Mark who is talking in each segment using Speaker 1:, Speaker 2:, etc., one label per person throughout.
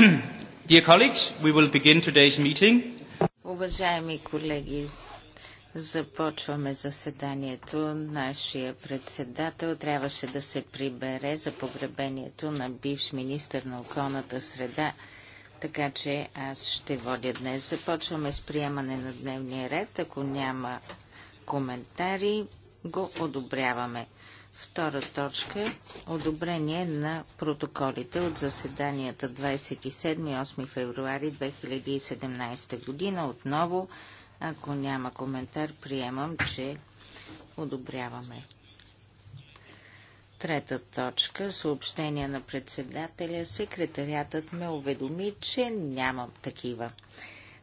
Speaker 1: Dear colleagues, we will begin today's meeting. Уважаеми колеги, започваме заседанието. Нашия председател трябваше да се прибере за погребението на бивш министр на околната среда, така че аз ще водя днес. Започваме с приемане на дневния ред. Ако няма коментари, го одобряваме. Втора точка – одобрение на протоколите от заседанията 27-8 февруари 2017 година. Отново, ако няма коментар, приемам, че одобряваме. Трета точка – съобщение на председателя. Секретариатът ме уведоми, че нямам такива.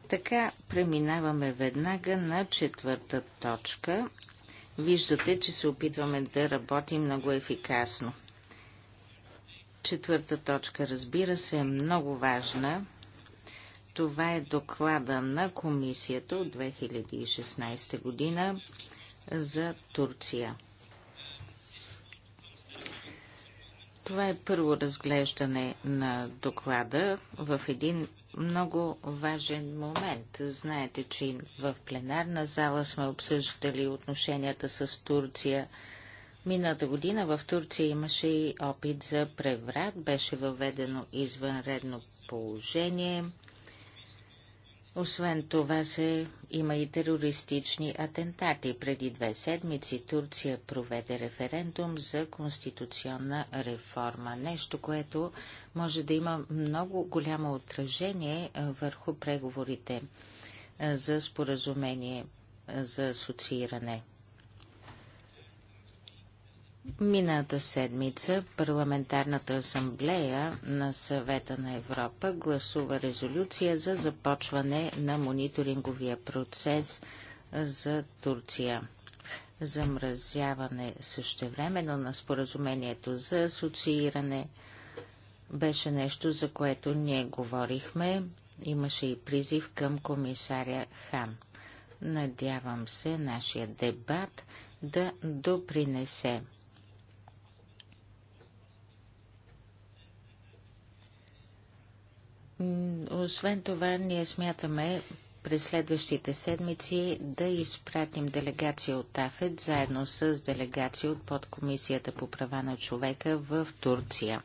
Speaker 1: Така преминаваме веднага на четвърта точка Виждате, че се опитваме да работим много ефикасно. Четвърта точка, разбира се, е много важна. Това е доклада на комисията от 2016 година за Турция. Това е първо разглеждане на доклада в един много важен момент. Знаете, че в пленарна зала сме обсъждали отношенията с Турция. Мината година в Турция имаше и опит за преврат, беше въведено извънредно положение – освен това се има и терористични атентати. Преди две седмици Турция проведе референдум за конституционна реформа. Нещо, което може да има много голямо отражение върху преговорите за споразумение за асоцииране. Миналата седмица Парламентарната асамблея на съвета на Европа гласува резолюция за започване на мониторинговия процес за Турция. Замразяване същевременно на споразумението за асоцииране беше нещо, за което ние говорихме. Имаше и призив към комисаря Хан. Надявам се нашия дебат да допринесе Освен това, ние смятаме през следващите седмици да изпратим делегация от АФЕД заедно с делегация от подкомисията по права на човека в Турция.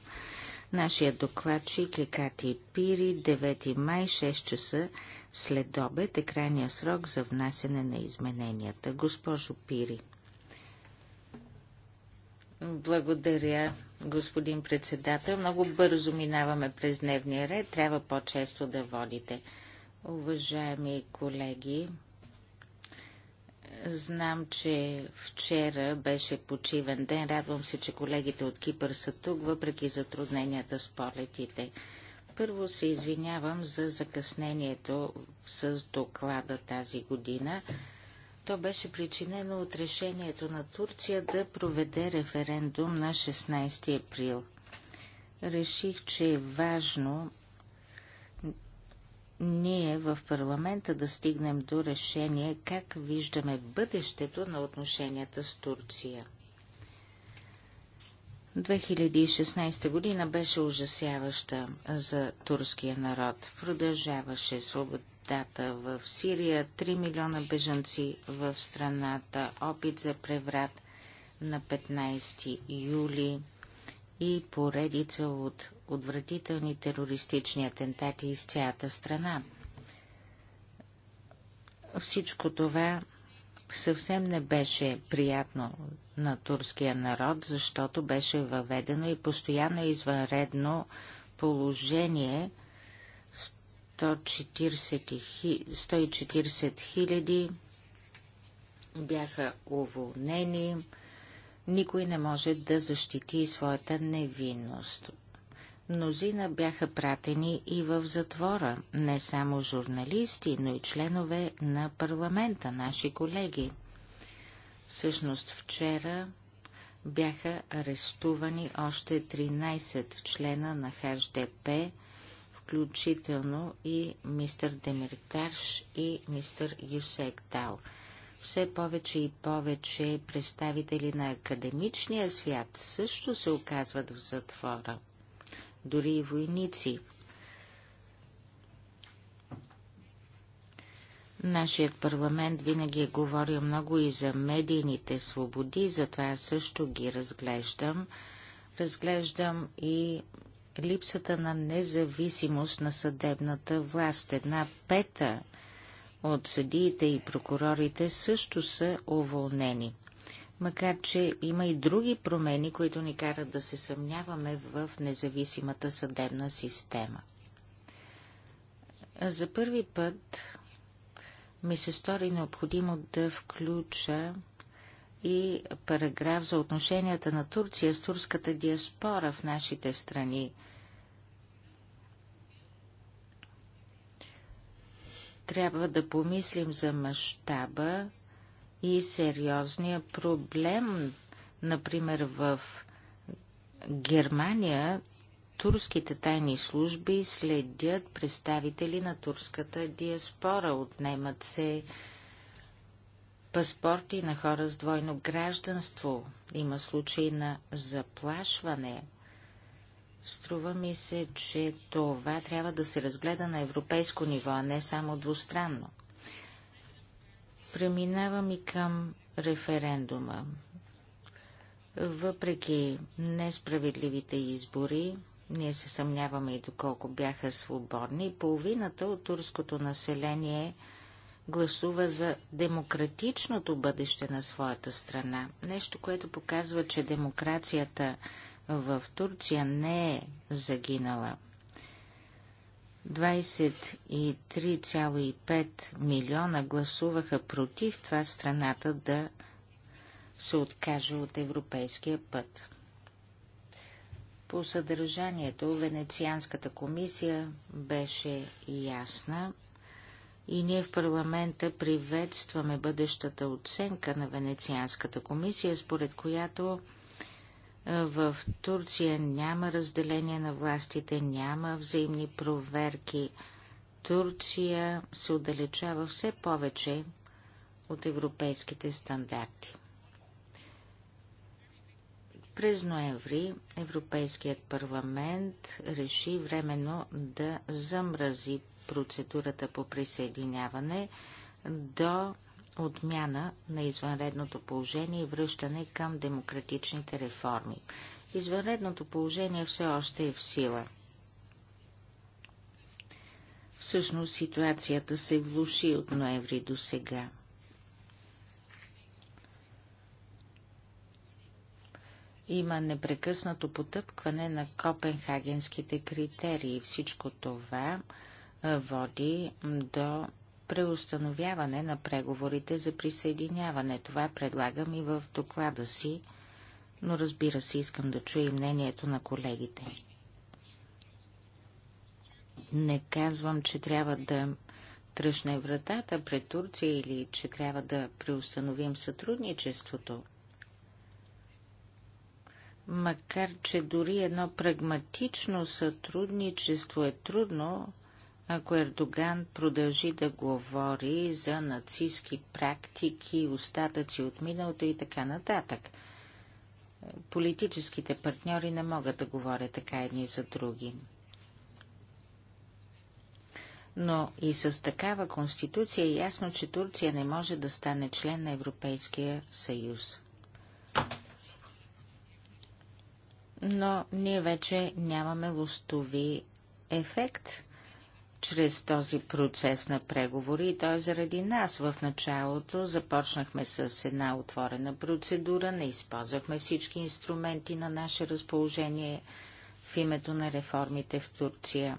Speaker 1: Нашия докладчик е Кати Пири, 9 май, 6 часа след обед е крайния срок за внасене на измененията. Госпожо Пири. Благодаря, господин председател. Много бързо минаваме през дневния ред. Трябва по-често да водите. Уважаеми колеги, знам, че вчера беше почивен ден. Радвам се, че колегите от Кипър са тук, въпреки затрудненията с полетите. Първо се извинявам за закъснението с доклада тази година. То беше причинено от решението на Турция да проведе референдум на 16 април. Реших, че е важно ние в парламента да стигнем до решение как виждаме бъдещето на отношенията с Турция. 2016 година беше ужасяваща за турския народ. Продължаваше свобод дата в Сирия, 3 милиона бежанци в страната, опит за преврат на 15 юли и поредица от отвратителни терористични атентати из цялата страна. Всичко това съвсем не беше приятно на турския народ, защото беше въведено и постоянно извънредно положение – 140 000 бяха уволнени. Никой не може да защити своята невинност. Мнозина бяха пратени и в затвора, не само журналисти, но и членове на парламента, наши колеги. Всъщност вчера бяха арестувани още 13 члена на ХДП, включително и мистер Демертарш и мистер Юсек Тал. Все повече и повече представители на академичния свят също се оказват в затвора. Дори и войници. Нашият парламент винаги е говорил много и за медийните свободи, затова също ги разглеждам. Разглеждам и липсата на независимост на съдебната власт. Една пета от съдиите и прокурорите също са уволнени. Макар, че има и други промени, които ни карат да се съмняваме в независимата съдебна система. За първи път ми се стори необходимо да включа и параграф за отношенията на Турция с турската диаспора в нашите страни. Трябва да помислим за мащаба и сериозния проблем. Например, в Германия турските тайни служби следят представители на турската диаспора, отнемат се паспорти на хора с двойно гражданство. Има случаи на заплашване. Струва ми се, че това трябва да се разгледа на европейско ниво, а не само двустранно. Преминавам и към референдума. Въпреки несправедливите избори, ние се съмняваме и доколко бяха свободни, половината от турското население е гласува за демократичното бъдеще на своята страна. Нещо, което показва, че демокрацията в Турция не е загинала. 23,5 милиона гласуваха против това страната да се откаже от европейския път. По съдържанието Венецианската комисия беше ясна и ние в парламента приветстваме бъдещата оценка на Венецианската комисия, според която е, в Турция няма разделение на властите, няма взаимни проверки. Турция се отдалечава все повече от европейските стандарти. През ноември Европейският парламент реши временно да замрази процедурата по присъединяване до отмяна на извънредното положение и връщане към демократичните реформи. Извънредното положение все още е в сила. Всъщност ситуацията се влуши от ноември до сега. Има непрекъснато потъпкване на копенхагенските критерии. Всичко това води до преустановяване на преговорите за присъединяване. Това предлагам и в доклада си, но разбира се, искам да чуя мнението на колегите. Не казвам, че трябва да тръщне вратата пред Турция или че трябва да преустановим сътрудничеството. Макар, че дори едно прагматично сътрудничество е трудно, ако Ердоган продължи да говори за нацистски практики, остатъци от миналото и така нататък. Политическите партньори не могат да говорят така едни за други. Но и с такава конституция е ясно, че Турция не може да стане член на Европейския съюз. Но ние вече нямаме лостови ефект чрез този процес на преговори и той е заради нас. В началото започнахме с една отворена процедура, не използвахме всички инструменти на наше разположение в името на реформите в Турция.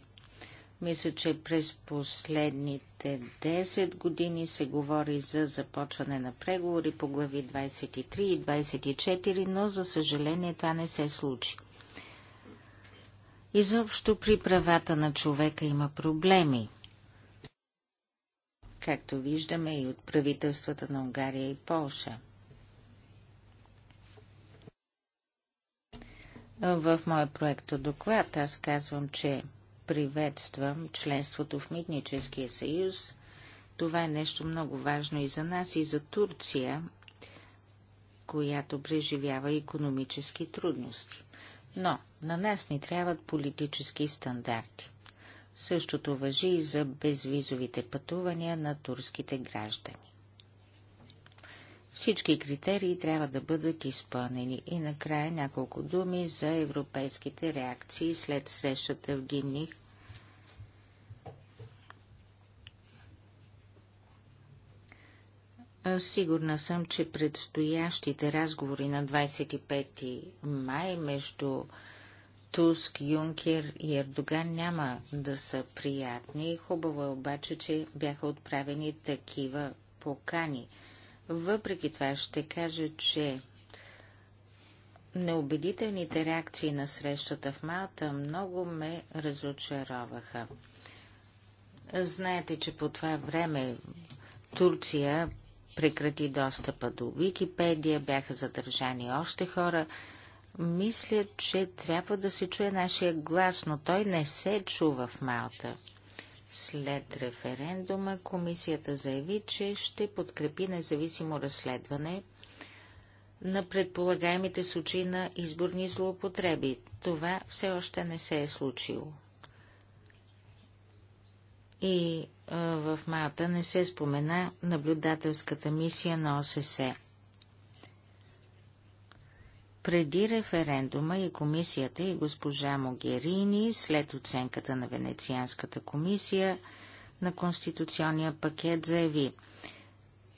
Speaker 1: Мисля, че през последните 10 години се говори за започване на преговори по глави 23 и 24, но за съжаление това не се случи. Изобщо при правата на човека има проблеми. Както виждаме и от правителствата на Унгария и Полша. В моя проекто доклад аз казвам, че приветствам членството в Митническия съюз. Това е нещо много важно и за нас, и за Турция, която преживява економически трудности. Но на нас ни трябват политически стандарти. Същото въжи и за безвизовите пътувания на турските граждани. Всички критерии трябва да бъдат изпълнени. И накрая няколко думи за европейските реакции след срещата в Гимних Е, сигурна съм, че предстоящите разговори на 25 май между Туск, Юнкер и Ердоган няма да са приятни. Хубаво е обаче, че бяха отправени такива покани. Въпреки това ще кажа, че неубедителните реакции на срещата в Малта много ме разочароваха. Знаете, че по това време Турция прекрати достъпа до Википедия, бяха задържани още хора. Мисля, че трябва да се чуе нашия глас, но той не се чува в Малта. След референдума комисията заяви, че ще подкрепи независимо разследване на предполагаемите случаи на изборни злоупотреби. Това все още не се е случило. И в Малта не се спомена наблюдателската мисия на ОССЕ. Преди референдума и комисията и госпожа Могерини, след оценката на Венецианската комисия на конституционния пакет, заяви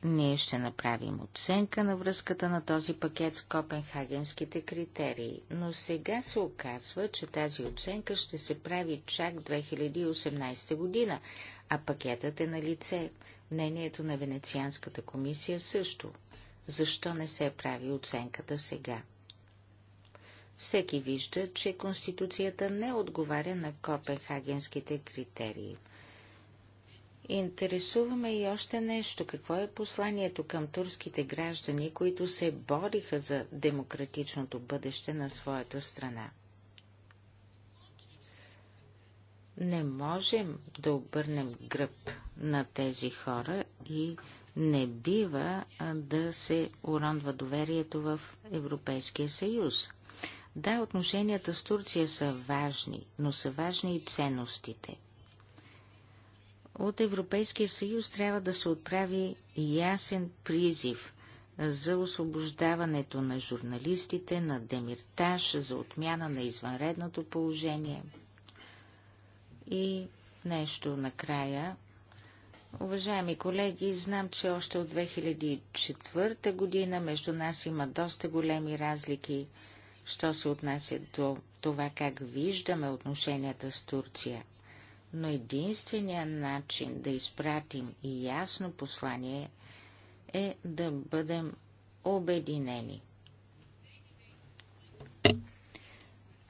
Speaker 1: Ние ще направим оценка на връзката на този пакет с копенхагенските критерии, но сега се оказва, че тази оценка ще се прави чак 2018 година, а пакетът е на лице. Мнението на Венецианската комисия също. Защо не се прави оценката сега? Всеки вижда, че Конституцията не отговаря на копенхагенските критерии. Интересуваме и още нещо. Какво е посланието към турските граждани, които се бориха за демократичното бъдеще на своята страна? не можем да обърнем гръб на тези хора и не бива да се уронва доверието в Европейския съюз. Да, отношенията с Турция са важни, но са важни и ценностите. От Европейския съюз трябва да се отправи ясен призив за освобождаването на журналистите, на Демиртаж, за отмяна на извънредното положение – и нещо накрая. Уважаеми колеги, знам, че още от 2004 година между нас има доста големи разлики, що се отнася до това как виждаме отношенията с Турция. Но единствения начин да изпратим и ясно послание е да бъдем обединени.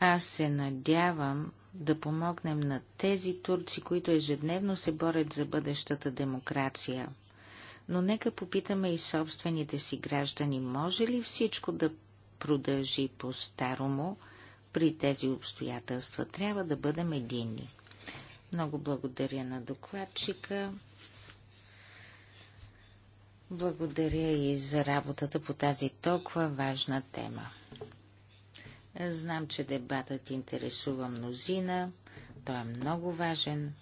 Speaker 1: Аз се надявам, да помогнем на тези турци, които ежедневно се борят за бъдещата демокрация. Но нека попитаме и собствените си граждани, може ли всичко да продължи по-старому при тези обстоятелства? Трябва да бъдем единни. Много благодаря на докладчика. Благодаря и за работата по тази толкова важна тема. Знам, че дебатът интересува мнозина. Той е много важен.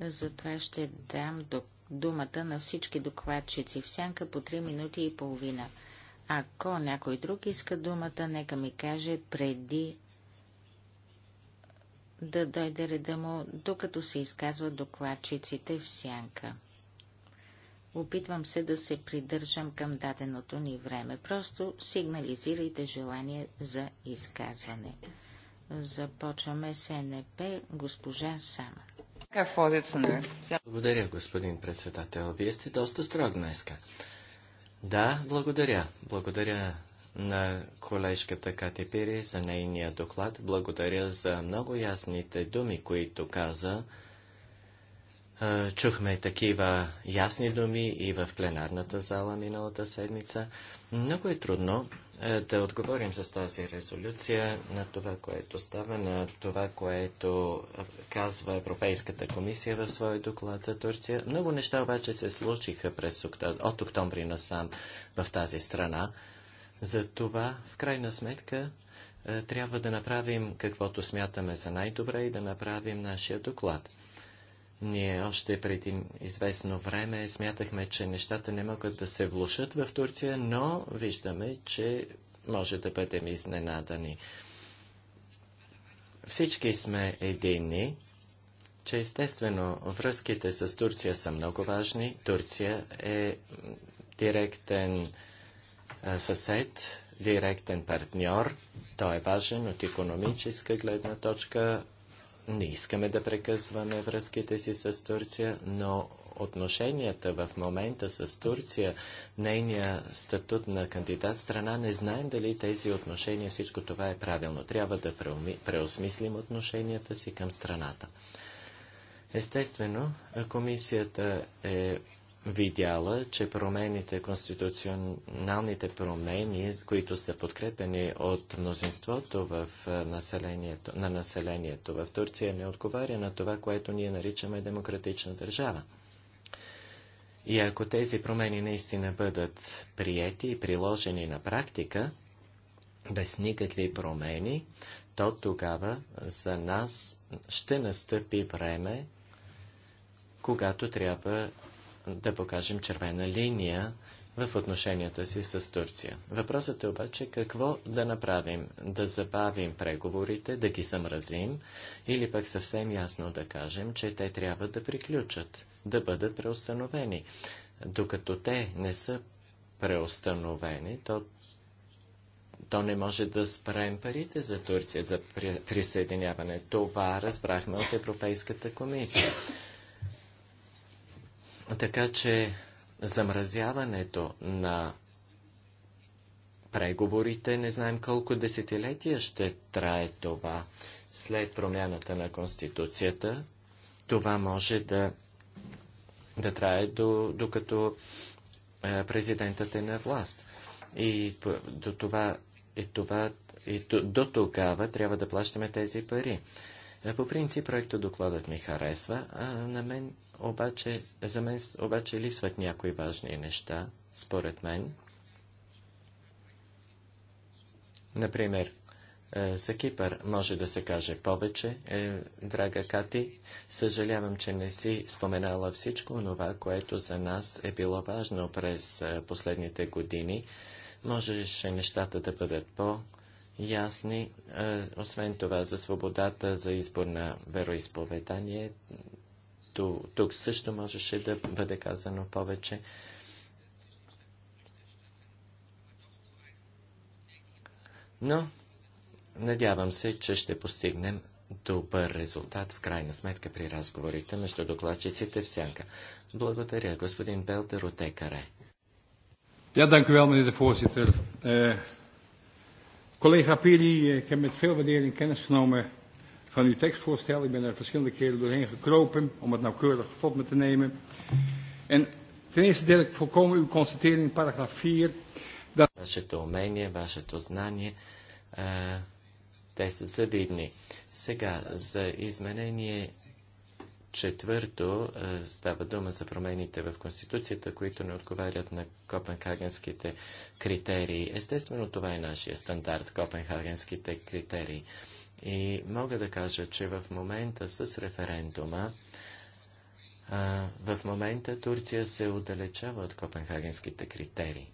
Speaker 1: Затова ще дам думата на всички докладчици в сянка по 3 минути и половина. Ако някой друг иска думата, нека ми каже преди да дойде реда му, докато се изказват докладчиците в сянка. Опитвам се да се придържам към даденото ни време. Просто сигнализирайте желание за изказване. Започваме с НП госпожа Сама.
Speaker 2: Благодаря, господин председател. Вие сте доста строг днеска. Да, благодаря. Благодаря на колежката Кати Пири за нейния доклад. Благодаря за много ясните думи, които каза. Е, чухме такива ясни думи и в пленарната зала миналата седмица. Много е трудно е, да отговорим с тази резолюция на това, което става, на това, което казва Европейската комисия в своя доклад за Турция. Много неща обаче се случиха през, от октомври насам в тази страна. За това, в крайна сметка, е, трябва да направим каквото смятаме за най-добре и да направим нашия доклад. Ние още преди известно време смятахме, че нещата не могат да се влушат в Турция, но виждаме, че може да бъдем изненадани. Всички сме едини, че естествено връзките с Турция са много важни. Турция е директен съсед, директен партньор. Той е важен от економическа гледна точка, не искаме да прекъсваме връзките си с Турция, но отношенията в момента с Турция, нейния статут на кандидат страна, не знаем дали тези отношения, всичко това е правилно. Трябва да преосмислим отношенията си към страната. Естествено, комисията е видяла, че промените, конституционалните промени, които са подкрепени от мнозинството в населението, на населението в Турция, не отговаря на това, което ние наричаме демократична държава. И ако тези промени наистина бъдат приети и приложени на практика, без никакви промени, то тогава за нас ще настъпи време, когато трябва да покажем червена линия в отношенията си с Турция. Въпросът е обаче какво да направим? Да забавим преговорите, да ги замразим или пък съвсем ясно да кажем, че те трябва да приключат, да бъдат преустановени. Докато те не са преустановени, то, то не може да спрем парите за Турция, за присъединяване. Това разбрахме от Европейската комисия. Така че замразяването на преговорите, не знаем колко десетилетия ще трае това след промяната на Конституцията. Това може да, да трае до, докато е, президентът е на власт. И до това, и това и до, тогава трябва да плащаме тези пари. Е, по принцип, проектът докладът ми харесва, а на мен обаче, за мен обаче липсват някои важни неща, според мен. Например, е, за Кипър може да се каже повече, е, драга Кати. Съжалявам, че не си споменала всичко това, което за нас е било важно през е, последните години. Можеше нещата да бъдат по-ясни. Е, освен това, за свободата за избор на вероисповедание Ту, тук също можеше да бъде казано повече. Но надявам се, че ще постигнем добър резултат в крайна сметка при разговорите между докладчиците в сянка. Благодаря, господин Белдер от ЕКАРЕ. Я dank u wel,
Speaker 3: meneer de voorzitter. Uh, collega Piri, eh, ik heb met
Speaker 1: van uw tekstvoorstel. Ik ben er verschillende keren doorheen gekropen om het nauwkeurig tot
Speaker 2: me te nemen. En ten eerste deel ik volkomen uw constatering in paragraaf 4. Dat... Вашето умение, вашето знание, а, те са завидни. Сега, за изменение четвърто э, става дума за промените в Конституцията, които не отговарят на копенхагенските критерии. Естествено, това е нашия стандарт, копенхагенските критерии. И мога да кажа, че в момента с референдума, в момента Турция се отдалечава от копенхагенските критерии.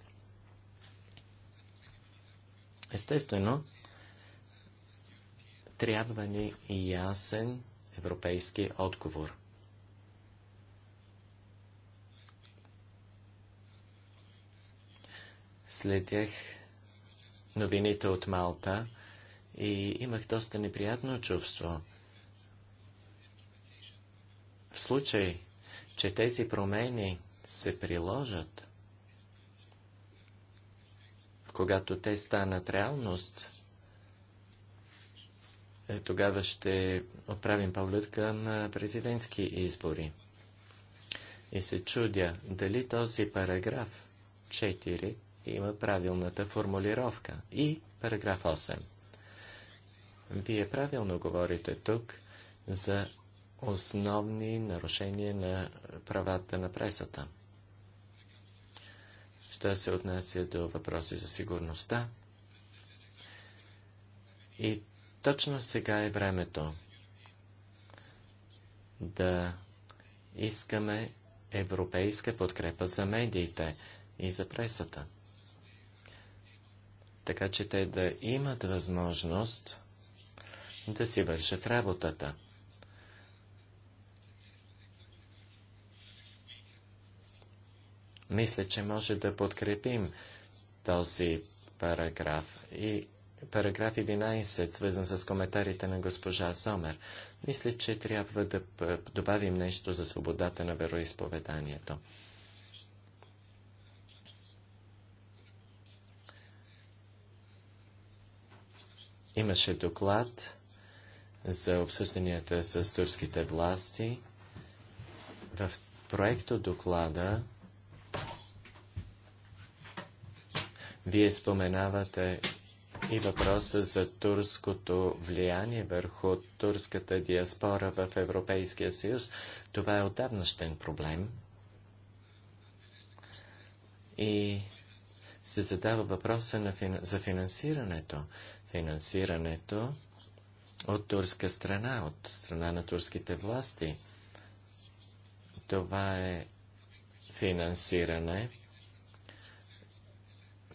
Speaker 2: Естествено, трябва ни ясен европейски отговор. Следях новините от Малта и имах доста неприятно чувство. В случай, че тези промени се приложат, когато те станат реалност, е, тогава ще отправим поглед към президентски избори. И се чудя дали този параграф 4 има правилната формулировка и параграф 8. Вие правилно говорите тук за основни нарушения на правата на пресата. Що се отнася до въпроси за сигурността? И точно сега е времето да искаме европейска подкрепа за медиите и за пресата. Така че те да имат възможност да си вършат работата. Мисля, че може да подкрепим този параграф и параграф 11, свързан с коментарите на госпожа Сомер. Мисля, че трябва да добавим нещо за свободата на вероисповеданието. Имаше доклад за обсъжданията с турските власти. В проекто доклада вие споменавате и въпроса за турското влияние върху турската диаспора в Европейския съюз. Това е отдавнащен проблем. И се задава въпроса на, за финансирането. Финансирането от турска страна, от страна на турските власти. Това е финансиране,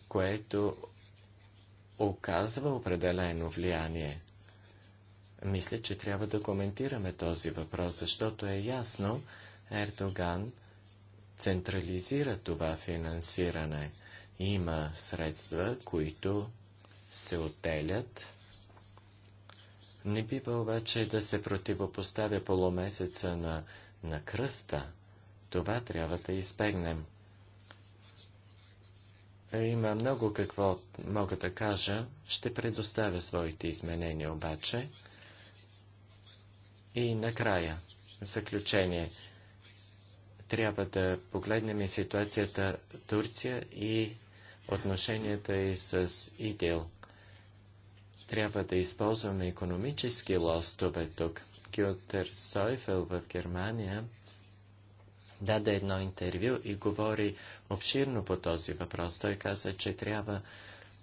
Speaker 2: което оказва определено влияние. Мисля, че трябва да коментираме този въпрос, защото е ясно, Ердоган централизира това финансиране. Има средства, които се отделят не бива обаче да се противопоставя полумесеца на, на кръста. Това трябва да избегнем. Е, има много какво мога да кажа. Ще предоставя своите изменения обаче. И накрая, в заключение, трябва да погледнем и ситуацията Турция и отношенията и с ИДИЛ. Трябва да използваме економически лостове тук. Кютер Сойфел в Германия даде едно интервю и говори обширно по този въпрос. Той каза, че трябва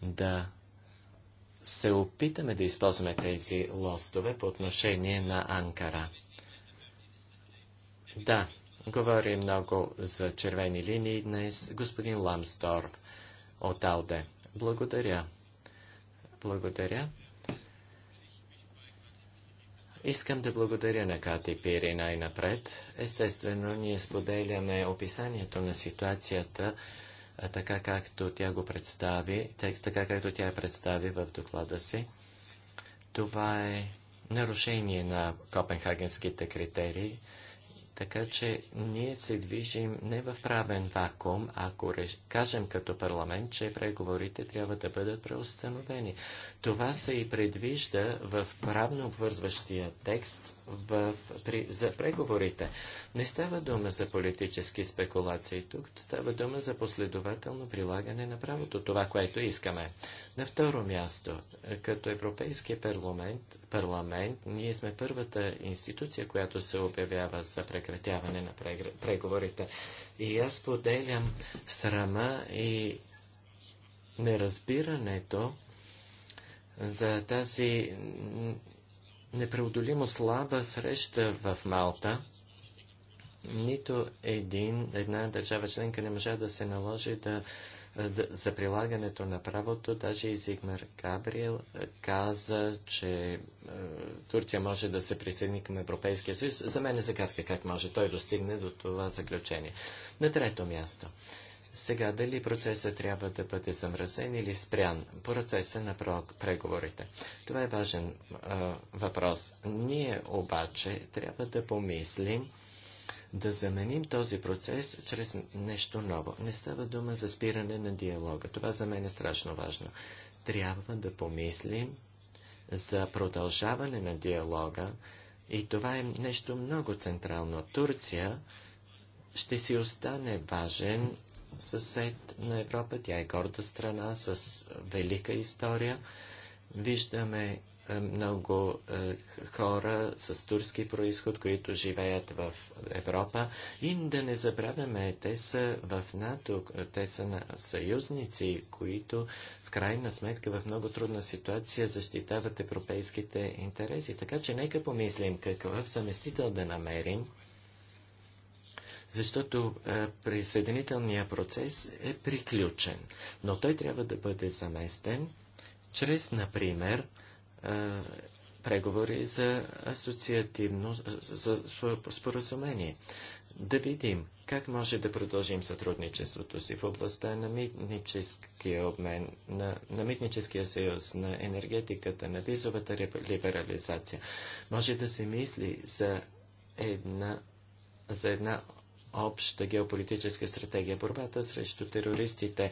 Speaker 2: да се опитаме да използваме тези лостове по отношение на Анкара. Да, говори много за червени линии днес господин Ламсторф от Алде. Благодаря. Благодаря. Искам да благодаря на Кати Пири най-напред. Естествено, ние споделяме описанието на ситуацията, така както тя го представи, така както тя я представи в доклада си. Това е нарушение на копенхагенските критерии. Така че ние се движим не в правен вакуум, ако реш... кажем като парламент, че преговорите трябва да бъдат преустановени. Това се и предвижда в правно обвързващия текст в... при... за преговорите. Не става дума за политически спекулации тук, става дума за последователно прилагане на правото, това, което искаме. На второ място, като Европейския парламент, парламент, ние сме първата институция, която се обявява за прекратяване на преговорите. И аз поделям срама и неразбирането за тази непреодолимо слаба среща в Малта. Нито един, една държава членка не можа да се наложи да е, за прилагането на правото. Даже и Зигмар Габриел е, каза, че е, Турция може да се присъедини към Европейския съюз. За мен е загадка как може той достигне до това заключение. На трето място. Сега дали процесът трябва да бъде замразен или спрян? Процеса на преговорите. Това е важен а, въпрос. Ние обаче трябва да помислим да заменим този процес чрез нещо ново. Не става дума за спиране на диалога. Това за мен е страшно важно. Трябва да помислим за продължаване на диалога и това е нещо много централно. Турция ще си остане важен съсед на Европа. Тя е горда страна с велика история. Виждаме е, много е, хора с турски происход, които живеят в Европа. И да не забравяме, те са в НАТО, те са на съюзници, които в крайна сметка в много трудна ситуация защитават европейските интереси. Така че нека помислим какъв заместител да намерим защото е, присъединителният процес е приключен, но той трябва да бъде заместен чрез, например, е, преговори за асоциативно за споразумение. Да видим как може да продължим сътрудничеството си в областта на митническия обмен, на, на митническия съюз, на енергетиката, на визовата либерализация. Може да се мисли за една, за една обща геополитическа стратегия, борбата срещу терористите,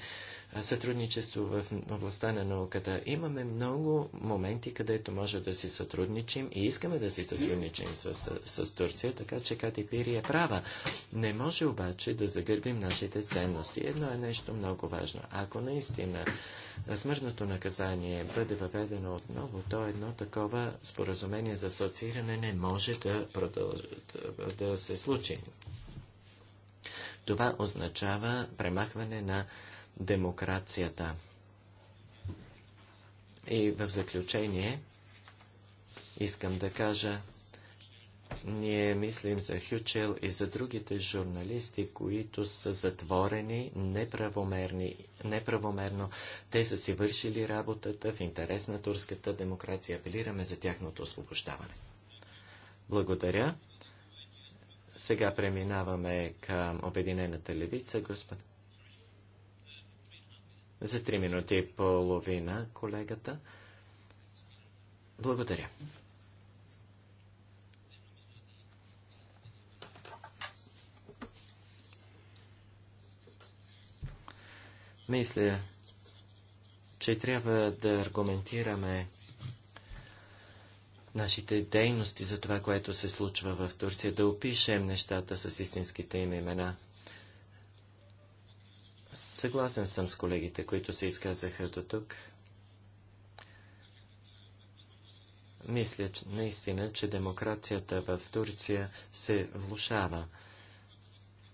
Speaker 2: сътрудничество в областта на науката. Имаме много моменти, където може да си сътрудничим и искаме да си сътрудничим с, с, с Турция, така че Кати Пири е права. Не може обаче да загърбим нашите ценности. Едно е нещо много важно. Ако наистина смъртното наказание бъде въведено отново, то едно такова споразумение за асоцииране не може да, продълж... да се случи. Това означава премахване на демокрацията. И в заключение искам да кажа, ние мислим за Хючел и за другите журналисти, които са затворени неправомерни, неправомерно. Те са си вършили работата в интерес на турската демокрация. Апелираме за тяхното освобождаване. Благодаря. Сега преминаваме към Обединената левица, господин. За три минути и половина, колегата. Благодаря. Мисля, че трябва да аргументираме нашите дейности за това, което се случва в Турция, да опишем нещата с истинските им имена. Съгласен съм с колегите, които се изказаха до тук. Мисля че, наистина, че демокрацията в Турция се влушава.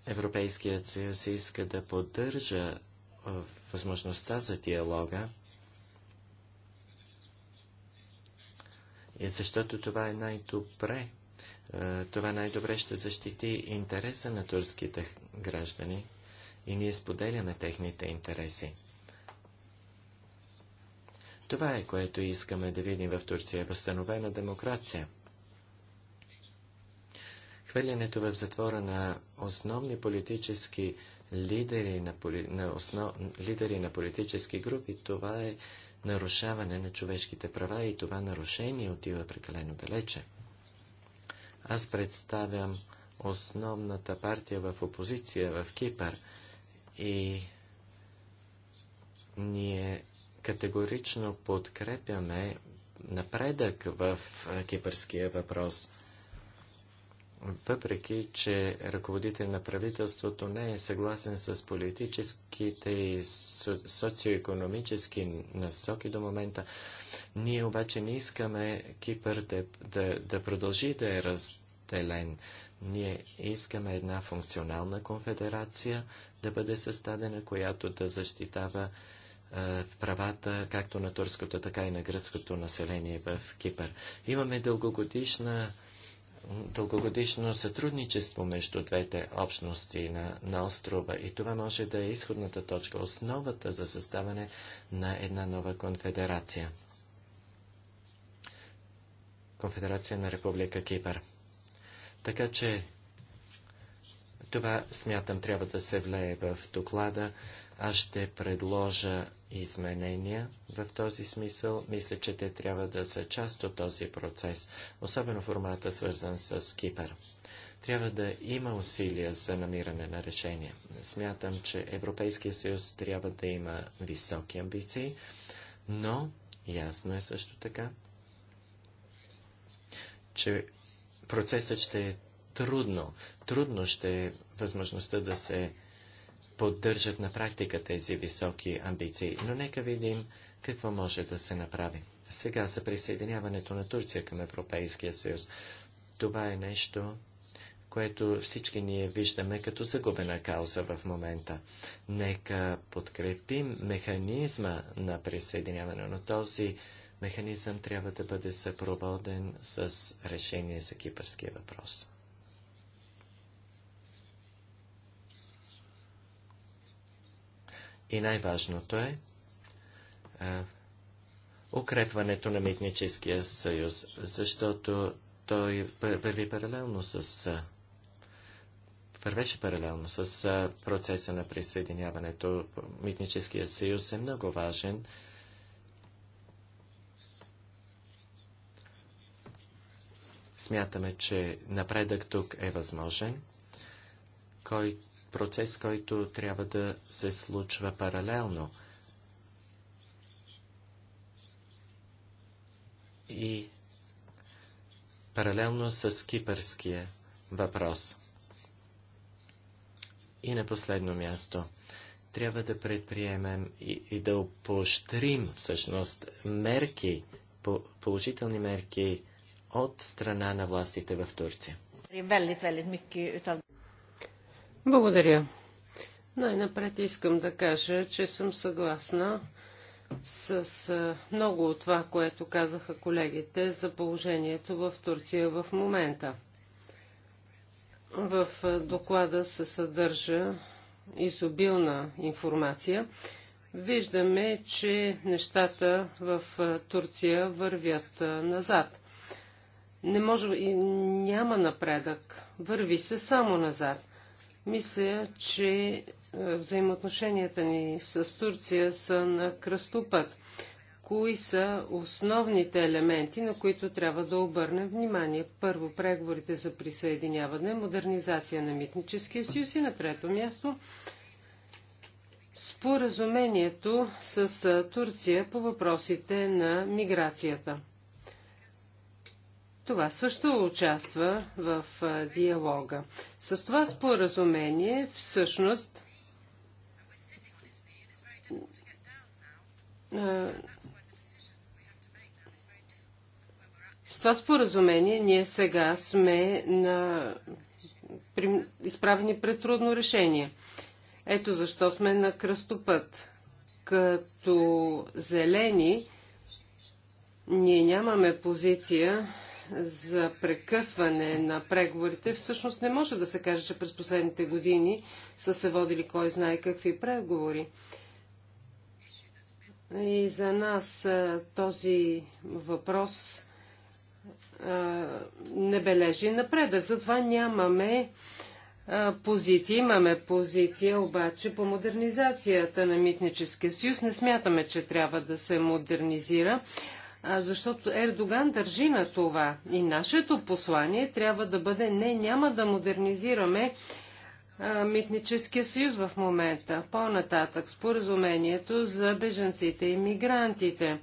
Speaker 2: Европейският съюз иска да поддържа възможността за диалога, Е, защото това е най-добре. Е, това най-добре ще защити интереса на турските граждани и ние споделяме техните интереси. Това е, което искаме да видим в Турция е – възстановена демокрация. Хвърлянето в затвора на основни политически лидери на, поли... на основ... лидери на политически групи, това е нарушаване на човешките права и това нарушение отива прекалено далече. Аз представям основната партия в опозиция в Кипър и ние категорично подкрепяме напредък в кипърския въпрос – въпреки че ръководител на правителството не е съгласен с политическите и социоекономически насоки до момента. Ние обаче не искаме Кипър да, да, да продължи да е разделен. Ние искаме една функционална конфедерация да бъде създадена, която да защитава правата както на турското, така и на гръцкото население в Кипър. Имаме дългогодишна дългогодишно сътрудничество между двете общности на, на острова и това може да е изходната точка, основата за съставане на една нова конфедерация. Конфедерация на Република Кипър. Така че това, смятам, трябва да се влее в доклада. Аз ще предложа изменения в този смисъл. Мисля, че те трябва да са част от този процес, особено формата свързан с Кипър. Трябва да има усилия за намиране на решение. Смятам, че Европейския съюз трябва да има високи амбиции, но ясно е също така, че процесът ще е трудно. Трудно ще е възможността да се поддържат на практика тези високи амбиции. Но нека видим какво може да се направи. Сега за присъединяването на Турция към Европейския съюз. Това е нещо, което всички ние виждаме като загубена кауза в момента. Нека подкрепим механизма на присъединяване, но този механизъм трябва да бъде съпроводен с решение за кипърския въпрос. И най-важното е а, укрепването на митническия съюз, защото той върви паралелно с вървеше паралелно с процеса на присъединяването. Митническия съюз е много важен. Смятаме, че напредък тук е възможен, който процес, който трябва да се случва паралелно. И паралелно с кипърския въпрос. И на последно място трябва да предприемем и, и да поощрим всъщност мерки, положителни мерки от страна на властите в Турция.
Speaker 3: Благодаря. Най-напред искам да кажа, че съм съгласна с много от това, което казаха колегите за положението в Турция в момента. В доклада се съдържа изобилна информация. Виждаме, че нещата в Турция вървят назад. Не може, няма напредък. Върви се само назад. Мисля, че е, взаимоотношенията ни с Турция са на кръстопът. Кои са основните елементи, на които трябва да обърнем внимание? Първо, преговорите за присъединяване, модернизация на митническия съюз и на трето място споразумението с е, Турция по въпросите на миграцията. Това също участва в диалога. С това споразумение всъщност с това споразумение ние сега сме на, при, изправени пред трудно решение. Ето защо сме на кръстопът. Като зелени, ние нямаме позиция за прекъсване на преговорите, всъщност не може да се каже, че през последните години са се водили кой знае какви преговори. И за нас този въпрос а, не бележи напредък. Затова нямаме а, позиция. Имаме позиция обаче по модернизацията на Митническия съюз. Не смятаме, че трябва да се модернизира защото Ердоган държи на това. И нашето послание трябва да бъде не, няма да модернизираме Митническия съюз в момента. По-нататък споразумението за беженците и мигрантите.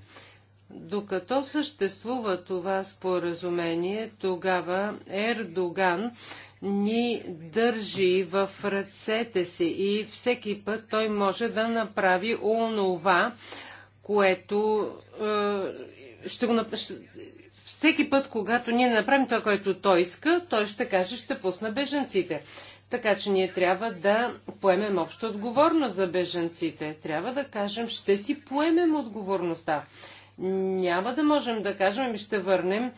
Speaker 3: Докато съществува това споразумение, тогава Ердоган ни държи в ръцете си и всеки път той може да направи онова, което е, ще го нап... ще... Всеки път, когато ние направим това, което той иска, той ще каже, ще пусна беженците. Така че ние трябва да поемем общо отговорност за беженците. Трябва да кажем, ще си поемем отговорността. Няма да можем да кажем, ми ще върнем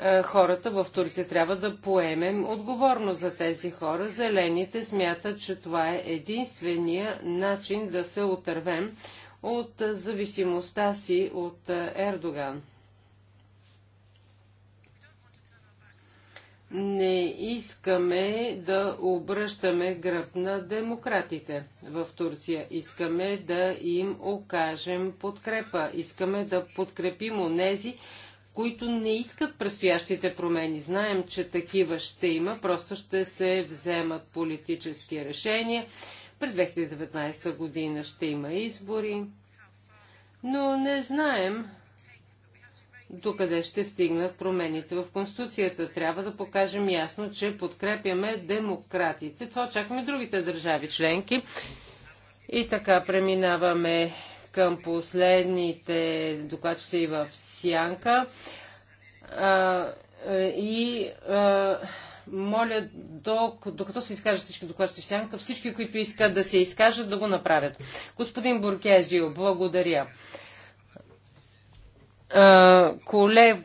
Speaker 3: е, хората в Турция. Трябва да поемем отговорност за тези хора. Зелените смятат, че това е единствения начин да се отървем от зависимостта си от е, Ердоган. Не искаме да обръщаме гръб на демократите в Турция. Искаме да им окажем подкрепа. Искаме да подкрепим онези, които не искат предстоящите промени. Знаем, че такива ще има, просто ще се вземат политически решения през 2019 година ще има избори, но не знаем докъде ще стигнат промените в Конституцията. Трябва да покажем ясно, че подкрепяме демократите. Това очакваме другите държави членки. И така преминаваме към последните докладчици в Сянка. А, и а, моля, док, докато се изкажат всички докладчици в сянка, всички, които искат да се изкажат, да го направят. Господин Буркезио, благодаря.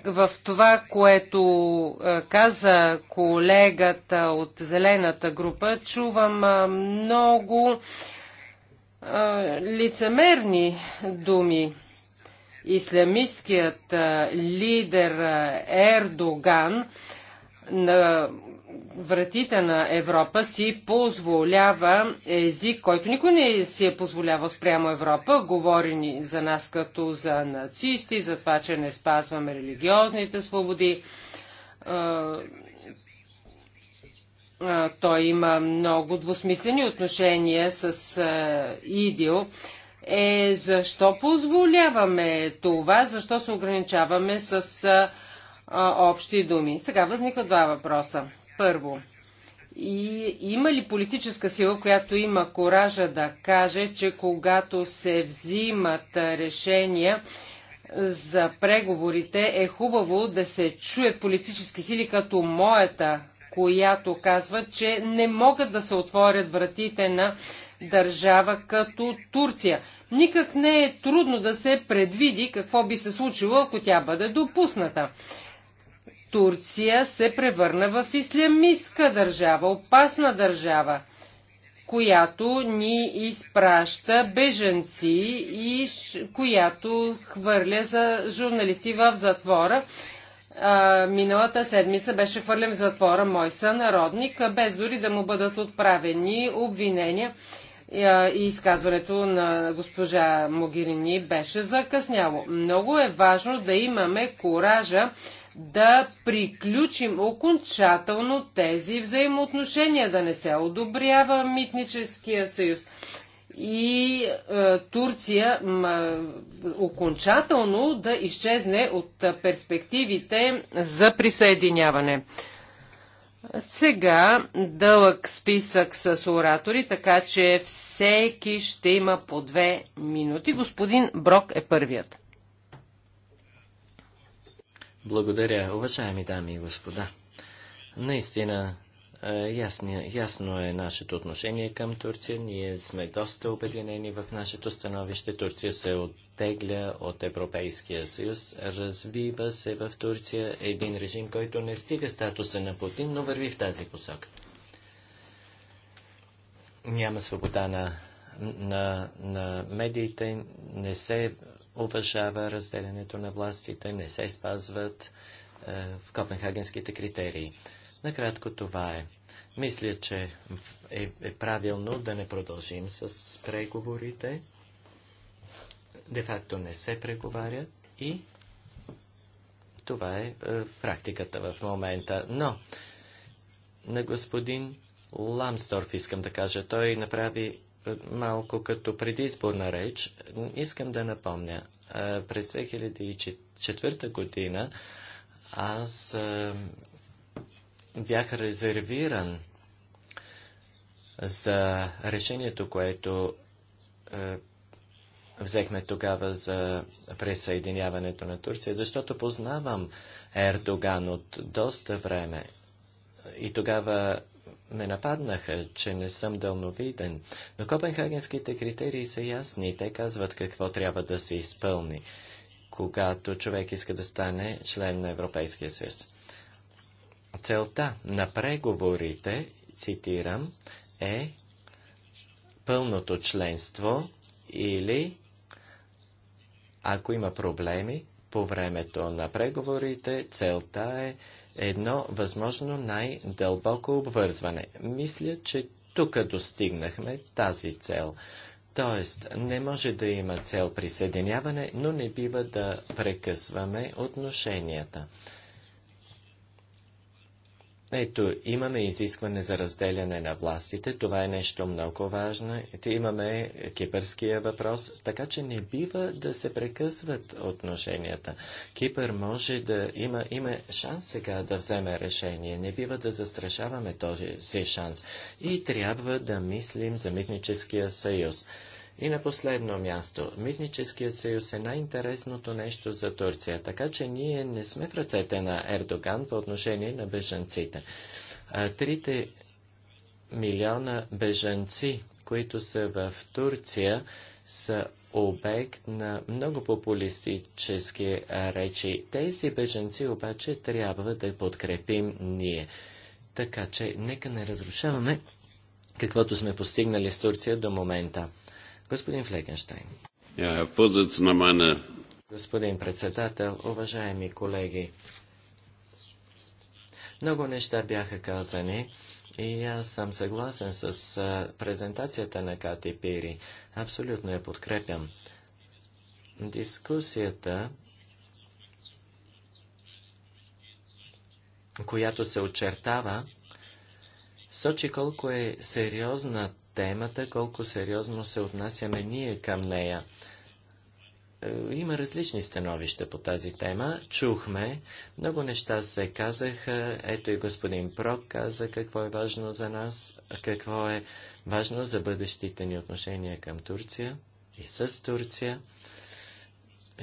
Speaker 3: в това, което каза колегата от зелената група, чувам много лицемерни думи. Ислямистският лидер Ердоган, на вратите на Европа си позволява език, който никой не си е позволявал спрямо Европа. Говори ни за нас като за нацисти, за това, че не спазваме религиозните свободи. Той има много двусмислени отношения с Идил. Е, защо позволяваме това? Защо се ограничаваме с общи думи. Сега възникват два въпроса първо. И има ли политическа сила, която има коража да каже, че когато се взимат решения за преговорите, е хубаво да се чуят политически сили като моята, която казва, че не могат да се отворят вратите на държава като Турция. Никак не е трудно да се предвиди какво би се случило, ако тя бъде допусната. Турция се превърна в ислямистка държава, опасна държава, която ни изпраща беженци и която хвърля за журналисти в затвора. А, миналата седмица беше хвърлен в затвора мой сънародник, без дори да му бъдат отправени обвинения. И изказването на госпожа Могирини беше закъсняло. Много е важно да имаме коража да приключим окончателно тези взаимоотношения, да не се одобрява митническия съюз. И е, Турция м, окончателно да изчезне от е, перспективите за присъединяване. Сега дълъг списък с оратори, така че всеки ще има по две минути. Господин Брок е първият.
Speaker 2: Благодаря, уважаеми дами и господа. Наистина, е, Ясно, ясно е нашето отношение към Турция. Ние сме доста обединени в нашето становище. Турция се оттегля от Европейския съюз. Развива се в Турция един режим, който не стига статуса на Путин, но върви в тази посока. Няма свобода на, на, на медиите, не се уважава разделянето на властите, не се спазват е, в копенхагенските критерии. Накратко това е. Мисля, че е, е правилно да не продължим с преговорите. Де-факто не се преговарят и това е, е практиката в момента. Но на господин Ламсторф искам да кажа, той направи малко като предизборна реч, искам да напомня. През 2004 година аз бях резервиран за решението, което взехме тогава за присъединяването на Турция, защото познавам Ердоган от доста време. И тогава ме нападнаха, че не съм дълновиден, но копенхагенските критерии са ясни. Те казват какво трябва да се изпълни, когато човек иска да стане член на Европейския съюз. Целта на преговорите, цитирам, е пълното членство или, ако има проблеми, по времето на преговорите, целта е едно възможно най-дълбоко обвързване. Мисля, че тук достигнахме тази цел. Тоест, не може да има цел присъединяване, но не бива да прекъсваме отношенията. Ето, имаме изискване за разделяне на властите, това е нещо много важно. Ето, имаме кипърския въпрос, така че не бива да се прекъсват отношенията. Кипър може да има, има шанс сега да вземе решение, не бива да застрашаваме този си шанс. И трябва да мислим за митническия съюз. И на последно място, Митническият съюз е най-интересното нещо за Турция, така че ние не сме в ръцете на Ердоган по отношение на бежанците. Трите милиона бежанци, които са в Турция, са обект на много популистически речи. Тези беженци обаче трябва да подкрепим ние. Така че нека не разрушаваме каквото сме постигнали с Турция до момента. Господин Флекенштайн. Господин председател, уважаеми колеги, много неща бяха казани и аз съм съгласен с презентацията на Кати Пири. Абсолютно я подкрепям. Дискусията, която се очертава, сочи колко е сериозна темата, колко сериозно се отнасяме ние към нея. Е, има различни становища по тази тема. Чухме, много неща се казаха. Ето и господин Прок каза какво е важно за нас, какво е важно за бъдещите ни отношения към Турция и с Турция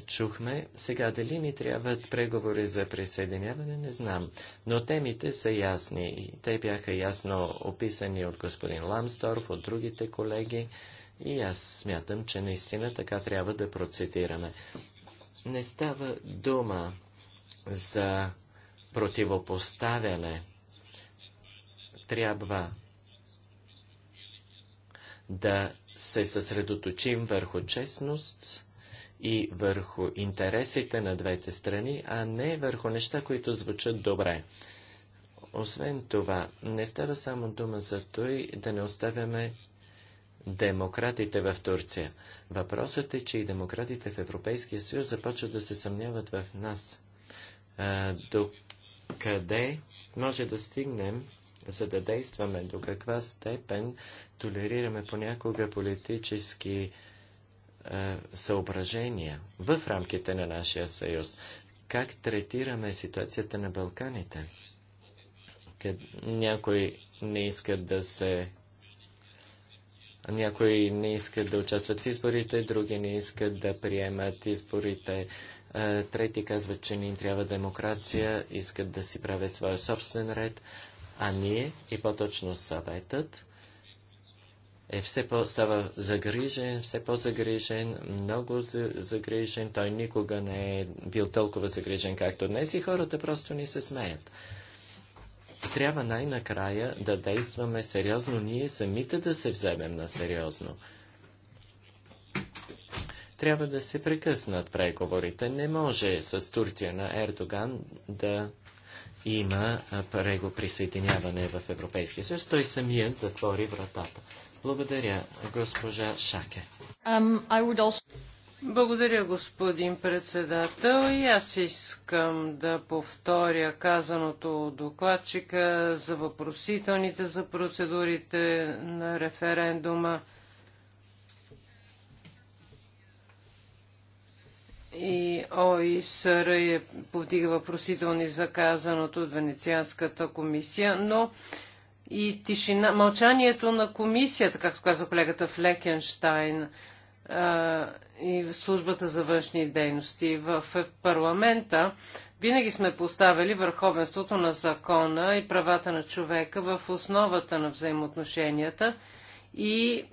Speaker 2: чухме. Сега дали ни трябват преговори за присъединяване, не знам. Но темите са ясни. Те бяха ясно описани от господин Ламсторф, от другите колеги. И аз смятам, че наистина така трябва да процедираме. Не става дума за противопоставяне. Трябва да се съсредоточим върху честност, и върху интересите на двете страни, а не върху неща, които звучат добре. Освен това, не става само дума за той да не оставяме демократите в Турция. Въпросът е, че и демократите в Европейския съюз започват да се съмняват в нас. до къде може да стигнем, за да действаме, до каква степен толерираме понякога политически е, съображения в рамките на нашия съюз. Как третираме ситуацията на Балканите? Къд някои не искат да се някои не искат да участват в изборите, други не искат да приемат изборите. Е, трети казват, че не им трябва демокрация, искат да си правят своя собствен ред. А ние, и по-точно съветът, е все по става загрижен, все по-загрижен, много загрижен. Той никога не е бил толкова загрижен, както днес и хората просто ни се смеят. Трябва най-накрая да действаме сериозно, ние самите да се вземем на сериозно. Трябва да се прекъснат преговорите. Не може с Турция на Ердоган да има присъединяване в Европейския съюз. Той самият затвори вратата. Благодаря, госпожа Шаке.
Speaker 3: Um, also... Благодаря, господин председател. И аз искам да повторя казаното от докладчика за въпросителните за процедурите на референдума. и ОИСР е повдига въпросителни за казаното от Венецианската комисия, но и тишина, мълчанието на комисията, както каза колегата Флекенштайн, и в службата за външни дейности. В парламента винаги сме поставили върховенството на закона и правата на човека в основата на взаимоотношенията и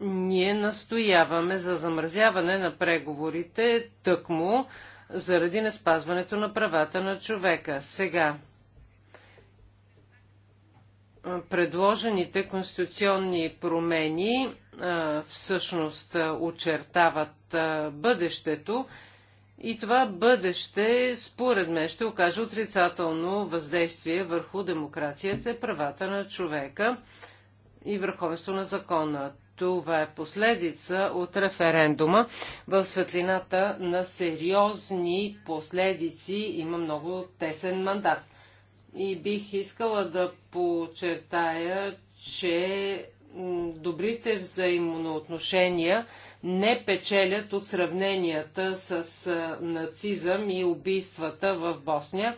Speaker 3: ние настояваме за замразяване на преговорите тъкмо заради неспазването на правата на човека. Сега, предложените конституционни промени всъщност очертават бъдещето и това бъдеще, според мен, ще окаже отрицателно въздействие върху демокрацията, правата на човека и върховенство на закона. Това е последица от референдума. В светлината на сериозни последици има много тесен мандат. И бих искала да подчертая, че добрите взаимоотношения не печелят от сравненията с нацизъм и убийствата в Босния.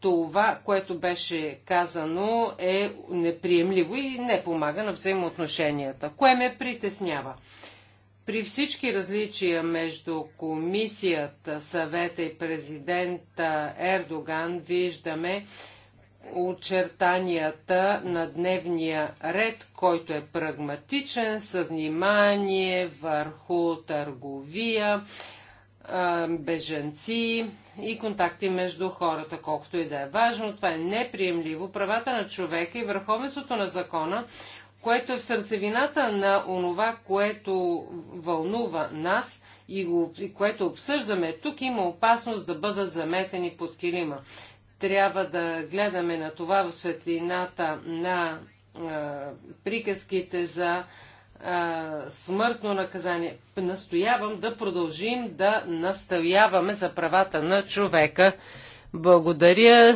Speaker 3: Това, което беше казано, е неприемливо и не помага на взаимоотношенията. Кое ме притеснява? При всички различия между комисията, съвета и президента Ердоган виждаме очертанията на дневния ред, който е прагматичен, с внимание върху търговия, беженци и контакти между хората, колкото и да е важно. Това е неприемливо. Правата на човека и върховенството на закона което е в сърцевината на онова, което вълнува нас и, го, и което обсъждаме. Тук има опасност да бъдат заметени под килима. Трябва да гледаме на това в светлината на е, приказките за смъртно наказание. Настоявам да продължим да настояваме за правата на човека. Благодаря.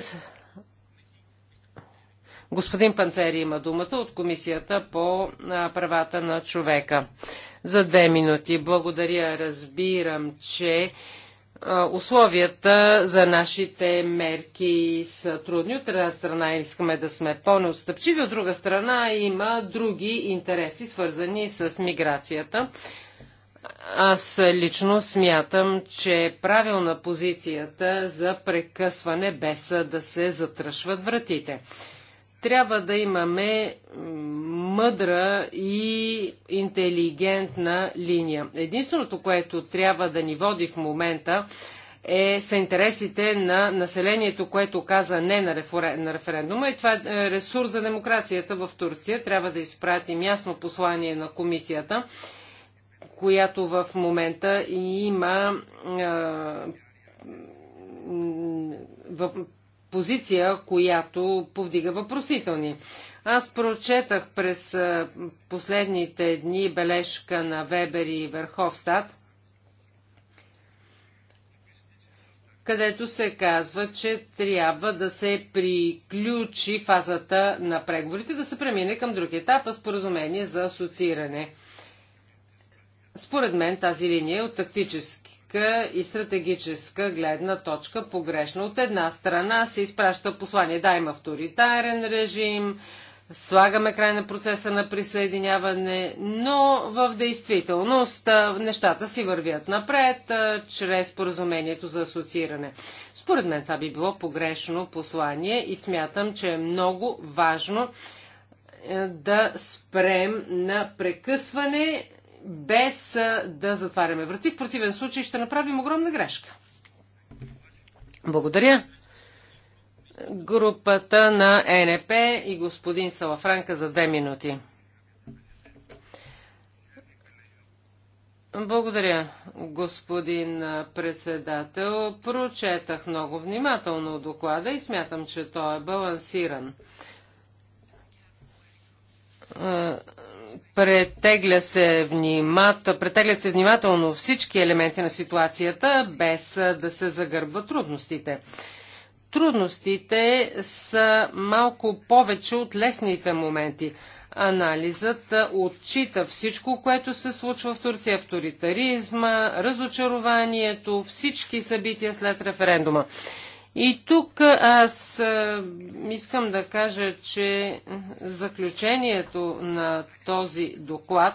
Speaker 3: Господин Панцери има думата от Комисията по правата на човека. За две минути. Благодаря. Разбирам, че условията за нашите мерки са трудни. От една страна искаме да сме по-неотстъпчиви, от друга страна има други интереси, свързани с миграцията. Аз лично смятам, че е правилна позицията за прекъсване без да се затръшват вратите. Трябва да имаме мъдра и интелигентна линия. Единственото, което трябва да ни води в момента, е, са интересите на населението, което каза не на, рефорен, на референдума и това е, е ресурс за демокрацията в Турция. Трябва да изпратим ясно послание на комисията, която в момента има е, позиция, която повдига въпросителни. Аз прочетах през последните дни бележка на Вебер и Верховстат, където се казва, че трябва да се приключи фазата на преговорите, да се премине към друг етап, а споразумение за асоцииране. Според мен тази линия е от тактически политическа и стратегическа гледна точка погрешна От една страна се изпраща послание, да, има авторитарен режим, слагаме край на процеса на присъединяване, но в действителност нещата си вървят напред чрез поразумението за асоцииране. Според мен това би било погрешно послание и смятам, че е много важно е, да спрем на прекъсване без да затваряме врати. В противен случай ще направим огромна грешка. Благодаря. Групата на е НП и господин Салафранка за две минути. Благодаря, господин председател. Прочетах много внимателно доклада и смятам, че той е балансиран Претегля се претеглят се внимателно всички елементи на ситуацията, без да се загърбват трудностите. Трудностите са малко повече от лесните моменти. Анализът отчита всичко, което се случва в Турция, авторитаризма, разочарованието, всички събития след референдума. И тук аз искам да кажа, че заключението на този доклад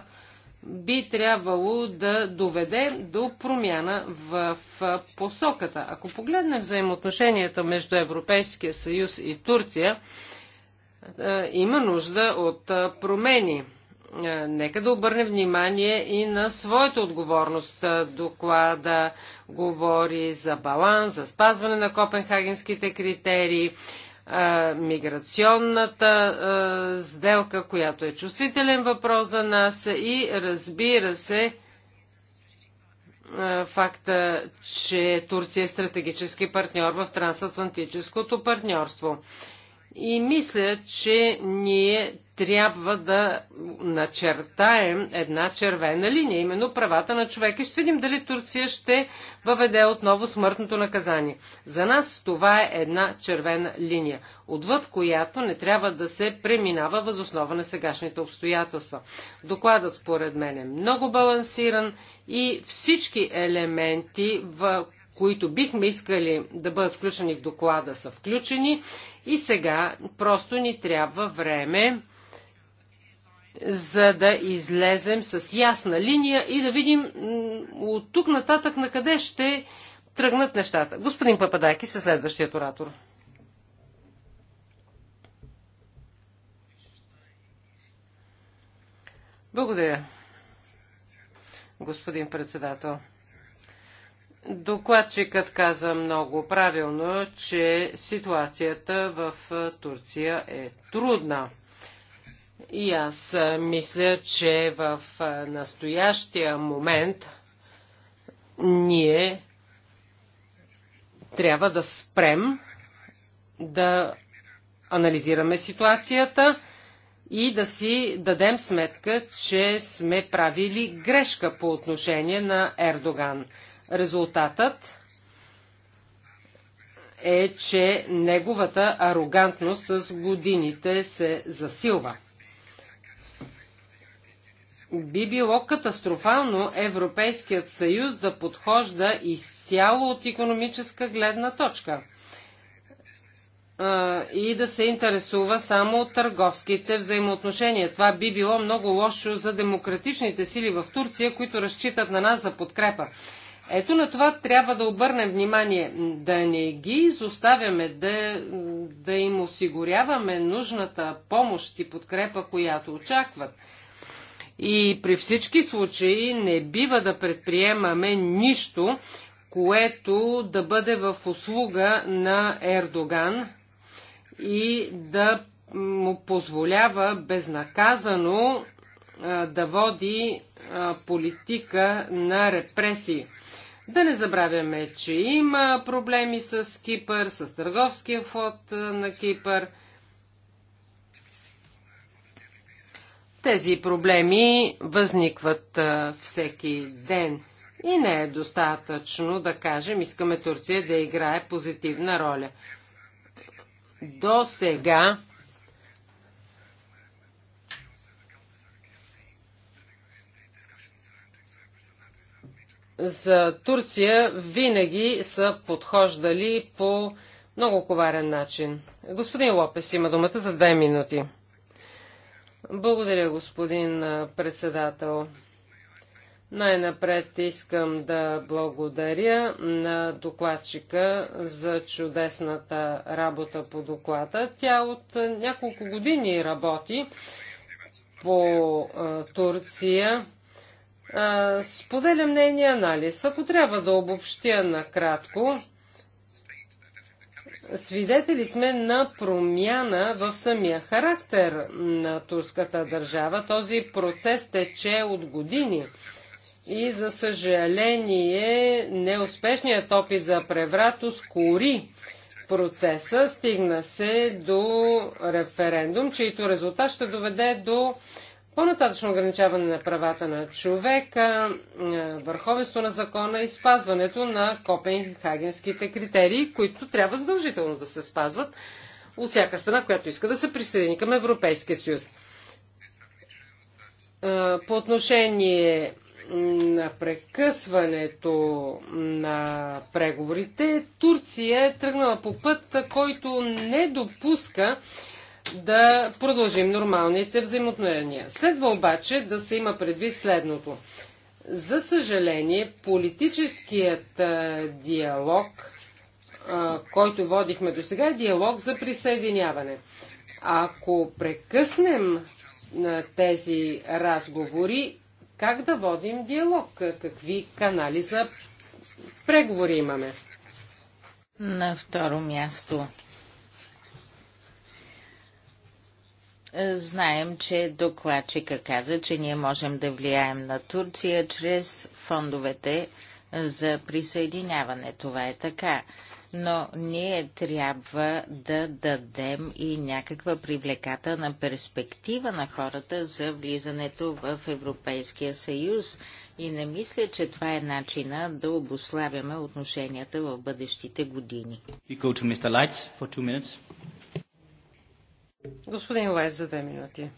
Speaker 3: би трябвало да доведе до промяна в посоката. Ако погледнем взаимоотношенията между Европейския съюз и Турция, има нужда от промени. Е, нека да обърнем внимание и на своята отговорност. Е, доклада говори за баланс, за спазване на копенхагенските критерии, е, миграционната сделка, която е чувствителен въпрос за нас и разбира се факта, че Турция е стратегически партньор в трансатлантическото партньорство. И мисля, че ние трябва да начертаем една червена линия, именно правата на човека. И ще видим дали Турция ще въведе отново смъртното наказание. За нас това е една червена линия, отвъд която не трябва да се преминава възоснова на сегашните обстоятелства. Докладът според мен е много балансиран и всички елементи, в които бихме искали да бъдат включени в доклада, са включени и сега просто ни трябва време, за да излезем с ясна линия и да видим от тук нататък на къде ще тръгнат нещата. Господин Пападаки със следващият оратор. Благодаря, господин председател. Докладчикът каза много правилно, че ситуацията в Турция е трудна. И аз мисля, че в настоящия момент ние трябва да спрем да анализираме ситуацията и да си дадем сметка, че сме правили грешка по отношение на Ердоган. Резултатът е, че неговата арогантност с годините се засилва. Би било катастрофално Европейският съюз да подхожда изцяло от економическа гледна точка и да се интересува само от търговските взаимоотношения. Това би било много лошо за демократичните сили в Турция, които разчитат на нас за подкрепа. Ето на това трябва да обърнем внимание, да не ги изоставяме, да, да им осигуряваме нужната помощ и подкрепа, която очакват. И при всички случаи не бива да предприемаме нищо, което да бъде в услуга на Ердоган и да му позволява безнаказано да води политика на репресии. Да не забравяме, че има проблеми с Кипър, с търговския флот на Кипър. Тези проблеми възникват всеки ден. И не е достатъчно да кажем, искаме Турция да играе позитивна роля. До сега за Турция винаги са подхождали по много коварен начин. Господин Лопес има думата за две минути. Благодаря, господин председател. Най-напред искам да благодаря на докладчика за чудесната работа по доклада. Тя от няколко години работи по Турция Споделя мнение анализ. Ако трябва да обобщя накратко, свидетели сме на промяна в самия характер на турската държава. Този процес тече от години. И за съжаление, неуспешният опит за преврат ускори процеса. Стигна се до референдум, чийто резултат ще доведе до по-нататъчно ограничаване на правата на човека, е, върховенство на закона и спазването на копенхагенските критерии, които трябва задължително да се спазват от всяка страна, която иска да се присъедини към Европейския съюз. Е, по отношение на прекъсването на преговорите, Турция е тръгнала по път, който не допуска да продължим нормалните взаимоотношения. Следва обаче да се има предвид следното. За съжаление, политическият диалог, който водихме до сега, е диалог за присъединяване. Ако прекъснем на тези разговори, как да водим диалог? Какви канали за преговори имаме?
Speaker 1: На второ място Знаем, че докладчика каза, че ние можем да влияем на Турция чрез фондовете за присъединяване. Това е така. Но ние трябва да дадем и някаква привлекателна перспектива на хората за влизането в Европейския съюз. И не мисля, че това е начина да обославяме отношенията в бъдещите години.
Speaker 2: We go to Mr. Lights for two minutes.
Speaker 3: Господин Лайс за две минути.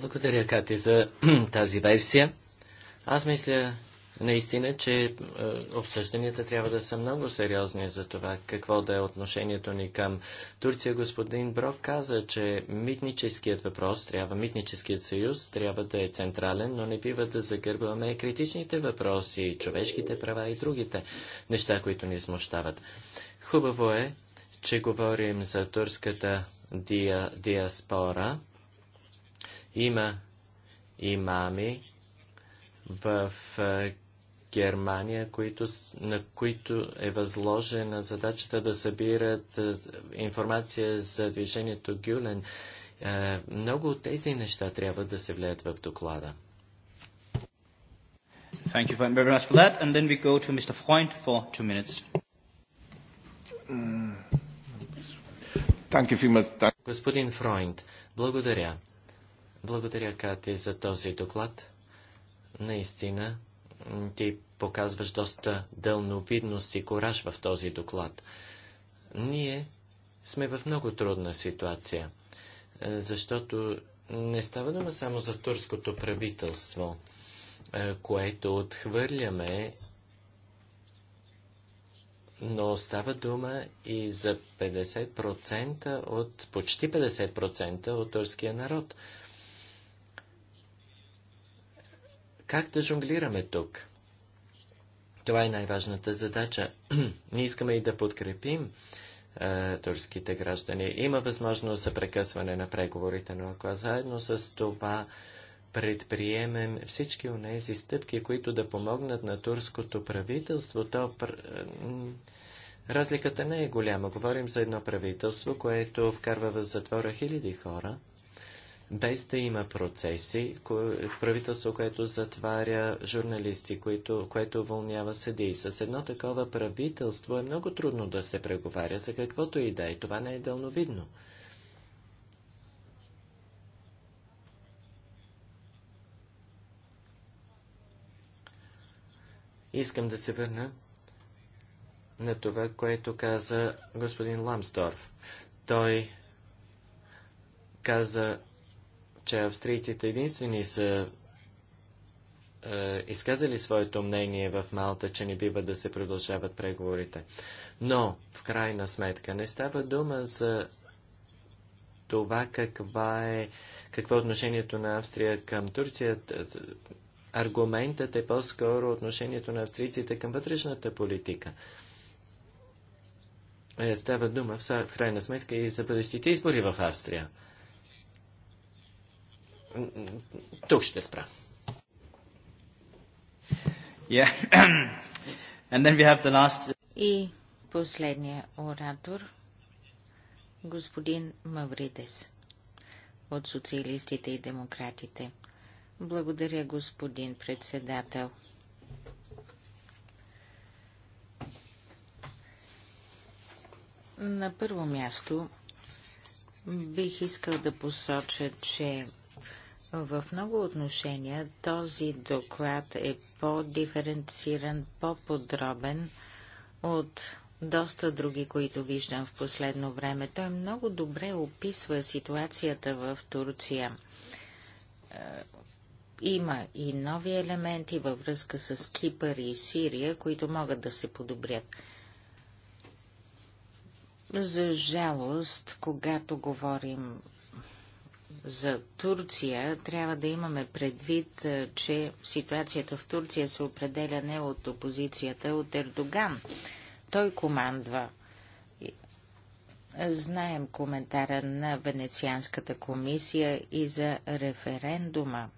Speaker 2: Благодаря, Кати, за тази версия. Аз мисля наистина, че е, обсъжданията трябва да са много сериозни за това какво да е отношението ни към Турция. Господин Брок каза, че митническият въпрос трябва, митническият съюз трябва да е централен, но не бива да загърбваме критичните въпроси, човешките права и другите неща, които ни смущават. Хубаво е че говорим за турската диа, диаспора. Има имами в Германия, които, на които е възложена задачата да събират информация за движението Гюлен. Много от тези неща трябва да се влеят в доклада. Thank you very much for that. And then we go to Mr. Freund for two minutes. Господин Фройнд, благодаря. Благодаря, Кати, за този доклад. Наистина, ти показваш доста дълновидност и кораж в този доклад. Ние сме в много трудна ситуация, е, защото не става дума само за турското правителство, е, което отхвърляме но става дума и за 50% от, почти 50% от турския народ. Как да жонглираме тук? Това е най-важната задача. Ние искаме и да подкрепим е, турските граждани. Има възможност за прекъсване на преговорите, но ако заедно с това предприемем всички тези стъпки, които да помогнат на турското правителство, то пр... разликата не е голяма. Говорим за едно правителство, което вкарва в затвора хиляди хора, без да има процеси, кое... правителство, което затваря журналисти, което, което вълнява съдии. С едно такова правителство е много трудно да се преговаря за каквото и да е. Това не е дълновидно. Искам да се върна на това, което каза господин Ламсдорф. Той каза, че австрийците единствени са е, изказали своето мнение в Малта, че не бива да се продължават преговорите. Но, в крайна сметка, не става дума за това каква е, какво е отношението на Австрия към Турция. Аргументът е по-скоро отношението на австрийците към вътрешната политика. Е, става дума в крайна сметка и за бъдещите избори в Австрия. Тук ще спра. Yeah. And then we have the last...
Speaker 1: И последния оратор, господин Мавридес от социалистите и демократите. Благодаря, господин председател. На първо място бих искал да посоча, че в много отношения този доклад е по-диференциран, по-подробен от доста други, които виждам в последно време. Той много добре описва ситуацията в Турция. Има и нови елементи във връзка с Кипър и Сирия, които могат да се подобрят. За жалост, когато говорим за Турция, трябва да имаме предвид, е, че ситуацията в Турция се определя не от опозицията, а от Ердоган. Той командва. Е, знаем коментара на Венецианската комисия и за референдума.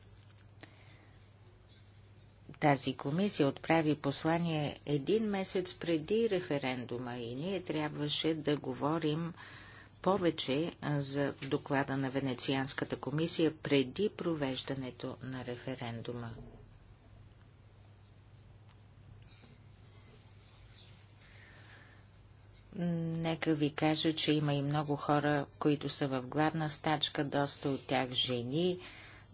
Speaker 1: Тази комисия отправи послание един месец преди референдума и ние трябваше да говорим повече за доклада на Венецианската комисия преди провеждането на референдума. Нека ви кажа, че има и много хора, които са в гладна стачка, доста от тях жени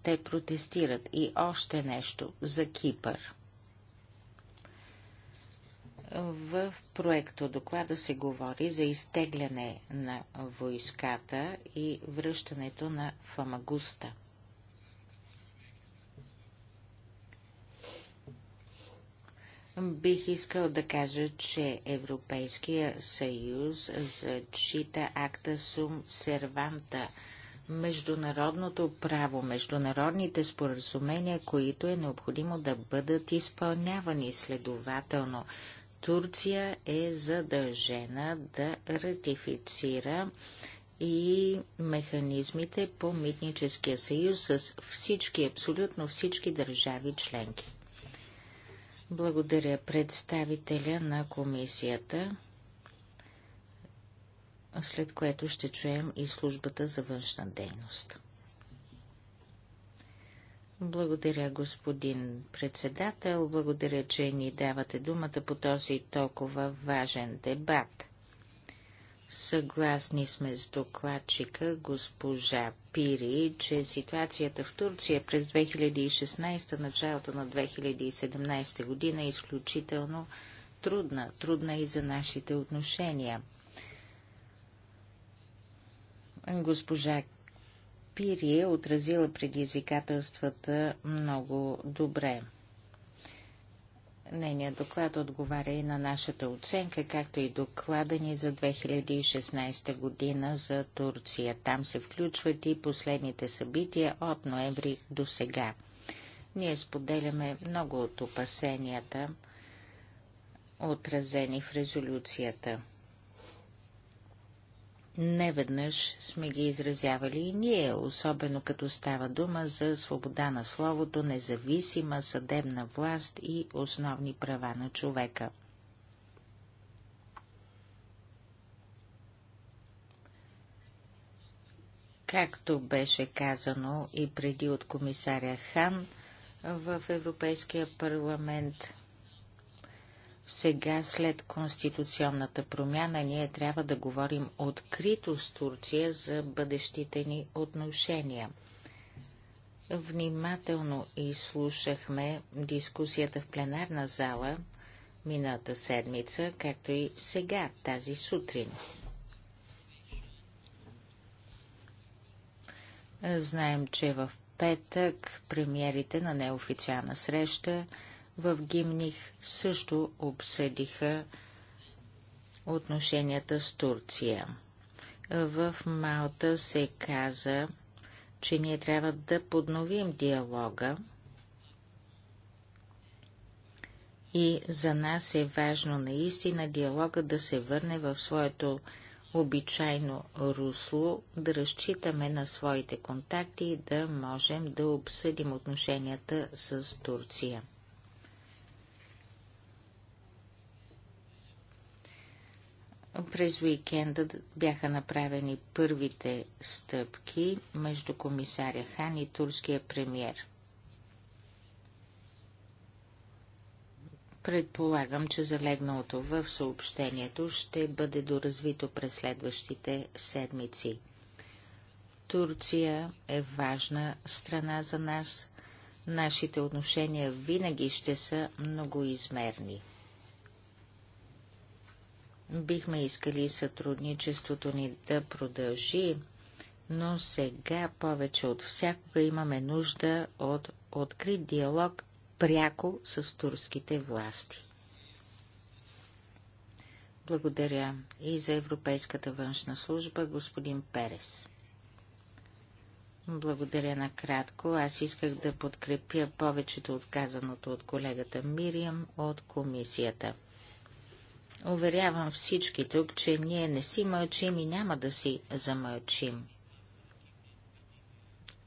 Speaker 1: те протестират. И още нещо за Кипър. В проекто доклада се говори за изтегляне на войската и връщането на Фамагуста. Бих искал да кажа, че Европейския съюз зачита акта сум серванта – международното право, международните споразумения, които е необходимо да бъдат изпълнявани следователно. Турция е задължена да ратифицира и механизмите по Митническия съюз с всички, абсолютно всички държави членки. Благодаря представителя на комисията след което ще чуем и службата за външна дейност. Благодаря, господин председател. Благодаря, че ни давате думата по този толкова важен дебат. Съгласни сме с докладчика госпожа Пири, че ситуацията в Турция през 2016, началото на 2017 година е изключително трудна. Трудна и за нашите отношения – Госпожа Пири е отразила предизвикателствата много добре. Нейният доклад отговаря и на нашата оценка, както и доклада ни за 2016 година за Турция. Там се включват и последните събития от ноември до сега. Ние споделяме много от опасенията, отразени в резолюцията. Неведнъж сме ги изразявали и ние, особено като става дума за свобода на словото, независима съдебна власт и основни права на човека. Както беше казано и преди от комисаря Хан, в Европейския парламент сега, след конституционната промяна, ние трябва да говорим открито с Турция за бъдещите ни отношения. Внимателно изслушахме дискусията в пленарна зала миналата седмица, както и сега, тази сутрин. Знаем, че в петък премиерите на неофициална среща в Гимних също обсъдиха отношенията с Турция. В Малта се каза, че ние трябва да подновим диалога и за нас е важно наистина диалога да се върне в своето обичайно русло, да разчитаме на своите контакти и да можем да обсъдим отношенията с Турция. През уикенда бяха направени първите стъпки между комисаря Хан и турския премьер. Предполагам, че залегналото в съобщението ще бъде доразвито през следващите седмици. Турция е важна страна за нас. Нашите отношения винаги ще са многоизмерни. Бихме искали сътрудничеството ни да продължи, но сега повече от всякога имаме нужда от открит диалог пряко с турските власти. Благодаря и за Европейската външна служба, господин Перес. Благодаря накратко. Аз исках да подкрепя повечето отказаното от колегата Мириам от комисията. Уверявам всички тук, че ние не си мълчим и няма да си замълчим.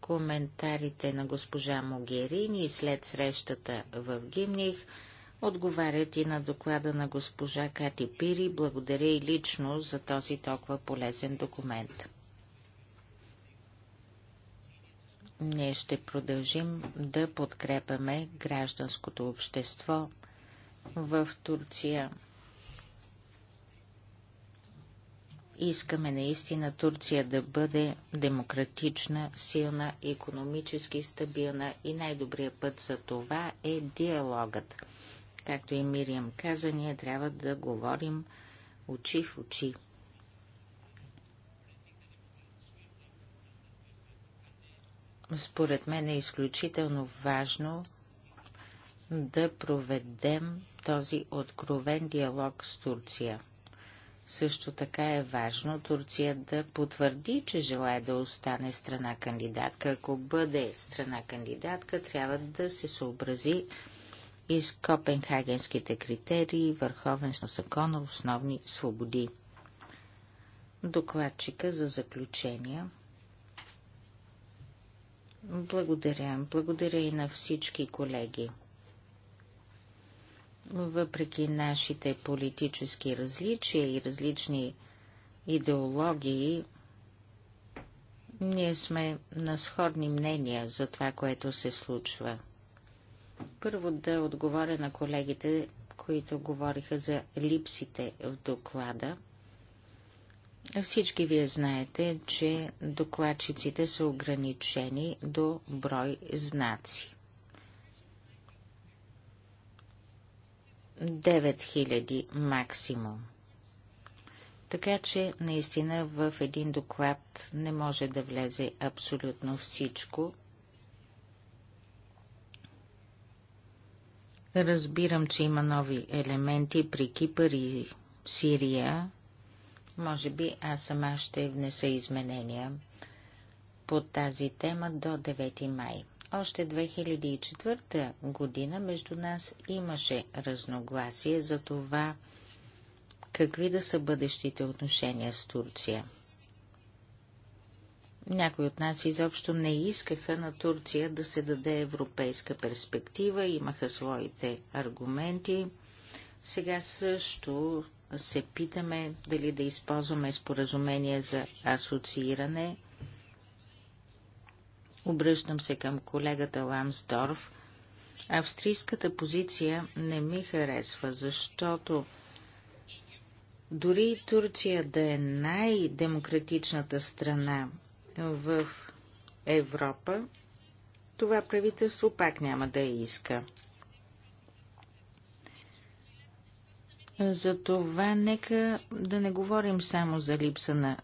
Speaker 1: Коментарите на госпожа Могерини след срещата в Гимних отговарят и на доклада на госпожа Кати Пири. Благодаря и лично за този толкова полезен документ. Ние ще продължим да подкрепяме гражданското общество в Турция. Искаме наистина Турция да бъде демократична, силна, економически стабилна и най-добрият път за това е диалогът. Както и Мириам каза, ние трябва да говорим очи в очи. Според мен е изключително важно да проведем този откровен диалог с Турция – също така е важно Турция да потвърди, че желая да остане страна кандидатка. Ако бъде страна кандидатка, трябва да се съобрази и с копенхагенските критерии, върховенство на закона, основни свободи. Докладчика за заключения. Благодаря. Благодаря и на всички колеги въпреки нашите политически различия и различни идеологии, ние сме на сходни мнения за това, което се случва. Първо да отговоря на колегите, които говориха за липсите в доклада. Всички вие знаете, че докладчиците са ограничени до брой знаци. 9000 максимум. Така че наистина в един доклад не може да влезе абсолютно всичко. Разбирам, че има нови елементи при Кипър и Сирия. Може би аз сама ще внеса изменения по тази тема до 9 май. Още 2004 година между нас имаше разногласие за това, какви да са бъдещите отношения с Турция. Някои от нас изобщо не искаха на Турция да се даде европейска перспектива, имаха своите аргументи. Сега също се питаме дали да използваме споразумение за асоцииране Обръщам се към колегата Ламсдорф. Австрийската позиция не ми харесва, защото дори Турция да е най-демократичната страна в Европа, това правителство пак няма да я иска. Затова нека да не говорим само за липса на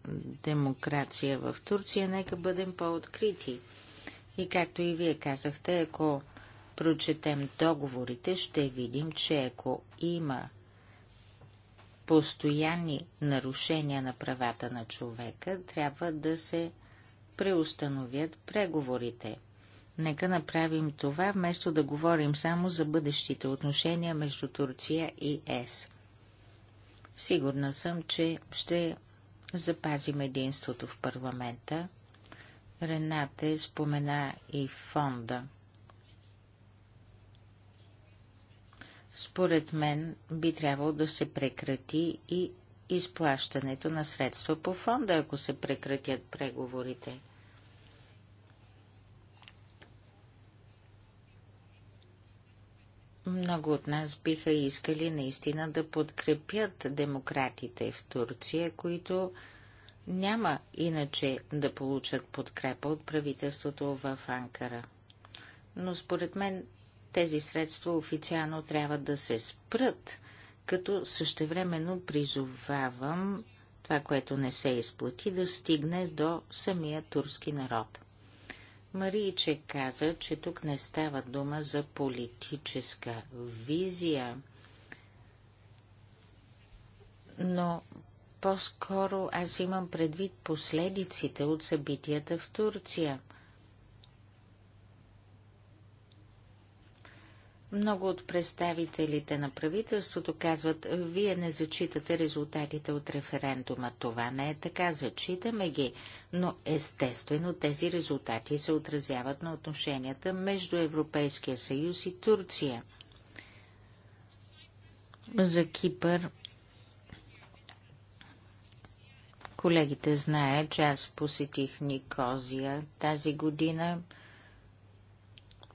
Speaker 1: демокрация в Турция, нека бъдем по-открити. И както и вие казахте, ако прочетем договорите, ще видим, че ако има постоянни нарушения на правата на човека, трябва да се преустановят преговорите. Нека направим това, вместо да говорим само за бъдещите отношения между Турция и ЕС. Сигурна съм, че ще запазим единството в парламента. Ренате спомена и фонда. Според мен би трябвало да се прекрати и изплащането на средства по фонда, ако се прекратят преговорите. Много от нас биха искали наистина да подкрепят демократите в Турция, които няма иначе да получат подкрепа от правителството в Анкара. Но според мен тези средства официално трябва да се спрат, като същевременно призовавам това, което не се изплати, да стигне до самия турски народ. Мариче каза, че тук не става дума за политическа визия, но по-скоро аз имам предвид последиците от събитията в Турция. Много от представителите на правителството казват, вие не зачитате резултатите от референдума. Това не е така, зачитаме ги, но естествено тези резултати се отразяват на отношенията между Европейския съюз и Турция. За Кипър Колегите знаят, че аз посетих Никозия тази година.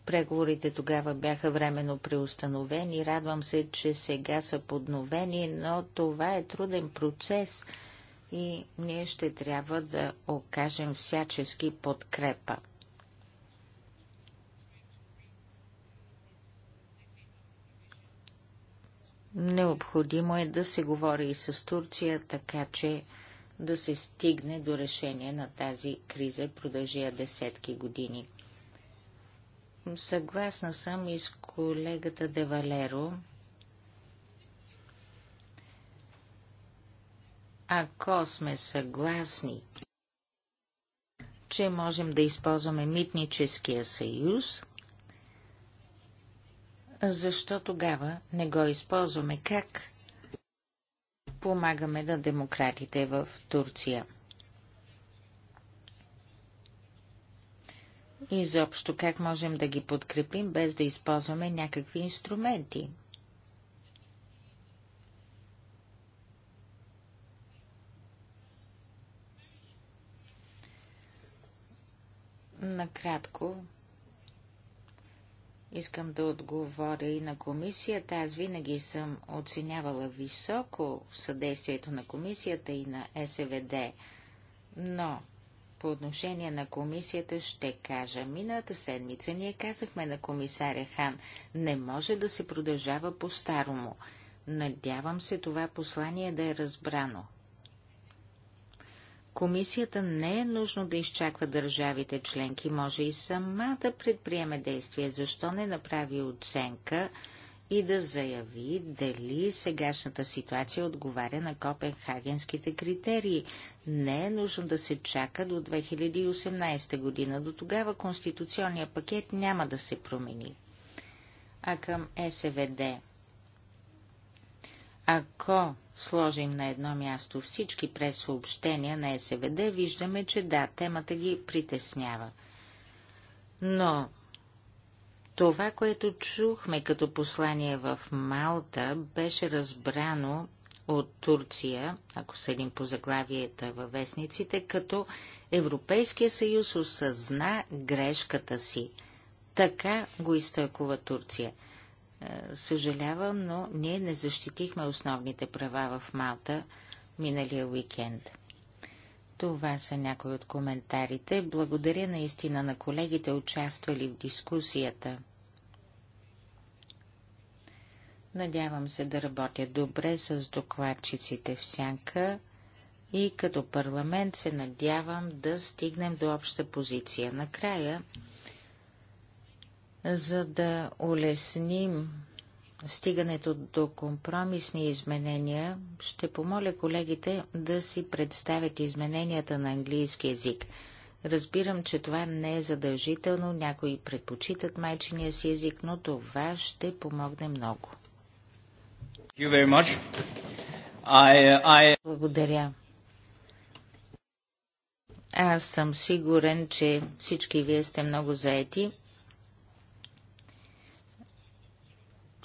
Speaker 1: Преговорите тогава бяха временно преустановени. Радвам се, че сега са подновени, но това е труден процес и ние ще трябва да окажем всячески подкрепа. Необходимо е да се говори и с Турция, така че да се стигне до решение на тази криза продължия продължи я десетки години. Съгласна съм и с колегата Девалеро. Ако сме съгласни, че можем да използваме митническия съюз, защо тогава не го използваме? Как помагаме на демократите в Турция. Изобщо как можем да ги подкрепим, без да използваме някакви инструменти? Накратко Искам да отговоря и на комисията. Аз винаги съм оценявала високо съдействието на комисията и на СВД. Но по отношение на комисията ще кажа. Миналата седмица ние казахме на комисаря Хан, не може да се продължава по-старому. Надявам се това послание да е разбрано. Комисията не е нужно да изчаква държавите членки, може и сама да предприеме действие. Защо не направи оценка и да заяви дали сегашната ситуация отговаря на копенхагенските критерии? Не е нужно да се чака до 2018 година. До тогава конституционния пакет няма да се промени. А към СВД. Ако сложим на едно място всички пресъобщения на СВД, виждаме, че да, темата ги притеснява. Но това, което чухме като послание в Малта, беше разбрано от Турция, ако седим по заглавията във вестниците, като Европейския съюз осъзна грешката си. Така го изтълкува Турция – е, съжалявам, но ние не защитихме основните права в Малта миналия уикенд. Това са някои от коментарите. Благодаря наистина на колегите, участвали в дискусията. Надявам се да работя добре с докладчиците в сянка и като парламент се надявам да стигнем до обща позиция. Накрая за да улесним стигането до компромисни изменения, ще помоля колегите да си представят измененията на английски язик. Разбирам, че това не е задължително, някои предпочитат майчиния си език, но това ще помогне много. I, I... Благодаря. Аз съм сигурен, че всички вие сте много заети.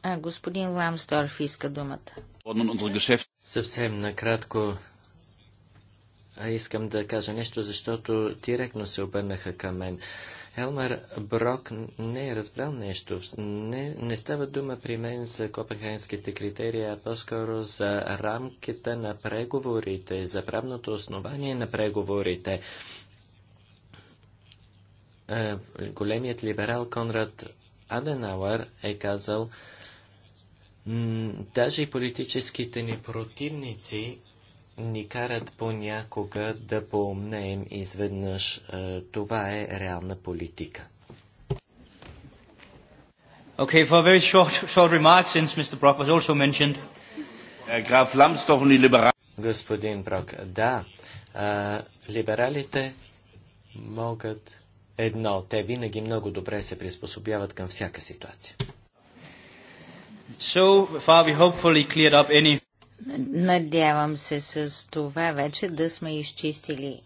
Speaker 1: А господин Ламсторф
Speaker 2: иска думата. Съвсем накратко а искам да кажа нещо, защото директно се обърнаха към мен. Елмар Брок не е разбрал нещо. Не, не става дума при мен за копенхагенските критерии, а по-скоро за рамките на преговорите, за правното основание на преговорите. Е, големият либерал Конрад Аденауър е казал, Даже и политическите ни противници ни карат понякога да поумнеем изведнъж. Е, това е реална политика. Okay, for very short, short remark, since Mr. Brock was also mentioned. Граф Ламстов и либерал. Господин Брок, да, а, е, либералите могат едно. Те винаги много добре се приспособяват към всяка ситуация. So, we hopefully cleared up any...
Speaker 1: Надявам се с това вече да сме изчистили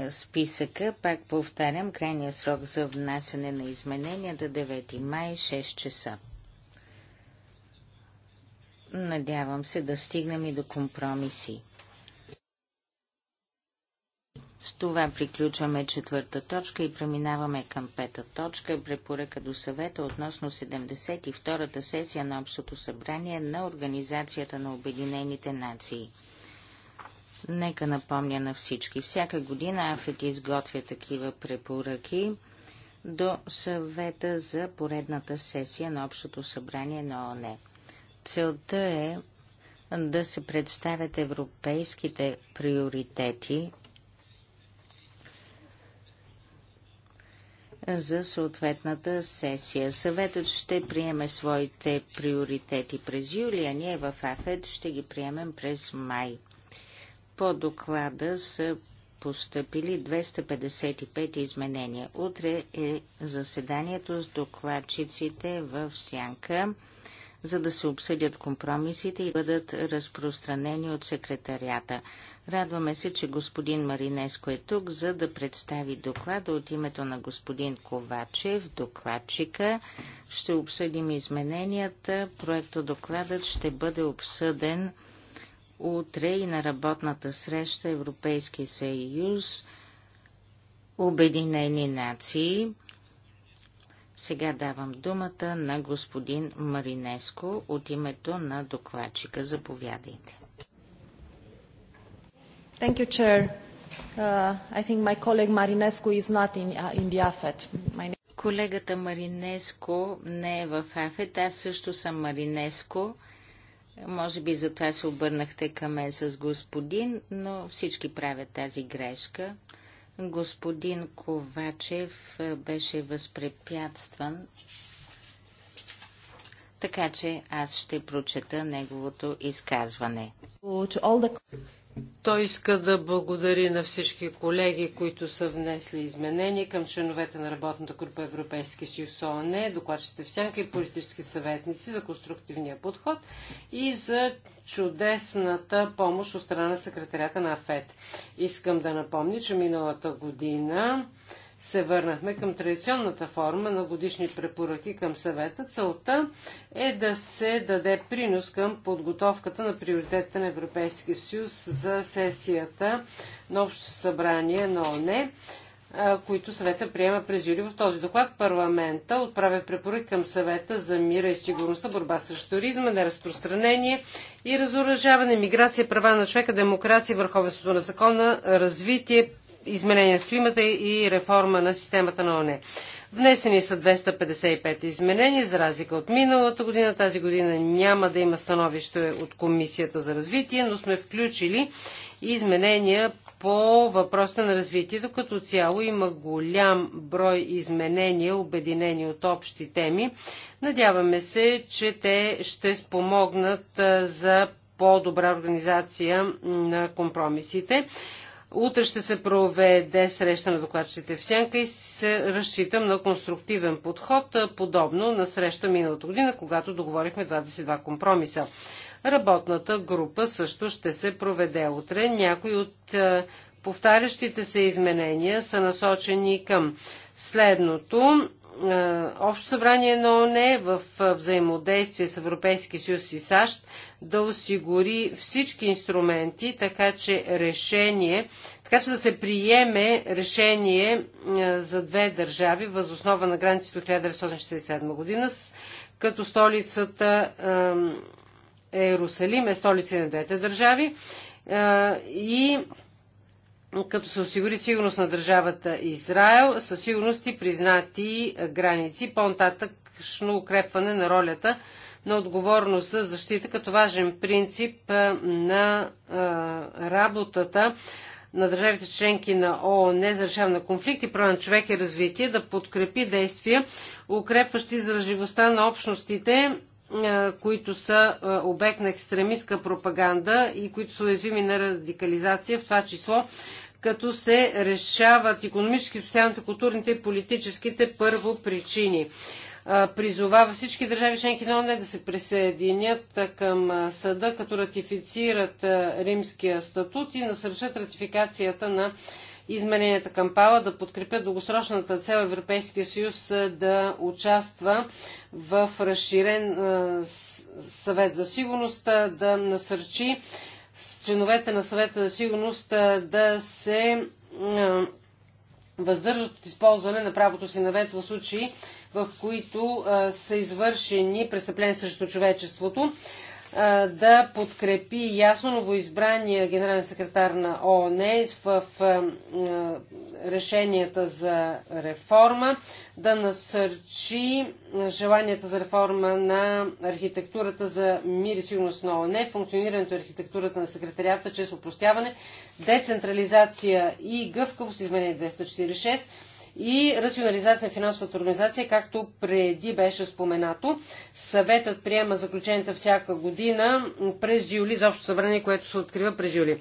Speaker 1: е, списъка. Пак повтарям, крайния срок за внасяне на измененията 9 май 6 часа. Надявам се да стигнем и до компромиси. С това приключваме четвърта точка и преминаваме към пета точка. Препоръка до съвета относно 72-та сесия на Общото събрание на Организацията на Обединените нации. Нека напомня на всички. Всяка година Афет изготвя такива препоръки до съвета за поредната сесия на Общото събрание на ОНЕ. Целта е да се представят европейските приоритети за съответната сесия. Съветът ще приеме своите приоритети през юли, а ние в АФЕД ще ги приемем през май. По доклада са постъпили 255 изменения. Утре е заседанието с докладчиците в Сянка, за да се обсъдят компромисите и бъдат разпространени от секретарията. Радваме се, че господин Маринеско е тук, за да представи доклада от името на господин Ковачев, докладчика. Ще обсъдим измененията. Проекто докладът ще бъде обсъден утре и на работната среща Европейски съюз Обединени нации. Сега давам думата на господин Маринеско от името на докладчика. Заповядайте.
Speaker 3: Thank you, Chair. Uh, I think my colleague Marinescu is not in, uh, the AFET.
Speaker 1: Колегата Маринеско не е в Афет, аз също съм Маринеско. Може би затова се обърнахте към мен с господин, но всички правят тази грешка. Господин Ковачев беше възпрепятстван, така че аз ще прочета неговото изказване.
Speaker 3: Той иска да благодари на всички колеги, които са внесли изменения към членовете на работната група Европейски съюз ООН, докладчите в сянка и политическите съветници за конструктивния подход и за чудесната помощ от страна на секретарята на АФЕД. Искам да напомня, че миналата година се върнахме към традиционната форма на годишни препоръки към съвета. Целта е да се даде принос към подготовката на приоритетите на Европейския съюз за сесията на Общото събрание на ОНЕ които съвета приема през юли. В този доклад парламента отправя препоръки към съвета за мира и сигурността, борба срещу туризма, неразпространение и разоръжаване, миграция, права на човека, демокрация, върховенството на закона, развитие, изменение в климата и реформа на системата на ОНЕ. Внесени са 255 изменения, за разлика от миналата година. Тази година няма да има становище от Комисията за развитие, но сме включили изменения по въпросите на развитието. Като цяло има голям брой изменения, обединени от общи теми. Надяваме се, че те ще спомогнат за по-добра организация на компромисите. Утре ще се проведе среща на докладчите в Сянка и се разчитам на конструктивен подход, подобно на среща миналата година, когато договорихме 22 компромиса. Работната група също ще се проведе утре. Някои от повтарящите се изменения са насочени към следното е, общо събрание на ОНЕ в е, взаимодействие с Европейски съюз и САЩ да осигури всички инструменти, така че решение, така че да се приеме решение е, за две държави възоснова на границите от 1967 година, като столицата Иерусалим е столица на двете държави и като се осигури сигурност на държавата Израел, със сигурност и признати граници, по-нататъчно укрепване на ролята на отговорност за защита като важен принцип на работата на държавите членки на ООН за решаване на конфликти, права на човек и развитие да подкрепи действия, укрепващи издръжливостта на общностите е, които са е, обект на екстремистска пропаганда и които са уязвими на радикализация, в това число като се решават економически, социалните, културните и политическите първо причини. Е, призовава всички държави членки на ОНЕ да се присъединят към съда, като ратифицират римския статут и насърчат ратификацията на измененията към Пала да подкрепят дългосрочната цел Европейския съюз да участва в разширен съвет за сигурност, да насърчи членовете на съвета за сигурност да се въздържат от използване на правото си на вето в случаи, в които са извършени престъпления срещу човечеството да подкрепи ясно новоизбрания генерален секретар на ООН в решенията за реформа, да насърчи желанията за реформа на архитектурата за мир и сигурност на ООН, функционирането и архитектурата на секретарията чрез упростяване, децентрализация и гъвкавост, изменение 246, и рационализация на финансовата организация, както преди беше споменато. Съветът приема заключенията всяка година през юли за общо събрание, което се открива през юли.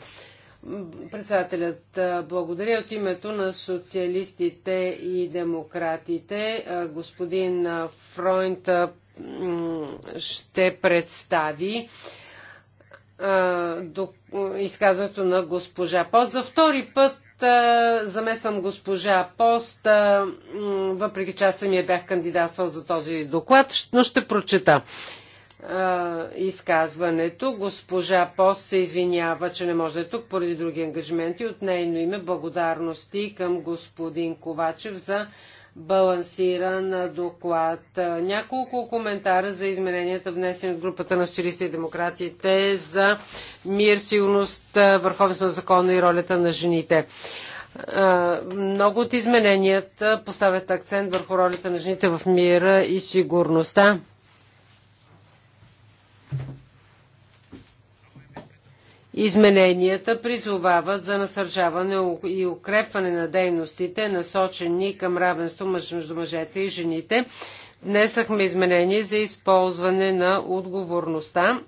Speaker 3: Председателят, благодаря от името на социалистите и демократите. Господин Фройнт ще представи изказването на госпожа Поз. За втори път проект. Замесвам госпожа Пост, въпреки че аз самия бях кандидатствал за този доклад, но ще прочета изказването. Госпожа Пост се извинява, че не може да е тук поради други ангажименти. От нейно име благодарности към господин Ковачев за балансиран доклад. Няколко коментара за измененията, внесени от групата на социалистите и демократите за мир, сигурност, върховенство на закона и ролята на жените. Много от измененията поставят акцент върху ролята на жените в мира и сигурността. Измененията призовават за насърчаване и укрепване на дейностите, насочени към равенство между мъжете и жените. Внесахме изменение за използване на отговорността.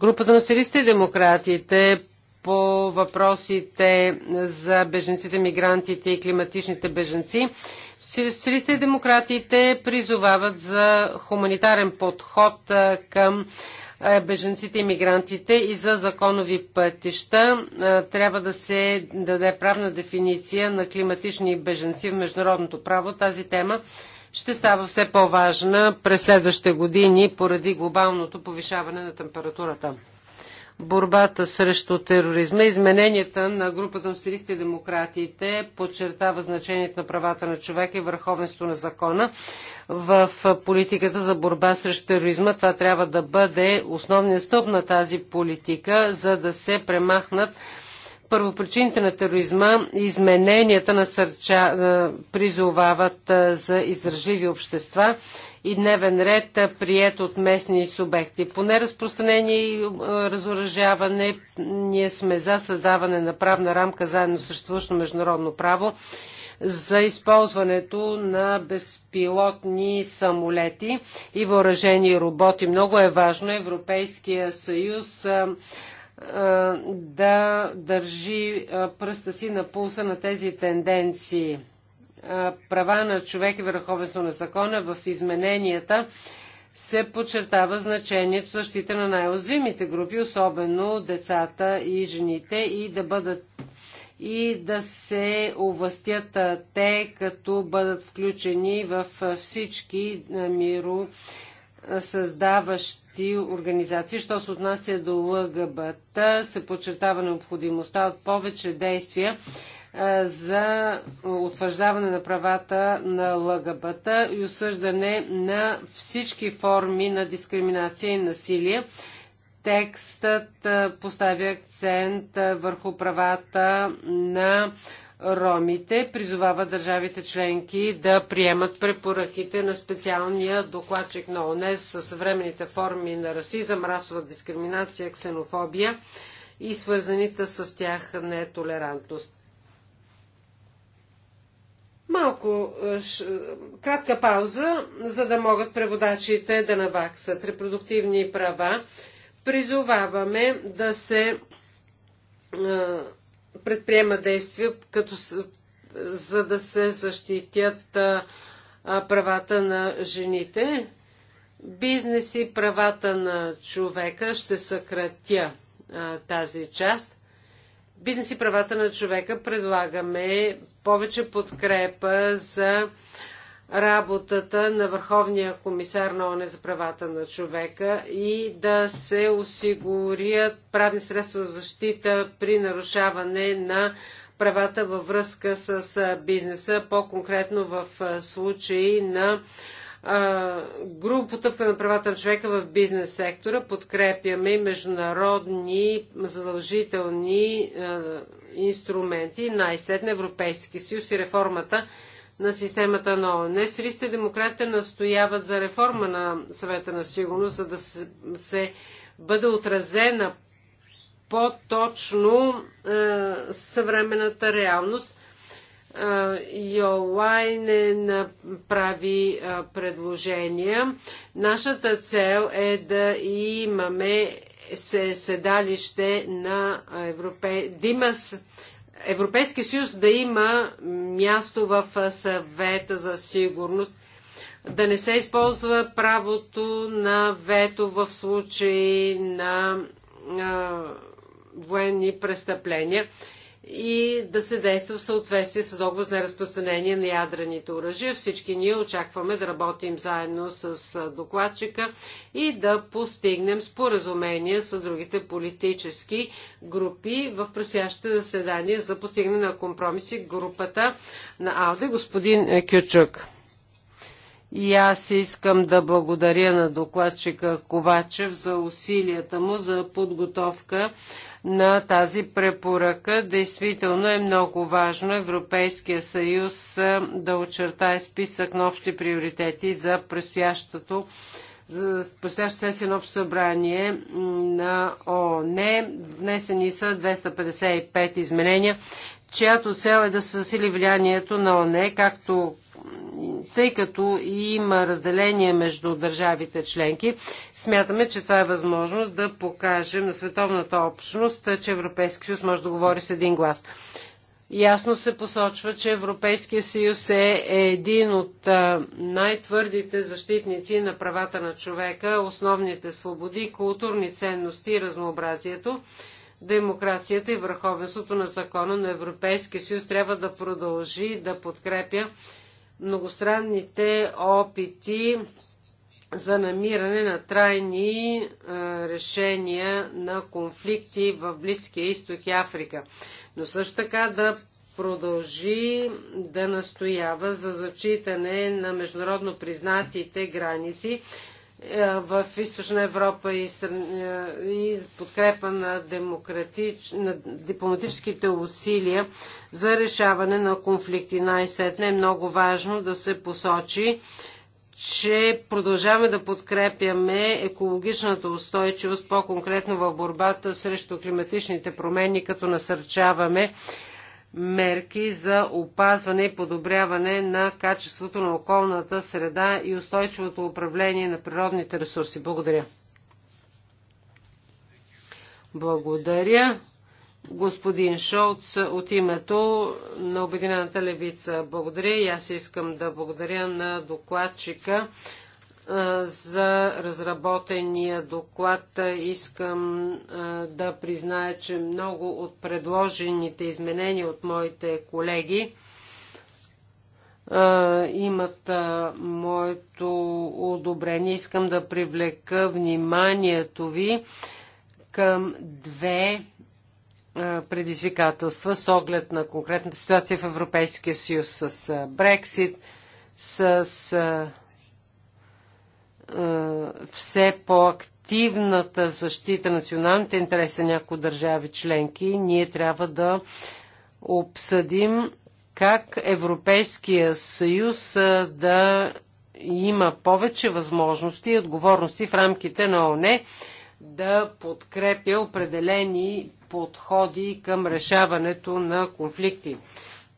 Speaker 3: Групата на социалистите и демократите по въпросите за беженците, мигрантите и климатичните беженци. Социалистите и демократите призовават за хуманитарен подход към е, беженците и мигрантите и за законови пътища. Е, трябва да се даде правна дефиниция на климатични беженци в международното право. Тази тема ще става все по-важна през следващите години поради глобалното повишаване на температурата борбата срещу тероризма. Измененията на групата на стилисти и демократите подчертава значението на правата на човека и върховенство на закона в политиката за борба срещу тероризма. Това трябва да бъде основният стълб на тази политика, за да се премахнат първопричините на тероризма, измененията на сърча е, призовават е, за издържливи общества и дневен ред, е, прият от местни субекти. По неразпространение и разоръжаване ние сме за създаване на правна рамка заедно с съществуващо международно право за използването на безпилотни самолети и въоръжени роботи. Много е важно Европейския съюз е, да държи е, пръста си на пулса на тези тенденции. Е, права на човек и върховенство на закона в измененията се подчертава значението защита на най-озвимите групи, особено децата и жените, и да бъдат и да се овластят те, като бъдат включени в всички миро създаващи организации. Що се отнася до ЛГБТ, се подчертава необходимостта от повече действия за утвърждаване на правата на ЛГБТ и осъждане на всички форми на дискриминация и насилие. Текстът поставя акцент върху правата на ромите, призовава държавите членки да приемат препоръките на специалния докладчик на ОНЕС с съвременните форми на расизъм, расова дискриминация, ксенофобия и свързаните с тях нетолерантност. Малко е, е, кратка пауза, за да могат преводачите да наваксат репродуктивни права. Призоваваме да се е, предприема действия, като, за да се защитят правата на жените. Бизнес и правата на човека ще съкратя а, тази част. Бизнес и правата на човека предлагаме повече подкрепа за работата на Върховния комисар на ОНЕ за правата на човека и да се осигурят правни средства за защита при нарушаване на правата във връзка с бизнеса, по-конкретно в случаи на група потъпка на правата на човека в бизнес сектора. Подкрепяме и международни задължителни инструменти, най-сетне Европейски съюз и реформата на системата на ООН. Сирийските демократите настояват за реформа на съвета на сигурност, за да се, се бъде отразена по-точно е, съвременната реалност. Е, не направи е, предложения. Нашата цел е да имаме седалище на Европе... да Европейския съюз да има място в съвета за сигурност, да не се използва правото на вето в случай на а, военни престъпления и да се действа в съответствие с договор за неразпространение на ядрените оръжия. Всички ние очакваме да работим заедно с докладчика и да постигнем споразумение с другите политически групи в предстоящите заседания за постигане на компромиси групата на АЛДЕ. Господин е, Кючук. И аз искам да благодаря на докладчика Ковачев за усилията му за подготовка на тази препоръка. Действително е много важно Европейския съюз да очертае списък на общи приоритети за предстоящото за предстоящата сесия на общо събрание на ООН. Внесени са 255 изменения чиято цел е да се засили влиянието на ОНЕ, както тъй като има разделение между държавите членки, смятаме, че това е възможност да покажем на световната общност, че Европейски съюз може да говори с един глас. Ясно се посочва, че Европейския съюз е един от най-твърдите защитници на правата на човека, основните свободи, културни ценности и разнообразието демокрацията и върховенството на закона на Европейския съюз трябва да продължи да подкрепя многостранните опити за намиране на трайни е, решения на конфликти в Близкия изток и Африка. Но също така да продължи да настоява за зачитане на международно признатите граници, е, в Източна Европа и, е, и подкрепа на, демократич, на дипломатическите усилия за решаване на конфликти. Най-сетне е много важно да се посочи, че продължаваме да подкрепяме екологичната устойчивост, по-конкретно в борбата срещу климатичните промени, като насърчаваме мерки за опазване и подобряване на качеството на околната среда и устойчивото управление на природните ресурси. Благодаря. Благодаря. Господин Шолц, от името на Обединената левица, благодаря и аз искам да благодаря на докладчика за разработения доклад. Искам да призная, че много от предложените изменения от моите колеги имат моето одобрение. Искам да привлека вниманието ви към две предизвикателства с оглед на конкретната ситуация в Европейския съюз с Брексит, с е, все по-активната защита националните интереси на някои държави членки, ние трябва да обсъдим как Европейския съюз е, да има повече възможности и отговорности в рамките на ОНЕ да подкрепя определени подходи към решаването на конфликти.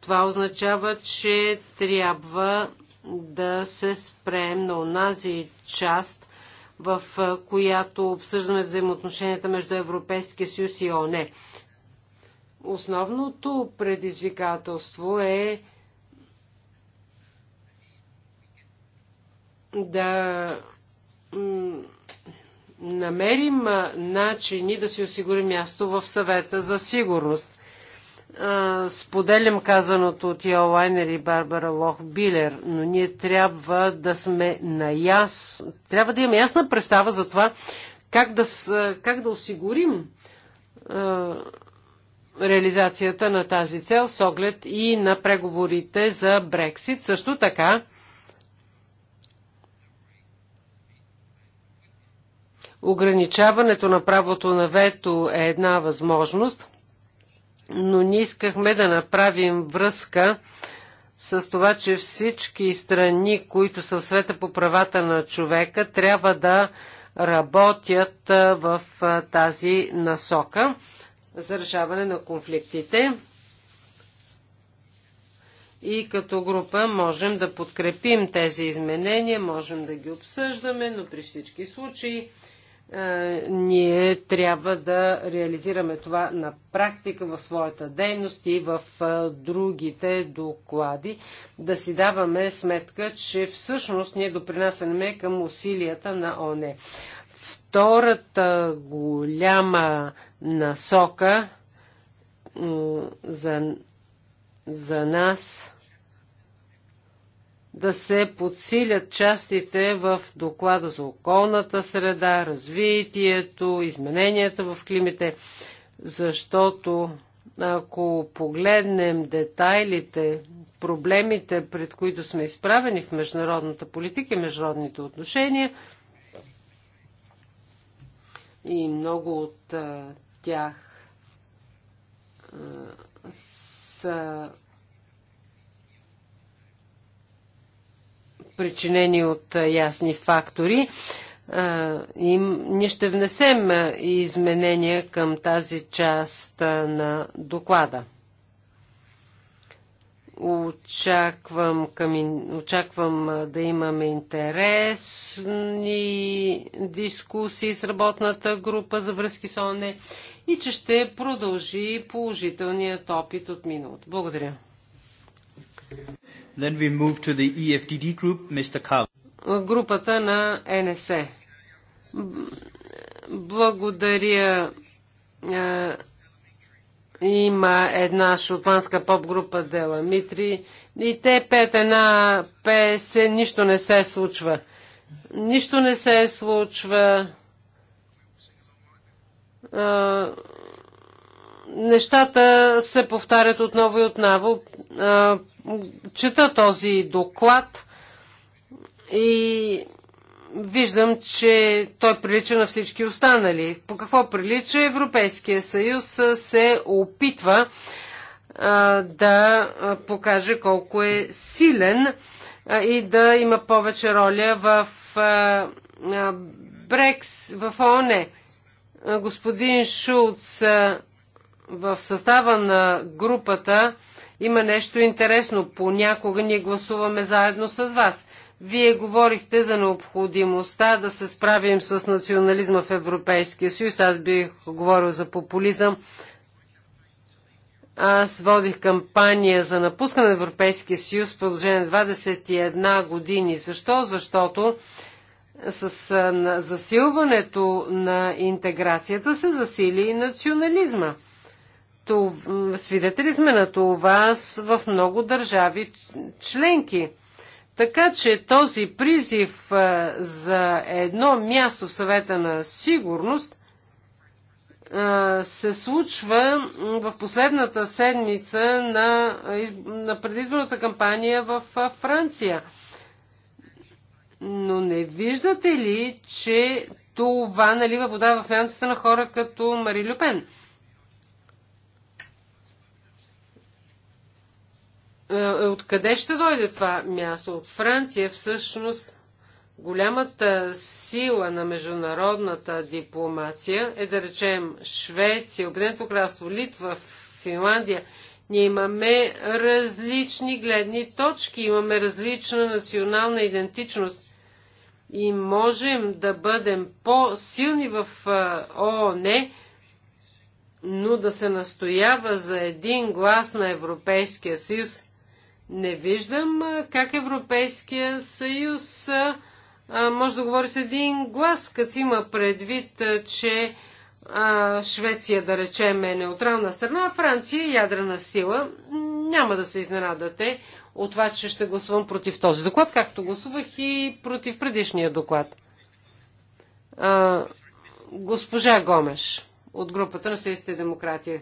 Speaker 3: Това означава, че трябва да се спрем на онази част, в която обсъждаме взаимоотношенията между Европейския съюз и ОНЕ. Основното предизвикателство е да намерим начини да си осигурим място в съвета за сигурност споделям казаното от Йолайнер и Барбара Лох Билер, но ние трябва да сме наяс, трябва да имаме ясна представа за това как да, как да осигурим реализацията на тази цел с оглед и на преговорите за Брексит. Също така, ограничаването на правото на вето е една възможност – но ние искахме да направим връзка с това, че всички страни, които са в света по правата на човека, трябва да работят в тази насока за решаване на конфликтите. И като група можем да подкрепим тези изменения, можем да ги обсъждаме, но при всички случаи е, ние трябва да реализираме това на практика в своята дейност и в е, другите доклади, да си даваме сметка, че всъщност ние допринасяме към усилията на ОНЕ. Втората голяма насока за, за нас да се подсилят частите в доклада за околната среда, развитието, измененията в климите, защото ако погледнем детайлите, проблемите, пред които сме изправени в международната политика и международните отношения, и много от а, тях а, са причинени от ясни фактори. И ние ще внесем изменения към тази част на доклада. Очаквам, към, очаквам да имаме интересни дискусии с работната група за връзки с ОНЕ и че ще продължи положителният опит от миналото. Благодаря.
Speaker 2: Then we move to the EFDD group, Mr. Kav.
Speaker 3: Групата на НС. Благодаря. Има една шотландска поп-група Деламитри и те пеят една песен «Нищо не се случва». Нищо не се случва. А, нещата се повтарят отново и отново. А, чета този доклад и виждам, че той прилича на всички останали. По какво прилича? Европейския съюз се опитва а, да покаже колко е силен а, и да има повече роля в а, Брекс, в ООН. Господин Шулц в състава на групата има нещо интересно. Понякога ние гласуваме заедно с вас. Вие говорихте за необходимостта да се справим с национализма в Европейския съюз. Аз бих говорил за популизъм. Аз водих кампания за напускане на Европейския съюз в продължение на 21 години. Защо? Защото с засилването на интеграцията се засили и национализма свидетели сме на това в много държави членки. Така че този призив за едно място в съвета на сигурност се случва в последната седмица на, на предизборната кампания в Франция. Но не виждате ли, че това налива вода в мянцата на хора като Мари Люпен? Е, откъде ще дойде това място? От Франция всъщност голямата сила на международната дипломация е да речем Швеция, Обединеното кралство, Литва, Финландия. Ние имаме различни гледни точки, имаме различна национална идентичност и можем да бъдем по-силни в е, ООН, но да се настоява за един глас на Европейския съюз – не виждам как Европейския съюз може да говори с един глас, като има предвид, че Швеция, да речем, е неутрална страна, а Франция е ядрена сила. Няма да се изненадате от това, че ще гласувам против този доклад, както гласувах и против предишния доклад. А, госпожа Гомеш от групата на Съюзите демократия.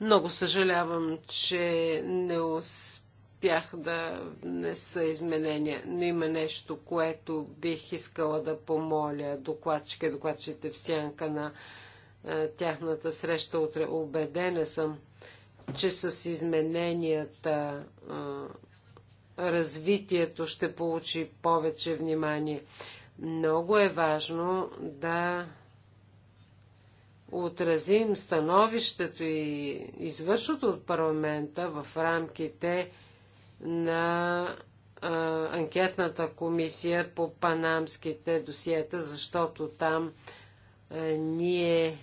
Speaker 3: Много съжалявам, че не успях да внеса изменения, но има нещо, което бих искала да помоля докладчика, докладчите в сянка на е, тяхната среща утре. Обедена съм, че с измененията е, развитието ще получи повече внимание. Много е важно да отразим становището и извършното от парламента в рамките на а, анкетната комисия по панамските досиета, защото там а, ние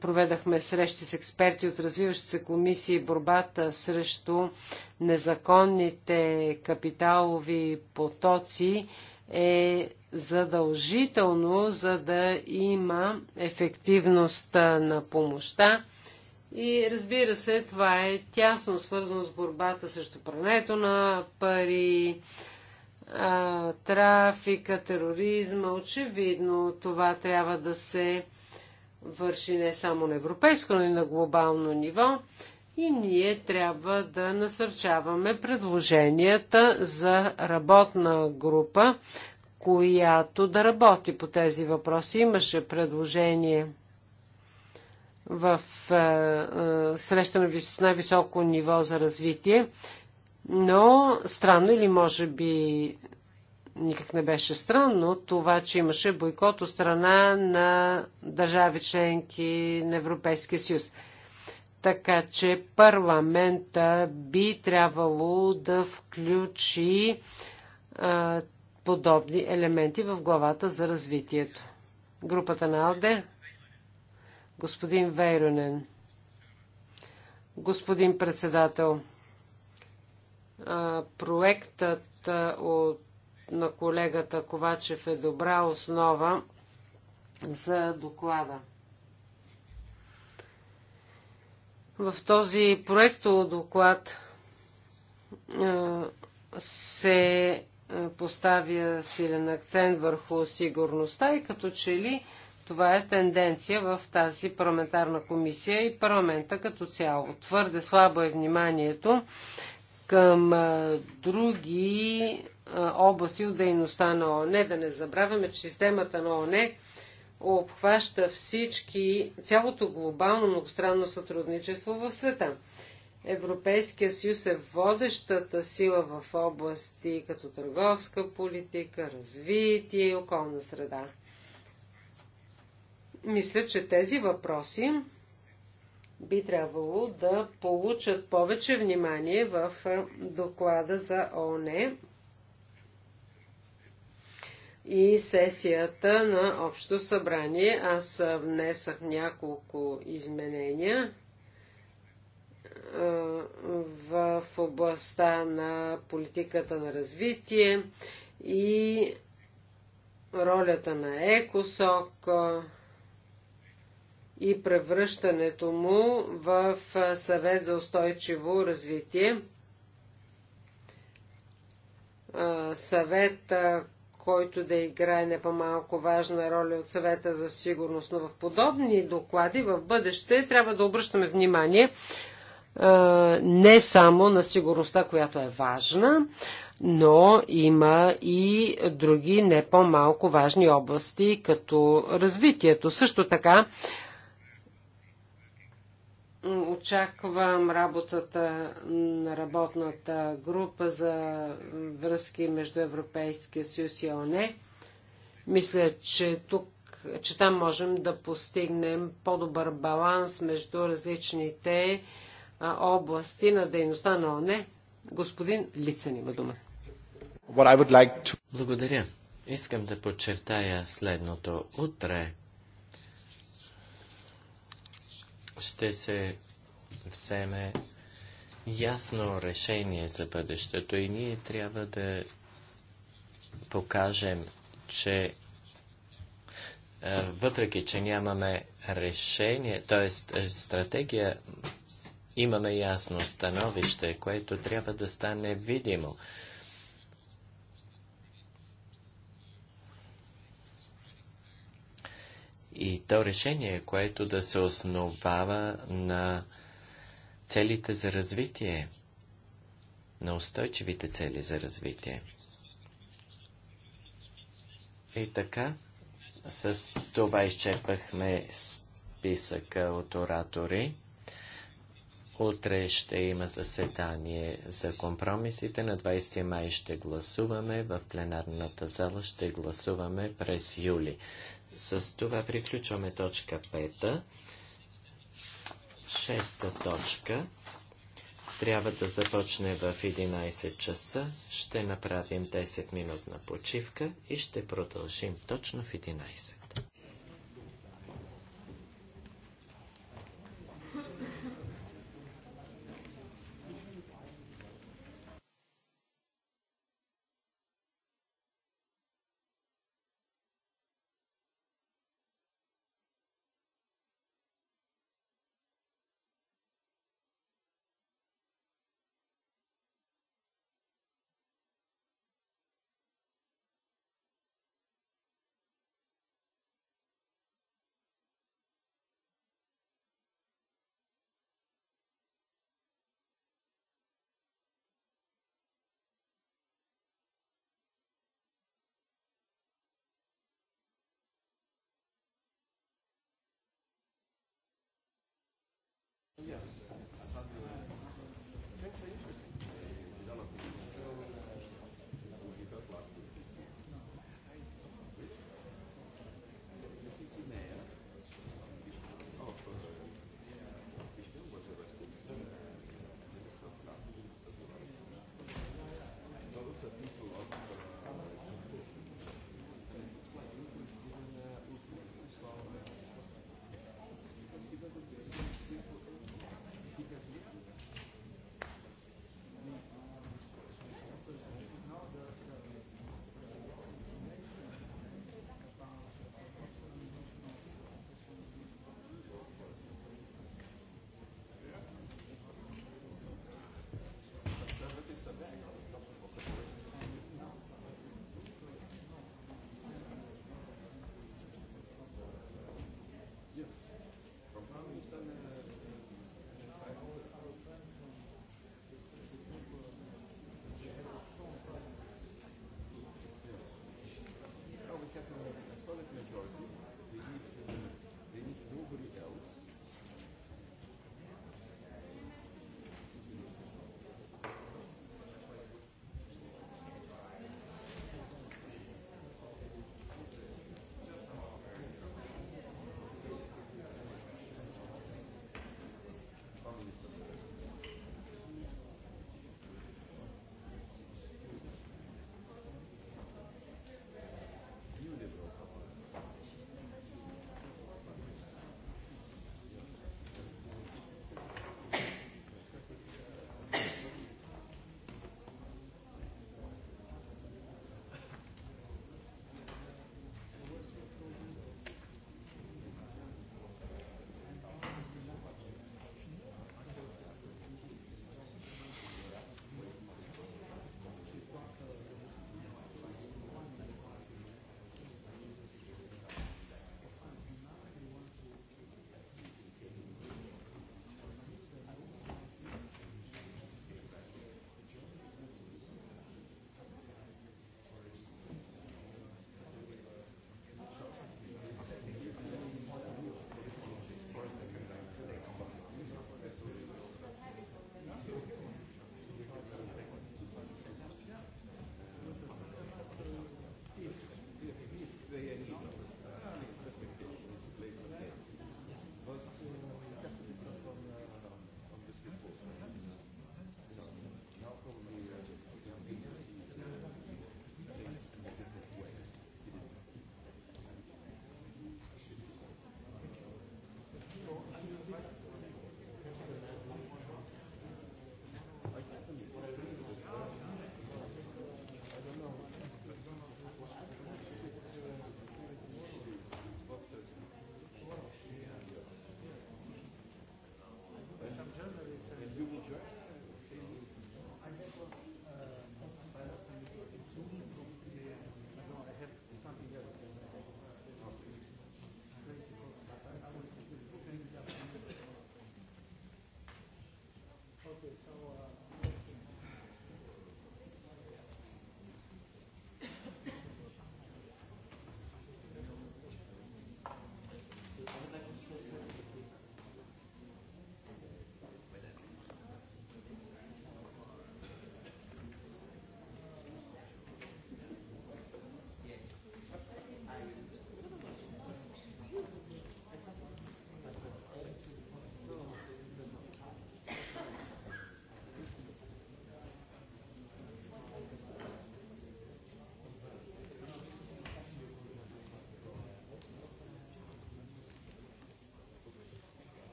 Speaker 3: проведахме срещи с експерти от развиващи се комисии борбата срещу незаконните капиталови потоци е задължително, за да има ефективност на помощта. И разбира се, това е тясно свързано с борбата срещу прането на пари, трафика, тероризма. Очевидно, това трябва да се върши не само на европейско, но и на глобално ниво и ние трябва да насърчаваме предложенията за работна група, която да работи по тези въпроси. Имаше предложение в е, е, среща на вис... най-високо ниво за развитие, но странно или може би никак не беше странно това, че имаше бойкот от страна на държави членки на Европейския съюз. Така че парламента би трябвало да включи а, подобни елементи в главата за развитието. Групата на Алде. Господин Вейронен. Господин председател. А, проектът от, на колегата Ковачев е добра основа за доклада. В този проекто доклад се поставя силен акцент върху сигурността и като че ли това е тенденция в тази парламентарна комисия и парламента като цяло. Твърде слабо е вниманието към други области от дейността на ОНЕ, Да не забравяме, че системата на ОНЕ обхваща всички, цялото глобално многостранно сътрудничество в света. Европейския съюз е водещата сила в области като търговска политика, развитие и околна среда. Мисля, че тези въпроси би трябвало да получат повече внимание в доклада за ОНЕ и сесията на Общо събрание. Аз внесах няколко изменения в областта на политиката на развитие и ролята на ЕКОСОК и превръщането му в съвет за устойчиво развитие. Съвет, който да играе не по-малко важна роля от съвета за сигурност, но в подобни доклади в бъдеще трябва да обръщаме внимание не само на сигурността, която е важна, но има и други не по-малко важни области, като развитието. Също така, Очаквам работата на работната група за връзки между Европейския съюз и ОНЕ. Мисля, че тук че там можем да постигнем по-добър баланс между различните области на дейността на ОНЕ. Господин Лицен има дума.
Speaker 2: Like to... Благодаря. Искам да подчертая следното. Утре ще се вземе ясно решение за бъдещето и ние трябва да покажем, че е, въпреки, че нямаме решение, т.е. стратегия, имаме ясно становище, което трябва да стане видимо. И то решение, което да се основава на целите за развитие, на устойчивите цели за развитие. И така, с това изчерпахме списъка от оратори. Утре ще има заседание за компромисите. На 20 май ще гласуваме. В пленарната зала ще гласуваме през юли. С това приключваме точка 5. Шеста точка трябва да започне в 11 часа. Ще направим 10 минутна почивка и ще продължим точно в 11.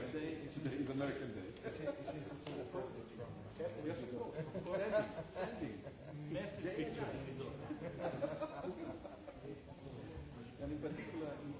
Speaker 2: American Day, today is American Day. Yes, of course. Sandy, Sandy. Massive picture. and in particular, in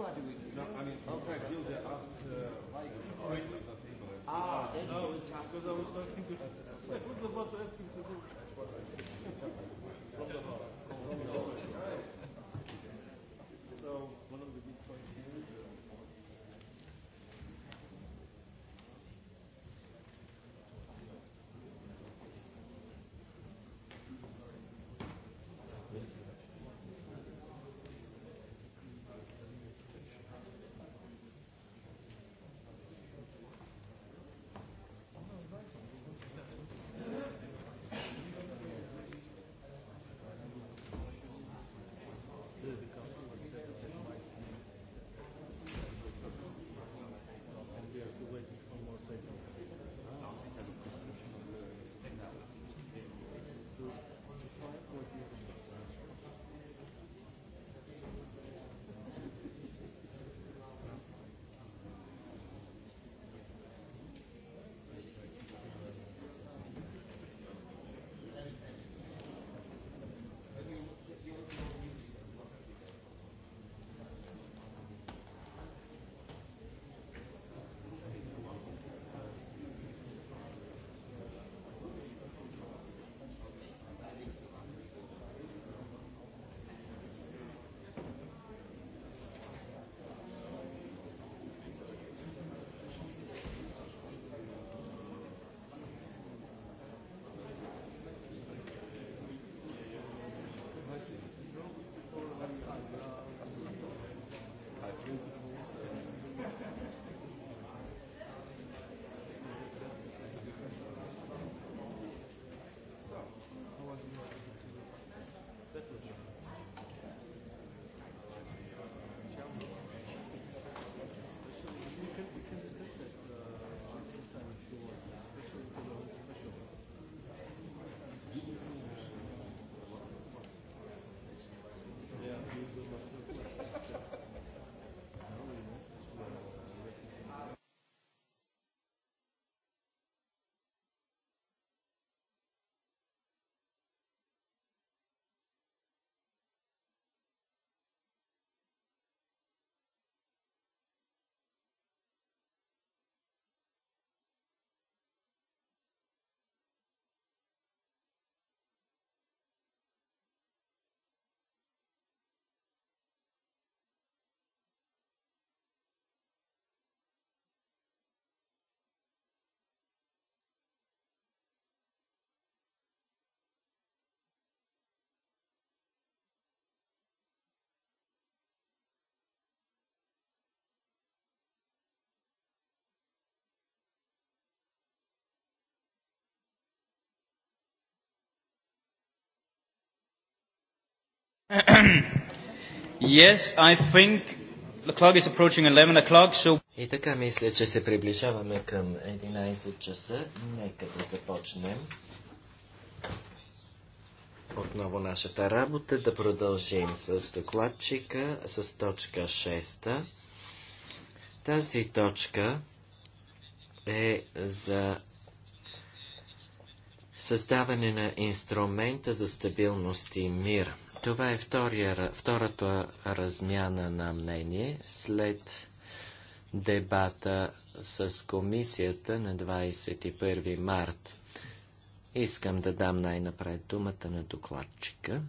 Speaker 2: do I it? No, I mean, okay. Hilde asked uh, Ah, no,
Speaker 1: because I was talking to... I was about to ask him to do
Speaker 2: yes, I think the clock is approaching 11 o'clock, so... И така мисля, че се приближаваме към 11 часа. Нека да започнем отново нашата работа. Да продължим с докладчика, с точка 6. Тази точка е за създаване на инструмента за стабилност и мир. Това е втория, втората размяна на мнение след дебата с комисията на 21 март. Искам да дам най-напред думата на докладчика.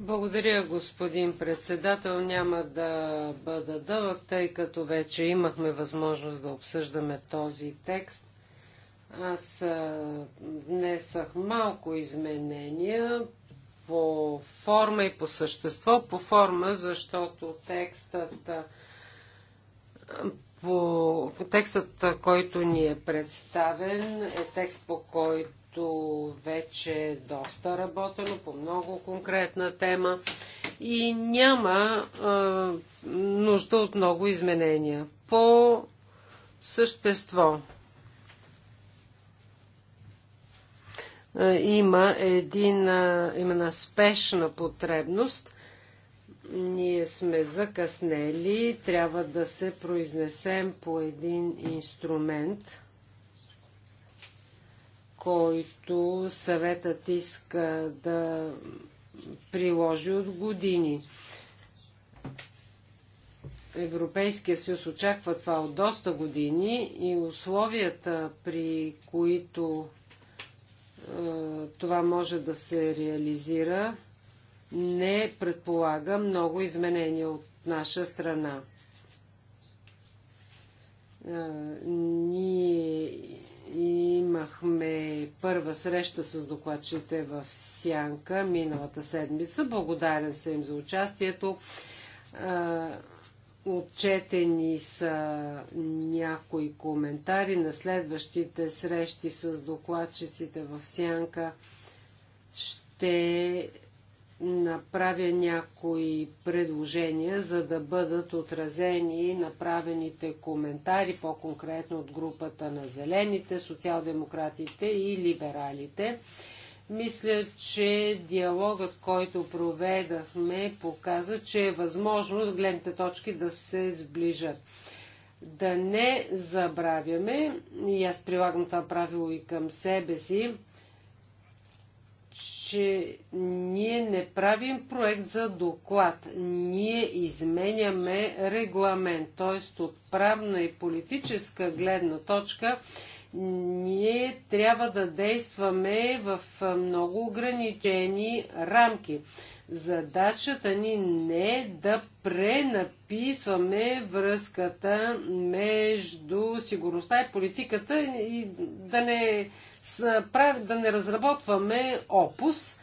Speaker 3: Благодаря, господин председател. Няма да бъда дълъг, тъй като вече имахме възможност да обсъждаме този текст. Аз внесах малко изменения по форма и по същество. По форма, защото текстът по текстът, който ни е представен, е текст, по който вече е доста работено, по много конкретна тема и няма а, нужда от много изменения. По същество, Е, има един, е, има една спешна потребност. Ние сме закъснели, трябва да се произнесем по един инструмент, който съветът иска да приложи от години. Европейския съюз очаква това от доста години и условията, при които е, това може да се реализира, не предполага много изменения от наша страна. Е, ние имахме първа среща с докладчите в Сянка миналата седмица. Благодарен съм им за участието. Е, Отчетени са някои коментари на следващите срещи с докладчиците в Сянка. Ще направя някои предложения, за да бъдат отразени направените коментари, по-конкретно от групата на зелените, социал-демократите и либералите. Мисля, че диалогът, който проведахме, показва, че е възможно гледните точки да се сближат. Да не забравяме, и аз прилагам това правило и към себе си, че ние не правим проект за доклад, ние изменяме регламент, т.е. от правна и политическа гледна точка ние трябва да действаме в много ограничени рамки. Задачата ни не е да пренаписваме връзката между сигурността и политиката и да не, да не разработваме опус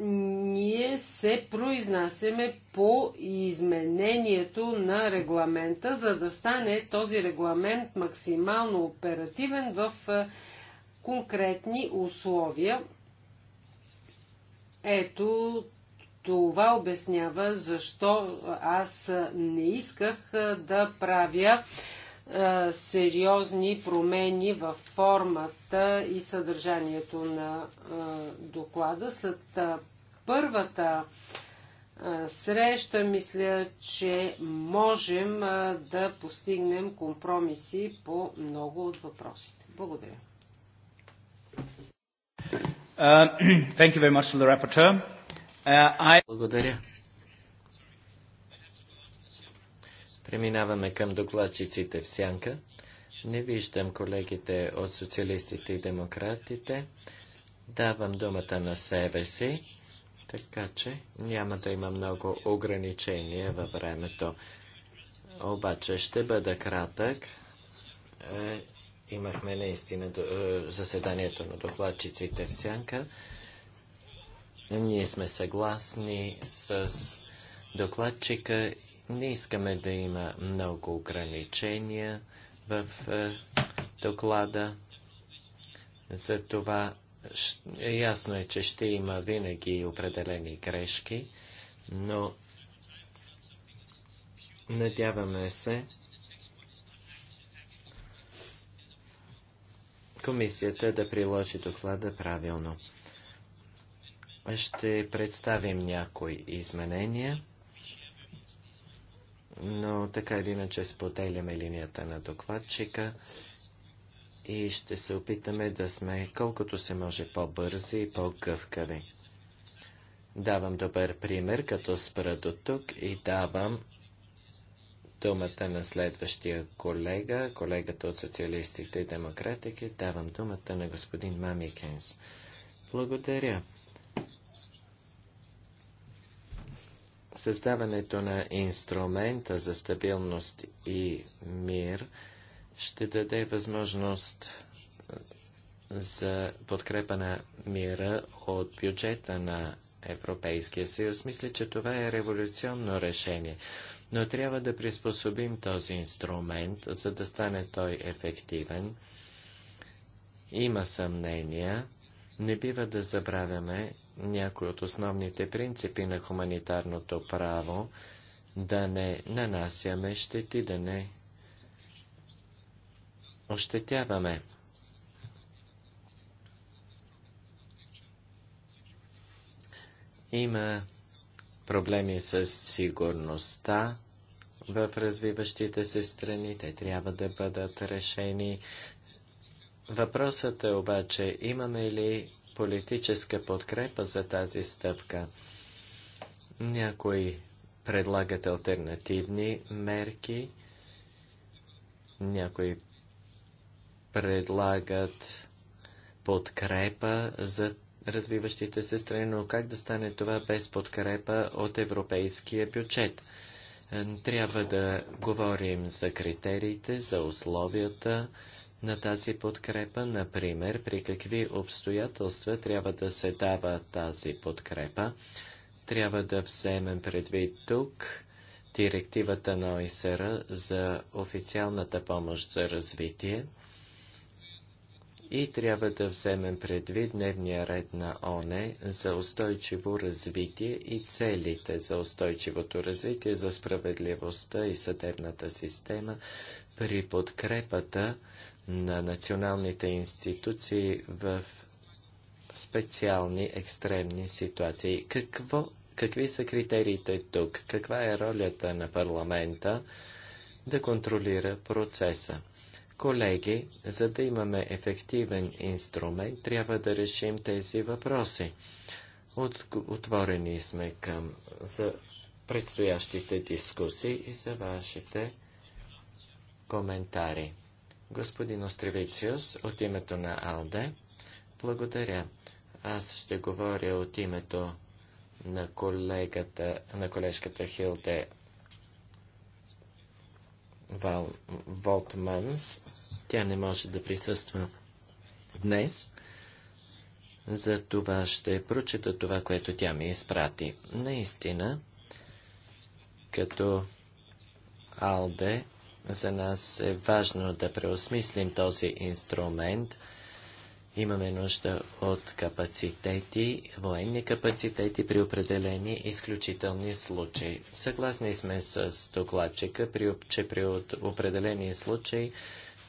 Speaker 3: ние се произнасяме по изменението на регламента, за да стане този регламент максимално оперативен в конкретни условия. Ето това обяснява защо аз не исках да правя сериозни промени в формата и съдържанието на доклада. След първата среща мисля, че можем да постигнем компромиси по много от въпросите. Благодаря.
Speaker 2: Uh, much, uh, I... Благодаря. Преминаваме към докладчиците в сянка. Не виждам колегите от социалистите и демократите. Давам думата на себе си, така че няма да има много ограничения във времето. Обаче ще бъда кратък. Е, имахме наистина е, заседанието на докладчиците в сянка. Ние сме съгласни с докладчика не искаме да има много ограничения в е, доклада. За това е ясно е, че ще има винаги определени грешки, но надяваме се, комисията да приложи доклада правилно. Ще представим някои изменения но така или иначе споделяме линията на докладчика и ще се опитаме да сме колкото се може по-бързи и по-гъвкави. Давам добър пример, като спра до тук и давам думата на следващия колега, колегата от социалистите и демократики, давам думата на господин Мамикенс. Благодаря. Създаването на инструмента за стабилност и мир ще даде възможност за подкрепа на мира от бюджета на Европейския съюз. Мисля, че това е революционно решение, но трябва да приспособим този инструмент, за да стане той ефективен. Има съмнения. Не бива да забравяме, някои от основните принципи на хуманитарното право, да не нанасяме щети, да не ощетяваме. Има проблеми с сигурността в развиващите се страни. Те трябва да бъдат решени. Въпросът е обаче, имаме ли политическа подкрепа за тази стъпка. Някои предлагат альтернативни мерки, някои предлагат подкрепа за развиващите се страни, но как да стане това без подкрепа от европейския бюджет? Трябва да говорим за критериите, за условията, на тази подкрепа, например, при какви обстоятелства трябва да се дава тази подкрепа. Трябва да вземем предвид тук директивата на ОИСР за официалната помощ за развитие и трябва да вземем предвид дневния ред на ОНЕ за устойчиво развитие и целите за устойчивото развитие, за справедливостта и съдебната система при подкрепата на националните институции в специални екстремни ситуации. Какво, какви са критериите тук? Каква е ролята на парламента да контролира процеса? Колеги, за да имаме ефективен инструмент, трябва да решим тези въпроси. От, отворени сме към за предстоящите дискусии и за вашите коментари. Господин Остревициус, от името на АЛДЕ, благодаря. Аз ще говоря от името на, колегата, на колежката Хилде Вал, Волтманс. Тя не може да присъства днес. За това ще прочета това, което тя ми изпрати. Наистина, като Алде за нас е важно да преосмислим този инструмент. Имаме нужда от капацитети, военни капацитети при определени изключителни случаи. Съгласни сме с докладчика, че при определени случаи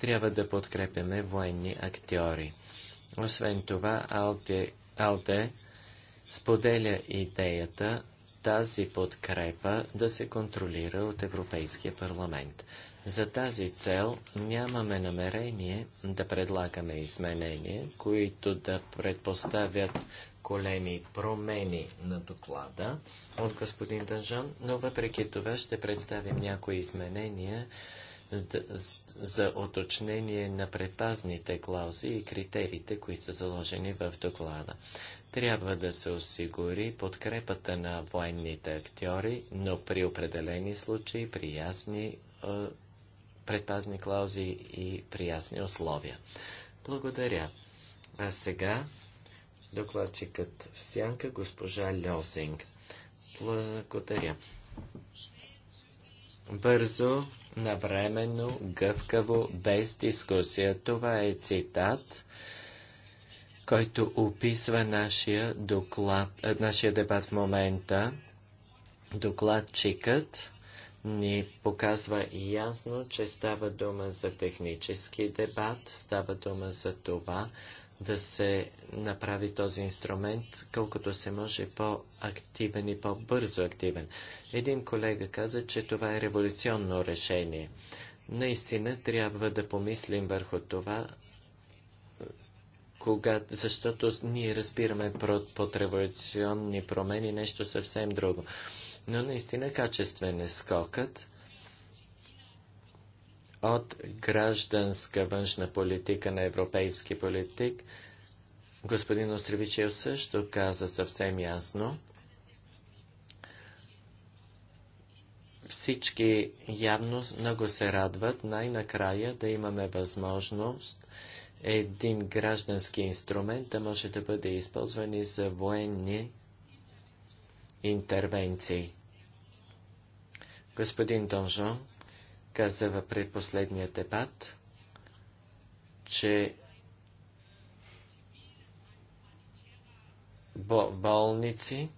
Speaker 2: трябва да подкрепяме военни актьори. Освен това, Алде, Алде споделя идеята тази подкрепа да се контролира от Европейския парламент. За тази цел нямаме намерение да предлагаме изменения, които да предпоставят големи промени на доклада от господин Дънжан, но въпреки това ще представим някои изменения за оточнение на предпазните клаузи и критериите, които са заложени в доклада. Трябва да се осигури подкрепата на военните актьори, но при определени случаи, при ясни предпазни клаузи и приясни условия. Благодаря. А сега докладчикът в сянка госпожа Льосинг. Благодаря. Бързо, навременно, гъвкаво, без дискусия. Това е цитат, който описва нашия, доклад, нашия дебат в момента. Докладчикът ни показва ясно, че става дума за технически дебат, става дума за това да се направи този инструмент колкото се може по-активен и по-бързо активен. Един колега каза, че това е революционно решение. Наистина трябва да помислим върху това, кога, защото ние разбираме под революционни промени нещо съвсем друго но наистина качествен е скокът от гражданска външна политика на европейски политик. Господин Остревичев също каза съвсем ясно, всички явно много се радват най-накрая да имаме възможност един граждански инструмент да може да бъде използван и за военни интервенции. Господин Донжон каза в предпоследния дебат, че болници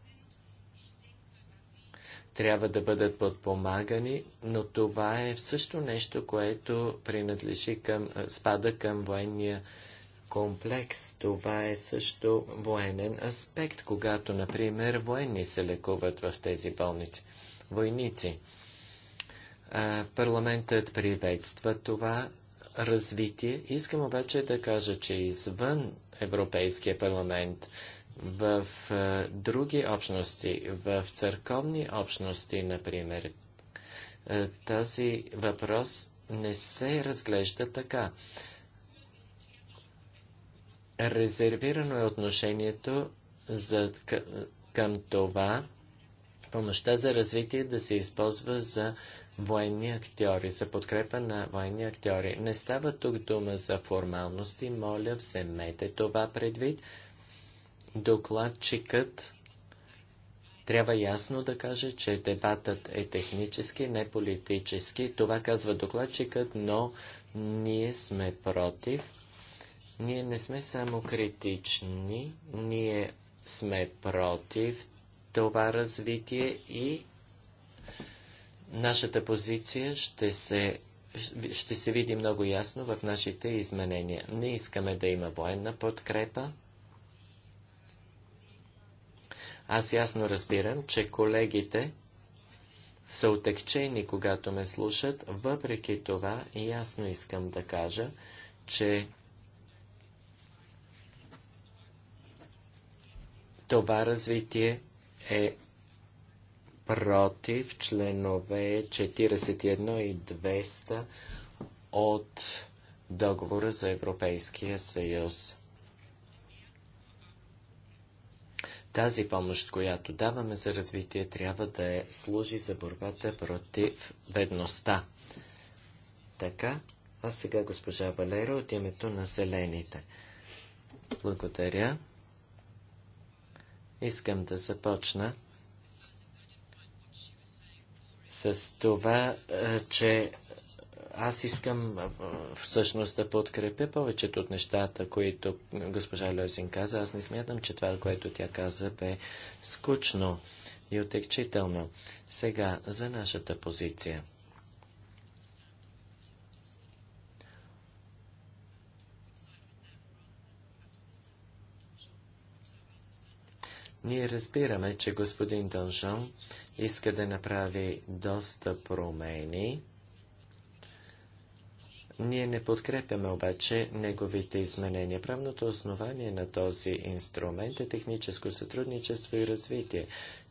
Speaker 2: трябва да бъдат подпомагани, но това е също нещо, което принадлежи към, спада към военния комплекс. Това е също военен аспект, когато, например, военни се лекуват в тези болници. Войници. А, парламентът приветства това развитие. Искам обаче да кажа, че извън Европейския парламент, в а, други общности, в църковни общности, например, а, тази въпрос не се разглежда така резервирано е отношението за, към това помощта за развитие да се използва за военни актьори, за подкрепа на военни актьори. Не става тук дума за формалности, моля, вземете това предвид. Докладчикът трябва ясно да каже, че дебатът е технически, не политически. Това казва докладчикът, но ние сме против ние не сме само критични, ние сме против това развитие и нашата позиция ще се, ще се види много ясно в нашите изменения. Не искаме да има военна подкрепа. Аз ясно разбирам, че колегите са отекчени, когато ме слушат. Въпреки това, ясно искам да кажа, че Това развитие е против членове 41 и 200 от договора за Европейския съюз. Тази помощ, която даваме за развитие, трябва да е, служи за борбата против бедността. Така, а сега госпожа Валера от името на Зелените. Благодаря. Искам да започна с това, е, че аз искам е, всъщност да подкрепя повечето от нещата, които госпожа Льозин каза. Аз не смятам, че това, което тя каза, бе скучно и отекчително. Сега за нашата позиция – Ние разбираме, че господин Дължан иска да направи доста промени. Ние не подкрепяме обаче неговите изменения. Правното основание на този инструмент е техническо сътрудничество и развитие.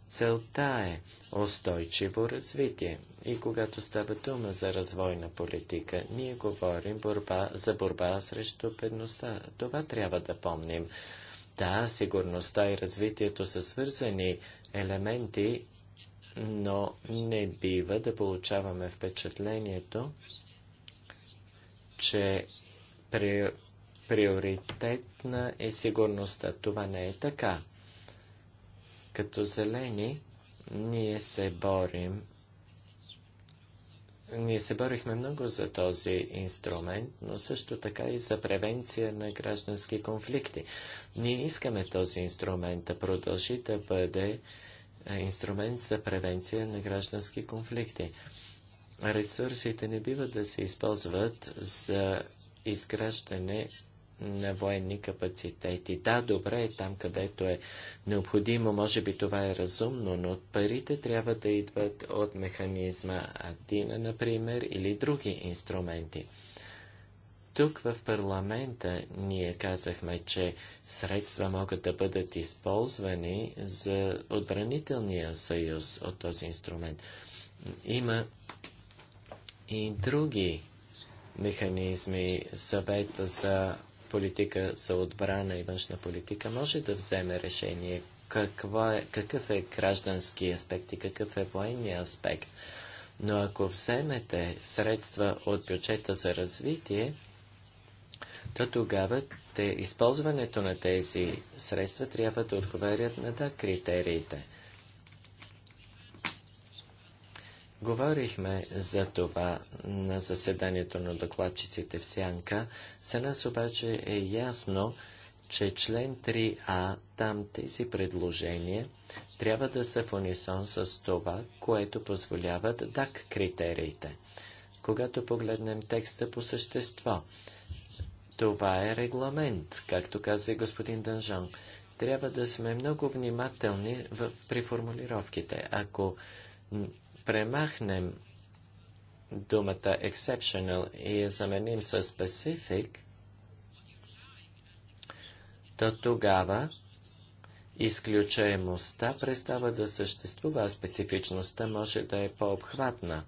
Speaker 2: Целта е устойчиво развитие. И когато става дума за развойна политика, ние говорим борба, за борба срещу бедността. Това трябва да помним. Да, сигурността и развитието са свързани елементи, но не бива да получаваме впечатлението, че при, приоритетна е сигурността. Това не е така. Като зелени, ние се борим ние се борихме много за този инструмент, но също така и за превенция на граждански конфликти. Ние искаме този инструмент да продължи да бъде е, инструмент за превенция на граждански конфликти. Ресурсите не биват да се използват за изграждане на военни капацитети. Да, добре е там, където е необходимо, може би това е разумно, но парите трябва да идват от механизма Адина, например, или други инструменти. Тук в парламента ние казахме, че средства могат да бъдат използвани за отбранителния съюз от този инструмент. Има и други механизми, съвета за политика за отбрана и външна политика може да вземе решение каква, е, какъв е граждански аспект и какъв е военния аспект. Но ако вземете средства от бюджета за развитие, то тогава те, използването на тези средства трябва да отговарят на да критериите. Говорихме за това на заседанието на докладчиците в Сянка. За нас обаче е ясно, че член 3а, там тези предложения трябва да са в унисон с това, което позволяват ДАК критериите. Когато погледнем текста по същество, това е регламент, както каза господин Данжан. Трябва да сме много внимателни в, при формулировките. Ако премахнем думата exceptional и я заменим с specific, то тогава изключаемостта престава да съществува, а специфичността може да е по-обхватна.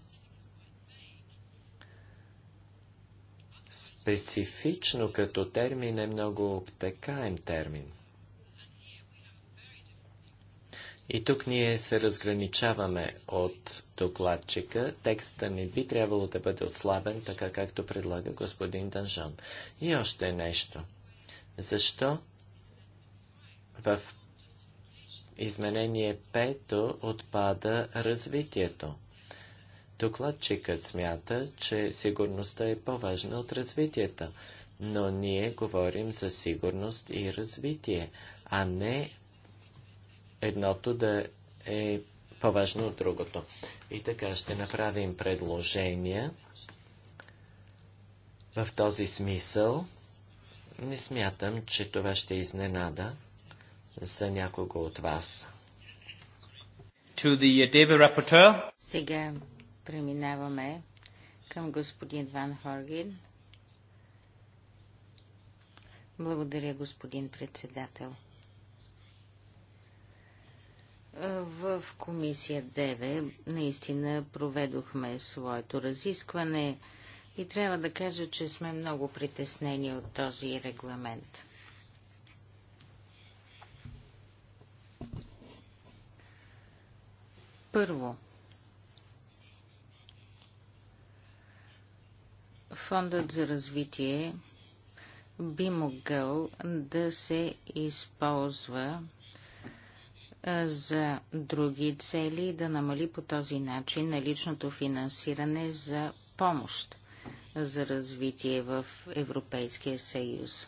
Speaker 2: Специфично като термин е много обтекаем термин – И тук ние се разграничаваме от докладчика. Текста не би трябвало да бъде отслабен, така както предлага господин Данжон. И още нещо. Защо в изменение 5 отпада развитието? Докладчикът смята, че сигурността е по-важна от развитието, но ние говорим за сигурност и развитие, а не едното да е по-важно от другото. И така ще направим предложения в този смисъл. Не смятам, че това ще изненада за някого от вас. Uh,
Speaker 1: Сега преминаваме към господин Ван Хоргин. Благодаря, господин председател. В комисия 9 наистина проведохме своето разискване и трябва да кажа, че сме много притеснени от този регламент. Първо, Фондът за развитие би могъл да се използва за други цели и да намали по този начин наличното финансиране за помощ за развитие в Европейския съюз.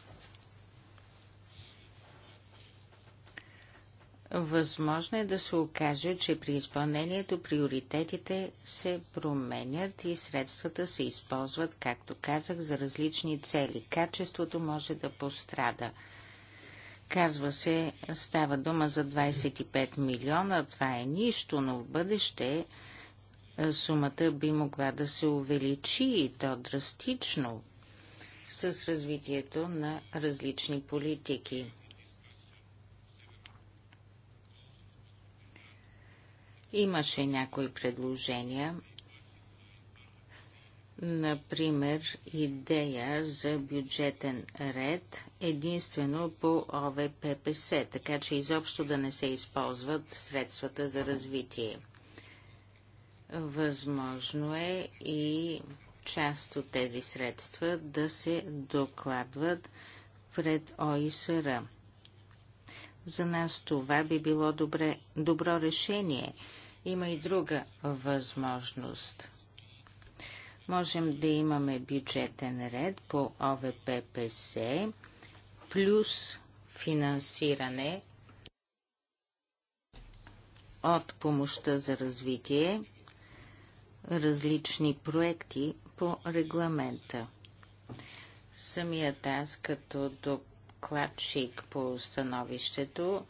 Speaker 1: Възможно е да се окаже, че при изпълнението приоритетите се променят и средствата се използват, както казах, за различни цели. Качеството може да пострада – Казва се, става дума за 25 милиона, това е нищо, но в бъдеще сумата би могла да се увеличи и то драстично с развитието на различни политики. Имаше някои предложения Например, идея за бюджетен ред единствено по ОВППС, така че изобщо да не се използват средствата за развитие. Възможно е и част от тези средства да се докладват пред ОИСР. За нас това би било добре, добро решение. Има и друга възможност – можем да имаме бюджетен ред по ОВППС плюс финансиране от помощта за развитие, различни проекти по регламента. Самият аз като докладчик по становището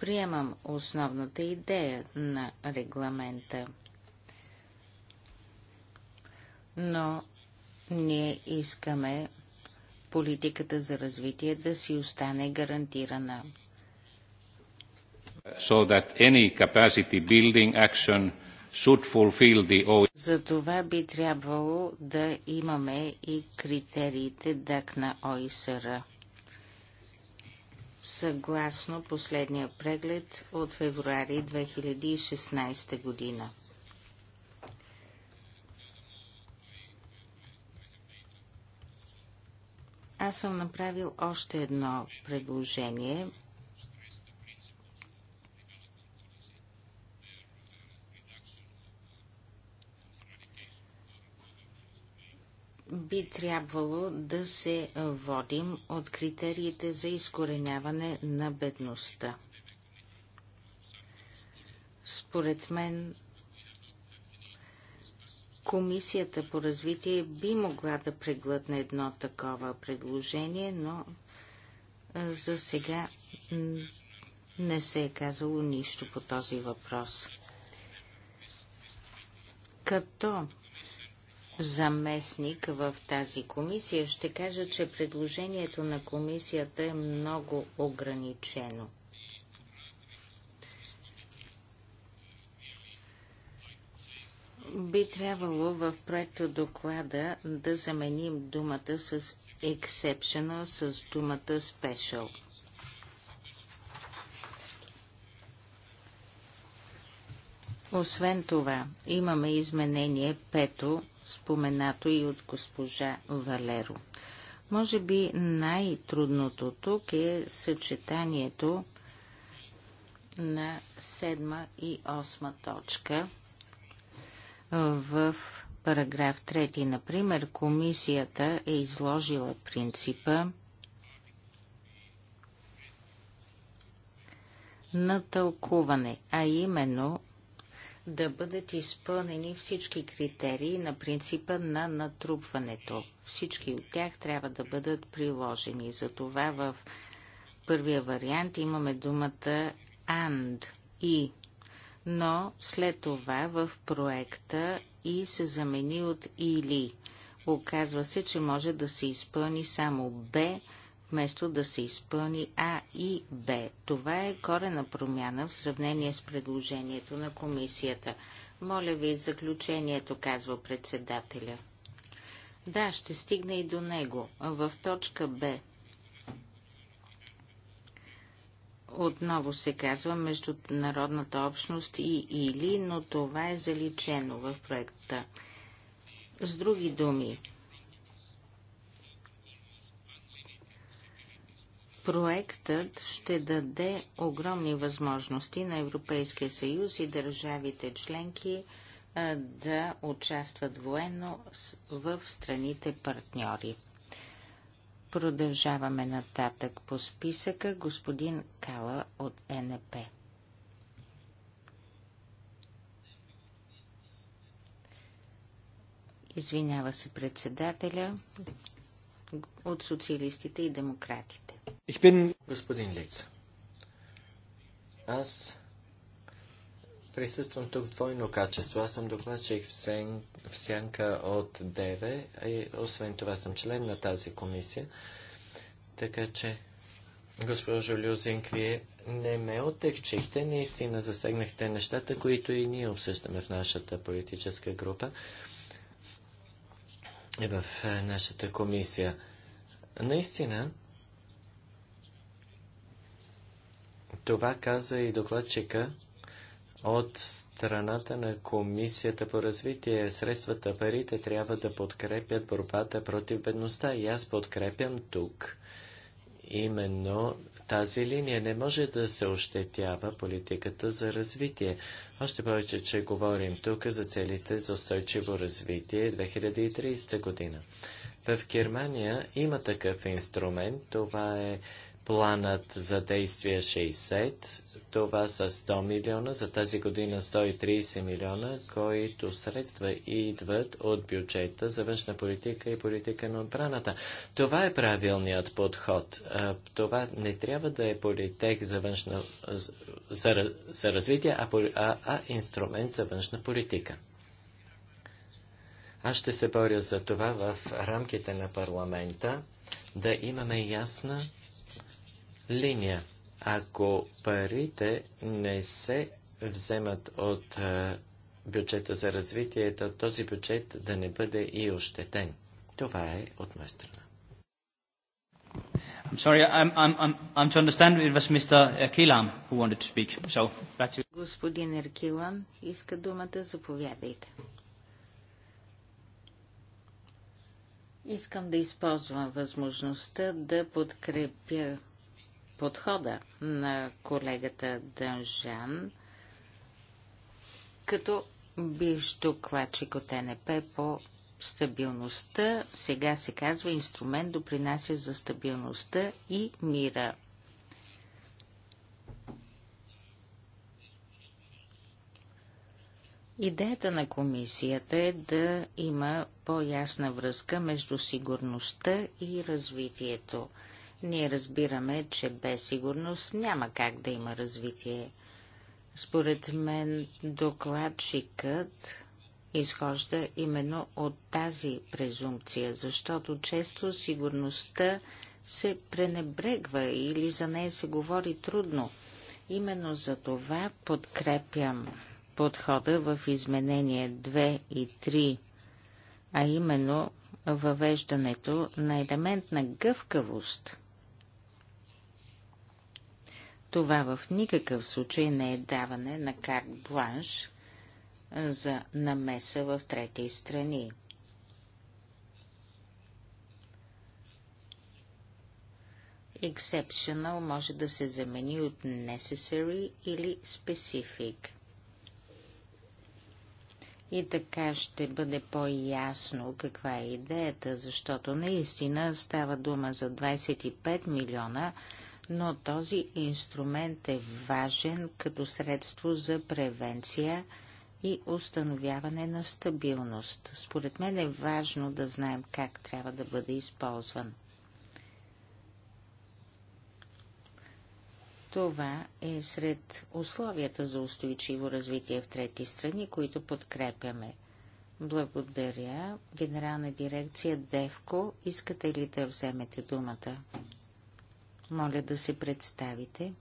Speaker 1: приемам основната идея на регламента – но ние искаме политиката за развитие да си остане гарантирана.
Speaker 2: So that any capacity building action should fulfill the e
Speaker 1: За това би трябвало да имаме и критериите ДАК на ОИСР. Съгласно последния преглед от февруари 2016 година. Аз съм направил още едно предложение. Би трябвало да се водим от критериите за изкореняване на бедността. Според мен Комисията по развитие би могла да преглътне едно такова предложение, но за сега не се е казало нищо по този въпрос. Като заместник в тази комисия ще кажа, че предложението на комисията е много ограничено – Би трябвало в проекта доклада да заменим думата с exceptional с думата special. Освен това, имаме изменение пето, споменато и от госпожа Валеро. Може би най-трудното тук е съчетанието на седма и осма точка – в параграф 3, например, комисията е изложила принципа на тълкуване, а именно да бъдат изпълнени всички критерии на принципа на натрупването. Всички от тях трябва да бъдат приложени. Затова в първия вариант имаме думата and и но след това в проекта и се замени от или. Оказва се, че може да се изпълни само Б, вместо да се изпълни А и Б. Това е корена промяна в сравнение с предложението на комисията. Моля ви, заключението, казва председателя. Да, ще стигне и до него. В точка Б Отново се казва между народната общност и или, но това е заличено в проекта. С други думи, Проектът ще даде огромни възможности на Европейския съюз и държавите членки да участват военно в страните партньори. Продължаваме нататък по списъка господин Кала от НП. Извинява се председателя от социалистите и демократите.
Speaker 2: Господин Лиц, аз присъствам тук в двойно качество. Аз съм докладчик в, сен, в сянка от ДВ и освен това съм член на тази комисия. Така че, госпожо Люзинг, вие не ме отекчихте, наистина засегнахте нещата, които и ние обсъждаме в нашата политическа група и в е, нашата комисия. Наистина, това каза и докладчика от страната на Комисията по развитие. Средствата, парите трябва да подкрепят борбата против бедността. И аз подкрепям тук именно тази линия. Не може да се ощетява политиката за развитие. Още повече, че говорим тук за целите за устойчиво развитие 2030 година. В Германия има такъв инструмент. Това е планът за действие 60 това са 100 милиона, за тази година 130 милиона, които средства идват от бюджета за външна политика и политика на отбраната. Това е правилният подход. Това не трябва да е политик за, външна, за, за развитие, а, а, а инструмент за външна политика. Аз ще се боря за това в рамките на парламента да имаме ясна линия ако парите не се вземат от е, бюджета за развитие, то този бюджет да не бъде и ощетен. Това е от моя страна.
Speaker 1: I'm sorry, I'm, I'm, I'm, I'm to understand it was Mr. who wanted to speak. So, back to... Господин Еркилан иска думата, заповядайте. Искам да използвам възможността да подкрепя подхода на колегата Дънжан като бивш докладчик от НП по стабилността, сега се казва инструмент допринася за стабилността и мира. Идеята на комисията е да има по-ясна връзка между сигурността и развитието. Ние разбираме, че без сигурност няма как да има развитие. Според мен докладчикът изхожда именно от тази презумпция, защото често сигурността се пренебрегва или за нея се говори трудно. Именно за това подкрепям подхода в изменение 2 и 3, а именно въвеждането на елемент на гъвкавост – това в никакъв случай не е даване на карт бланш за намеса в трети страни. Exceptional може да се замени от necessary или specific. И така ще бъде по-ясно каква е идеята, защото наистина става дума за 25 милиона но този инструмент е важен като средство за превенция и установяване на стабилност. Според мен е важно да знаем как трябва да бъде използван. Това е сред условията за устойчиво развитие в трети страни, които подкрепяме. Благодаря. Генерална дирекция Девко, искате ли да вземете думата? Моля да се представите.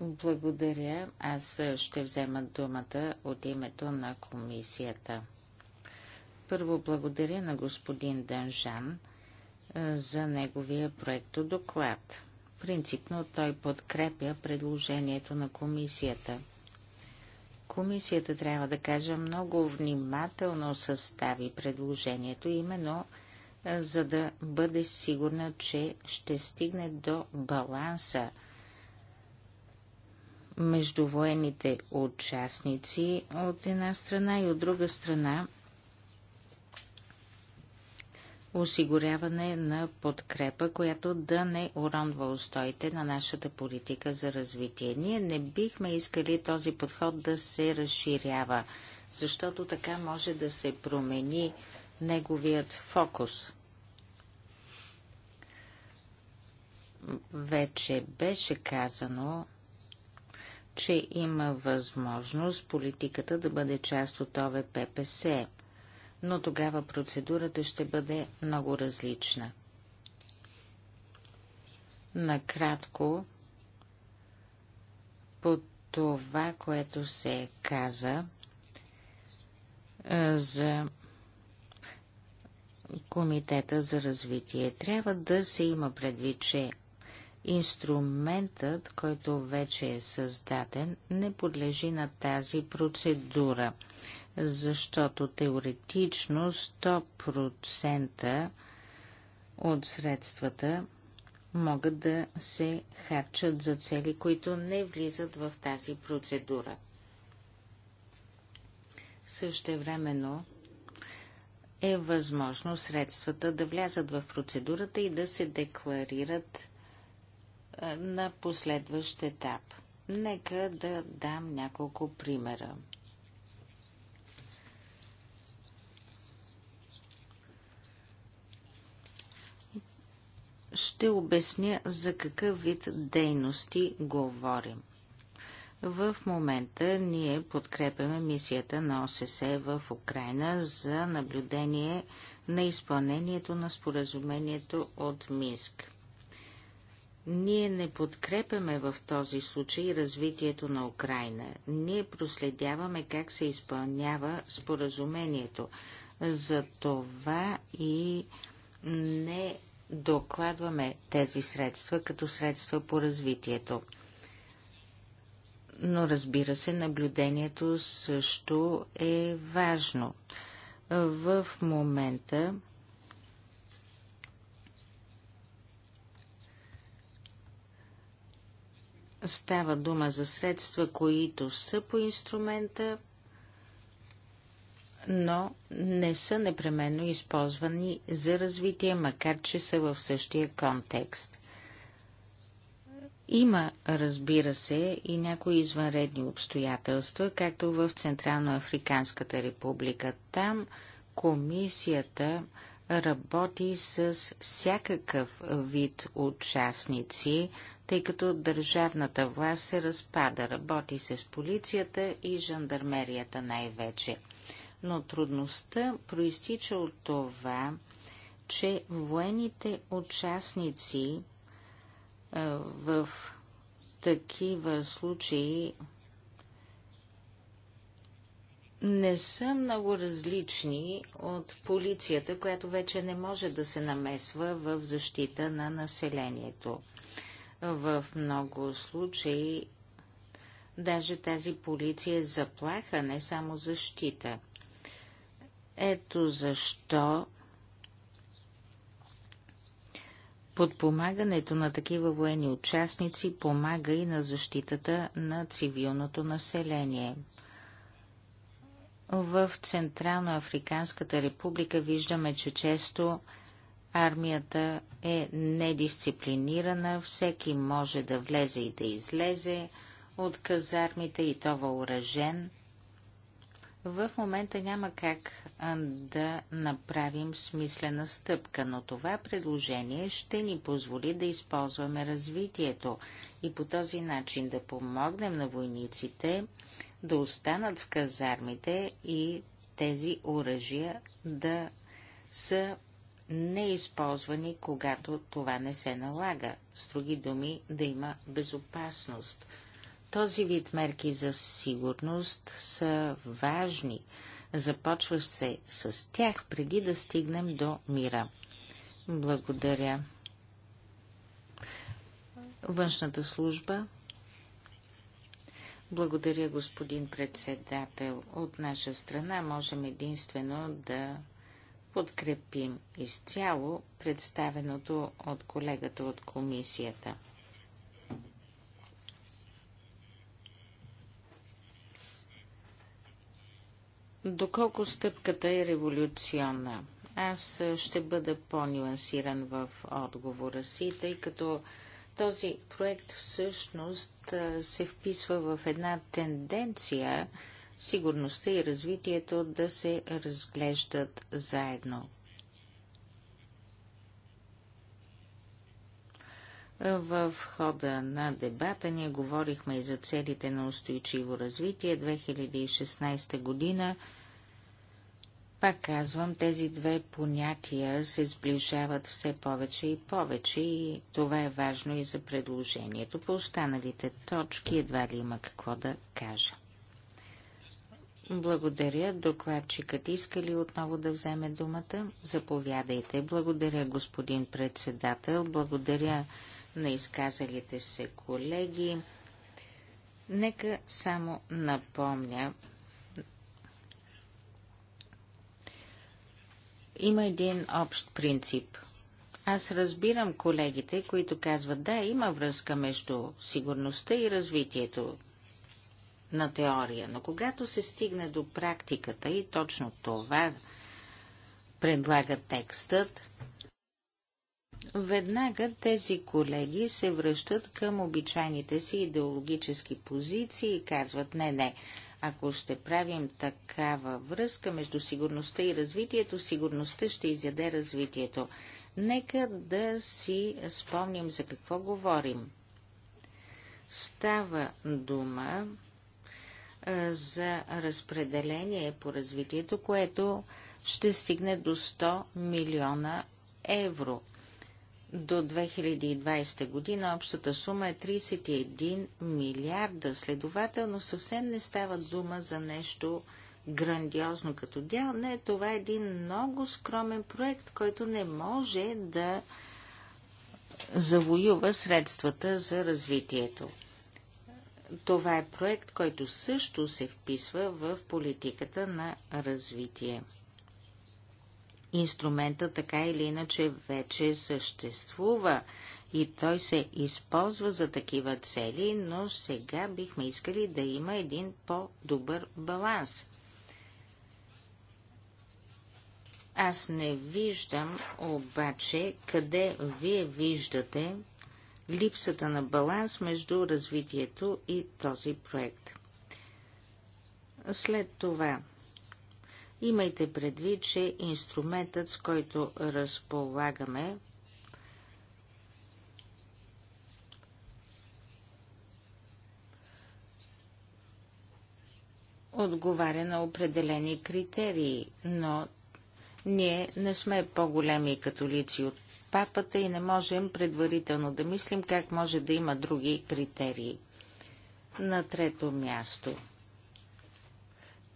Speaker 1: Благодаря. Аз ще взема думата от името на комисията. Първо благодаря на господин Дънжан за неговия проектодоклад. Принципно той подкрепя предложението на комисията. Комисията трябва да кажа много внимателно състави предложението, именно за да бъде сигурна, че ще стигне до баланса между военните участници от една страна и от друга страна осигуряване на подкрепа, която да не уронва устоите на нашата политика за развитие. Ние не бихме искали този подход да се разширява, защото така може да се промени неговият фокус. Вече беше казано, че има възможност политиката да бъде част от ОВППС, но тогава процедурата ще бъде много различна. Накратко, по това, което се каза е, за Комитета за развитие. Трябва да се има предвид, че инструментът, който вече е създаден, не подлежи на тази процедура, защото теоретично 100% от средствата могат да се харчат за цели, които не влизат в тази процедура. Също времено е възможно средствата да влязат в процедурата и да се декларират на последващ етап. Нека да дам няколко примера. Ще обясня за какъв вид дейности говорим. В момента ние подкрепяме мисията на ОССЕ в Украина за наблюдение на изпълнението на споразумението от Минск. Ние не подкрепяме в този случай развитието на Украина. Ние проследяваме как се изпълнява споразумението. За това и не докладваме тези средства като средства по развитието но разбира се, наблюдението също е важно. В момента става дума за средства, които са по инструмента, но не са непременно използвани за развитие, макар че са в същия контекст. Има, разбира се, и някои извънредни обстоятелства, както в Централноафриканската република. Там комисията работи с всякакъв вид участници, тъй като държавната власт се разпада. Работи се с полицията и жандармерията най-вече. Но трудността проистича от това, че военните участници в такива случаи не са много различни от полицията, която вече не може да се намесва в защита на населението. В много случаи даже тази полиция заплаха, не само защита. Ето защо Подпомагането на такива военни участници помага и на защитата на цивилното население. В Централно Африканската република виждаме, че често армията е недисциплинирана, всеки може да влезе и да излезе от казармите и то въоръжен. В момента няма как да направим смислена стъпка, но това предложение ще ни позволи да използваме развитието и по този начин да помогнем на войниците да останат в казармите и тези оръжия да са неизползвани, когато това не се налага. С други думи, да има безопасност – този вид мерки за сигурност са важни. Започва се с тях преди да стигнем до мира. Благодаря. Външната служба. Благодаря, господин председател. От наша страна можем единствено да подкрепим изцяло представеното от колегата от комисията. Доколко стъпката е революционна? Аз ще бъда по-нюансиран в отговора си, тъй като този проект всъщност се вписва в една тенденция сигурността и развитието да се разглеждат заедно. В хода на дебата ние говорихме и за целите на устойчиво развитие 2016 година. Пак казвам, тези две понятия се сближават все повече и повече и това е важно и за предложението. По останалите точки едва ли има какво да кажа. Благодаря. Докладчикът иска ли отново да вземе думата? Заповядайте. Благодаря, господин председател. Благодаря на изказалите се колеги. Нека само напомня. Има един общ принцип. Аз разбирам колегите, които казват, да, има връзка между сигурността и развитието на теория, но когато се стигне до практиката и точно това предлага текстът, веднага тези колеги се връщат към обичайните си идеологически позиции и казват не, не. Ако ще правим такава връзка между сигурността и развитието, сигурността ще изяде развитието. Нека да си спомним за какво говорим. Става дума за разпределение по развитието, което ще стигне до 100 милиона евро. До 2020 година общата сума е 31 милиарда. Следователно съвсем не става дума за нещо грандиозно като дял. Не, това е един много скромен проект, който не може да завоюва средствата за развитието. Това е проект, който също се вписва в политиката на развитие. Инструмента така или иначе вече съществува и той се използва за такива цели, но сега бихме искали да има един по-добър баланс. Аз не виждам обаче къде вие виждате липсата на баланс между развитието и този проект. След това Имайте предвид, че инструментът, с който разполагаме, отговаря на определени критерии, но ние не сме по-големи католици от папата и не можем предварително да мислим как може да има други критерии. На трето място –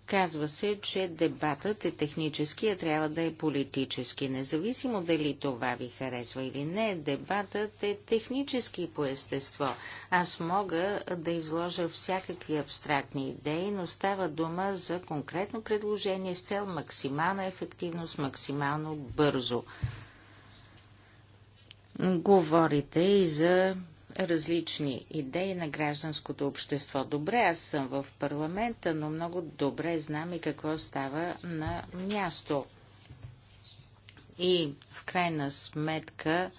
Speaker 1: Казва се, че дебатът е технически, а трябва да е политически. Независимо дали това ви харесва или не, дебатът е технически по естество. Аз мога да изложа всякакви абстрактни идеи, но става дума за конкретно предложение с цел максимална ефективност, максимално бързо. Говорите и за различни идеи на гражданското общество. Добре, аз съм в парламента, но много добре знам и какво става на място. И в крайна сметка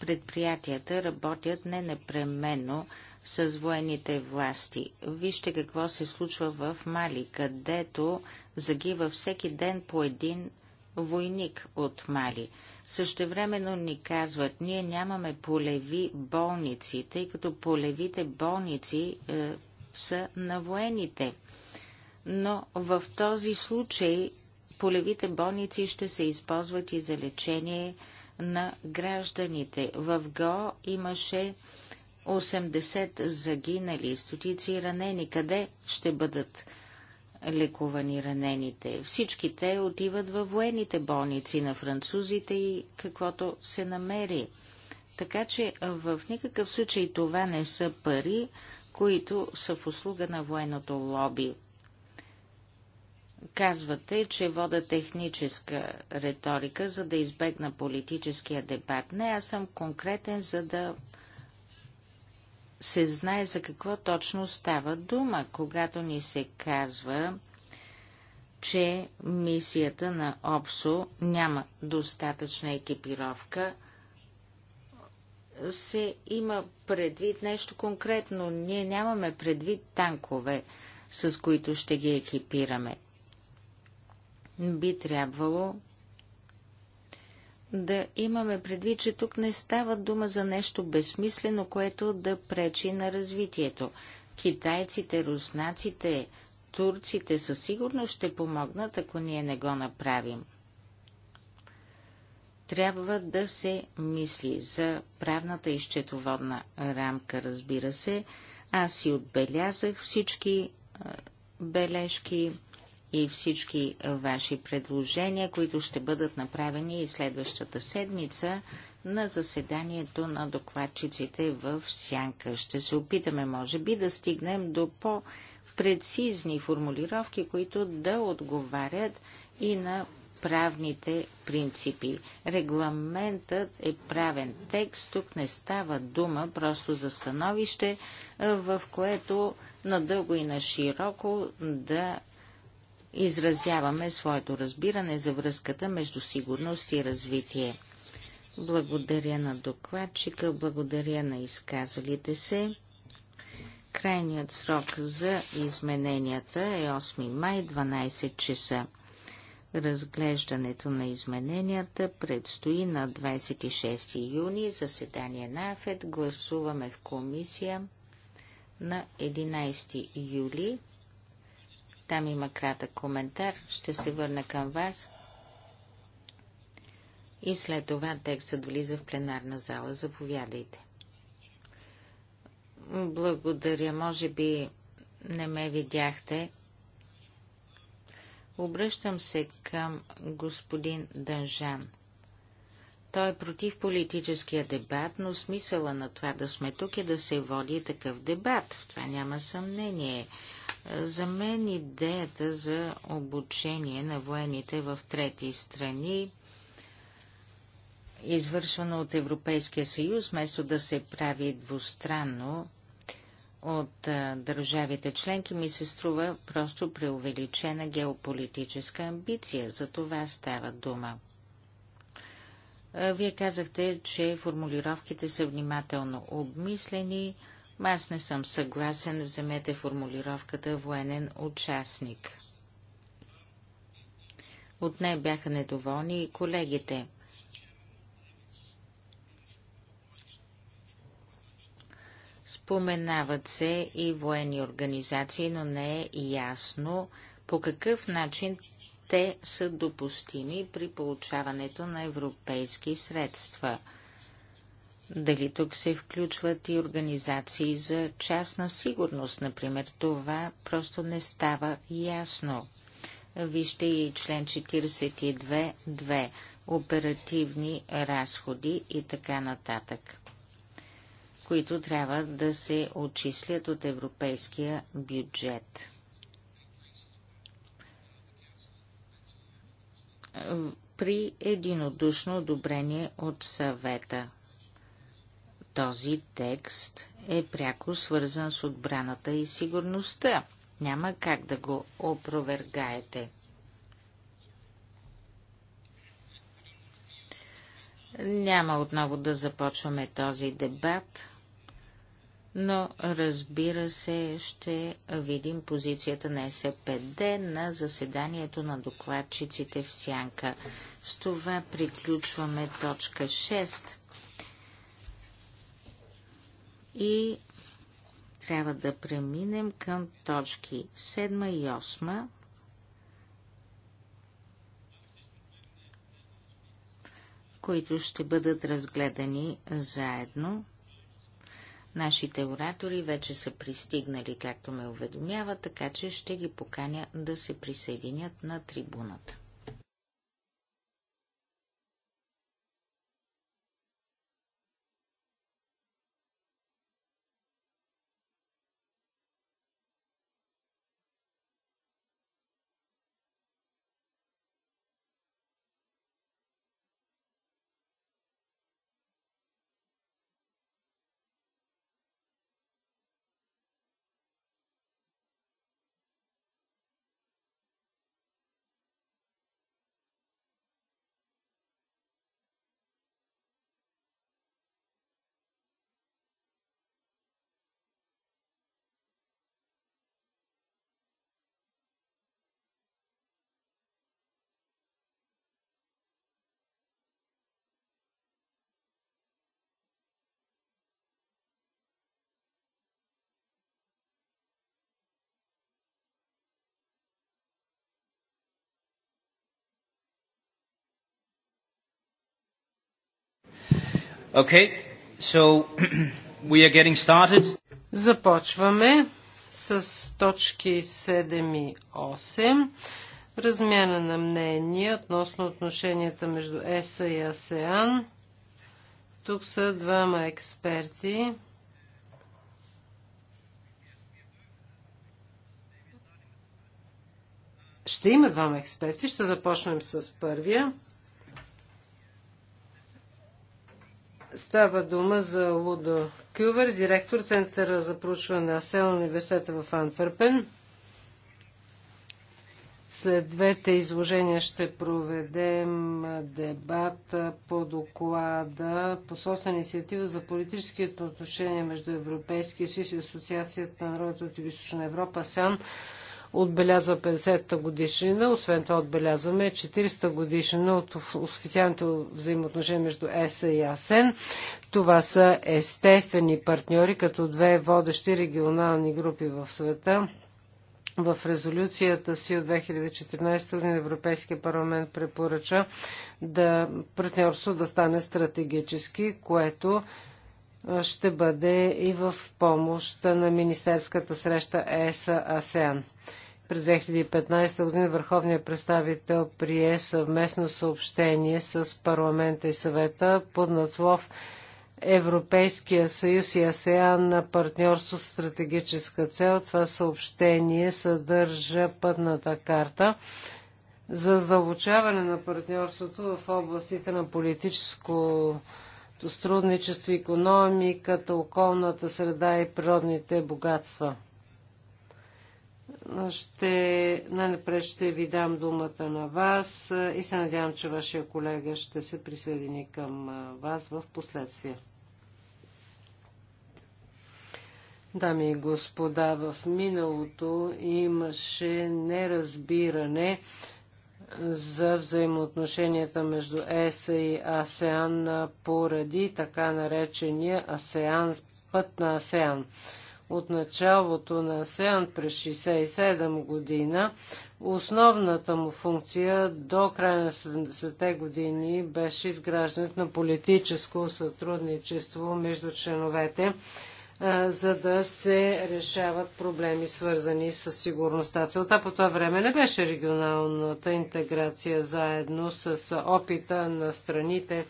Speaker 1: предприятията работят не непременно с военните власти. Вижте какво се случва в Мали, където загива всеки ден по един войник от Мали. Същевременно ни казват, ние нямаме полеви болници, тъй като полевите болници е, са на военните. Но в този случай полевите болници ще се използват и за лечение на гражданите. В ГО имаше 80 загинали, стотици ранени. Къде ще бъдат лекувани ранените. Всички те отиват във военните болници на французите и каквото се намери. Така че в никакъв случай това не са пари, които са в услуга на военното лоби. Казвате, че вода техническа риторика, за да избегна политическия дебат. Не, аз съм конкретен, за да се знае за какво точно става дума, когато ни се казва, че мисията на ОПСО няма достатъчна екипировка, се има предвид нещо конкретно. Ние нямаме предвид танкове, с които ще ги екипираме. Би трябвало да имаме предвид, че тук не става дума за нещо безсмислено, което да пречи на развитието. Китайците, руснаците, турците със сигурност ще помогнат, ако ние не го направим. Трябва да се мисли за правната изчетоводна рамка, разбира се. Аз си отбелязах всички бележки и всички е, ваши предложения, които ще бъдат направени и следващата седмица на заседанието на докладчиците в Сянка. Ще се опитаме, може би, да стигнем до по-прецизни формулировки, които да отговарят и на правните принципи. Регламентът е правен текст, тук не става дума просто за становище, е, в което надълго и на широко да изразяваме своето разбиране за връзката между сигурност и развитие. Благодаря на докладчика, благодаря на изказалите се. Крайният срок за измененията е 8 май 12 часа. Разглеждането на измененията предстои на 26 юни, заседание на АФЕД. Гласуваме в комисия на 11 юли. Там има кратък коментар. Ще се върна към вас. И след това текстът влиза в пленарна зала. Заповядайте. Благодаря. Може би не ме видяхте. Обръщам се към господин Дънжан. Той е против политическия дебат, но смисъла на това да сме тук е да се води такъв дебат. В това няма съмнение. За мен идеята за обучение на военните в трети страни, извършвано от Европейския съюз, вместо да се прави двустранно от държавите членки, ми се струва просто преувеличена геополитическа амбиция. За това става дума. Вие казахте, че формулировките са внимателно обмислени. Аз не съм съгласен, вземете формулировката военен участник. От нея бяха недоволни и колегите. Споменават се и военни организации, но не е ясно по какъв начин те са допустими при получаването на европейски средства – дали тук се включват и организации за частна сигурност, например, това просто не става ясно. Вижте и член 42.2 оперативни разходи и така нататък, които трябва да се отчислят от европейския бюджет. При единодушно одобрение от съвета. Този текст е пряко свързан с отбраната и сигурността. Няма как да го опровергаете. Няма отново да започваме този дебат, но разбира се ще видим позицията на СПД на заседанието на докладчиците в Сянка. С това приключваме точка 6 и трябва да преминем към точки 7 и 8. които ще бъдат разгледани заедно. Нашите оратори вече са пристигнали, както ме уведомява, така че ще ги поканя да се присъединят на трибуната. Okay, so we are getting started.
Speaker 3: Започваме с точки 7 и 8. Размяна на мнения относно отношенията между ЕСА и АСЕАН. Тук са двама експерти. Ще има двама експерти. Ще започнем с първия. Става дума за Лудо Кювер, директор Центъра за проучване на СЕЛ университета в Антверпен. След двете изложения ще проведем дебата по доклада по собствена инициатива за политическите отношения между Европейския съюз и Асоциацията на народите от Източна Европа, САН, отбелязва 50-та годишнина. Освен това отбелязваме 400 та годишнина от официалното взаимоотношение между ЕСА и АСЕН. Това са естествени партньори, като две водещи регионални групи в света. В резолюцията си от 2014 година Европейския парламент препоръча да партньорство да стане стратегически, което ще бъде и в помощ на министерската среща ЕС-АСЕАН. През 2015 година Върховният представител прие съвместно съобщение с парламента и съвета под надслов Европейския съюз и АСЕАН на партньорство с стратегическа цел. Това съобщение съдържа пътната карта за задълбочаване на партньорството в областите на политическо сътрудничество, економиката, околната среда и природните богатства. Ще, най-напред ще ви дам думата на вас и се надявам, че вашия колега ще се присъедини към вас в последствие. Дами и господа, в миналото имаше неразбиране за взаимоотношенията между ЕС и АСЕАН поради така наречения АСЕАН, път на АСЕАН. От началото на АСЕАН през 67 година основната му функция до края на 70-те години беше изграждането на политическо сътрудничество между членовете за да се решават проблеми, свързани с сигурността. Целта по това време не беше регионалната интеграция заедно с опита на страните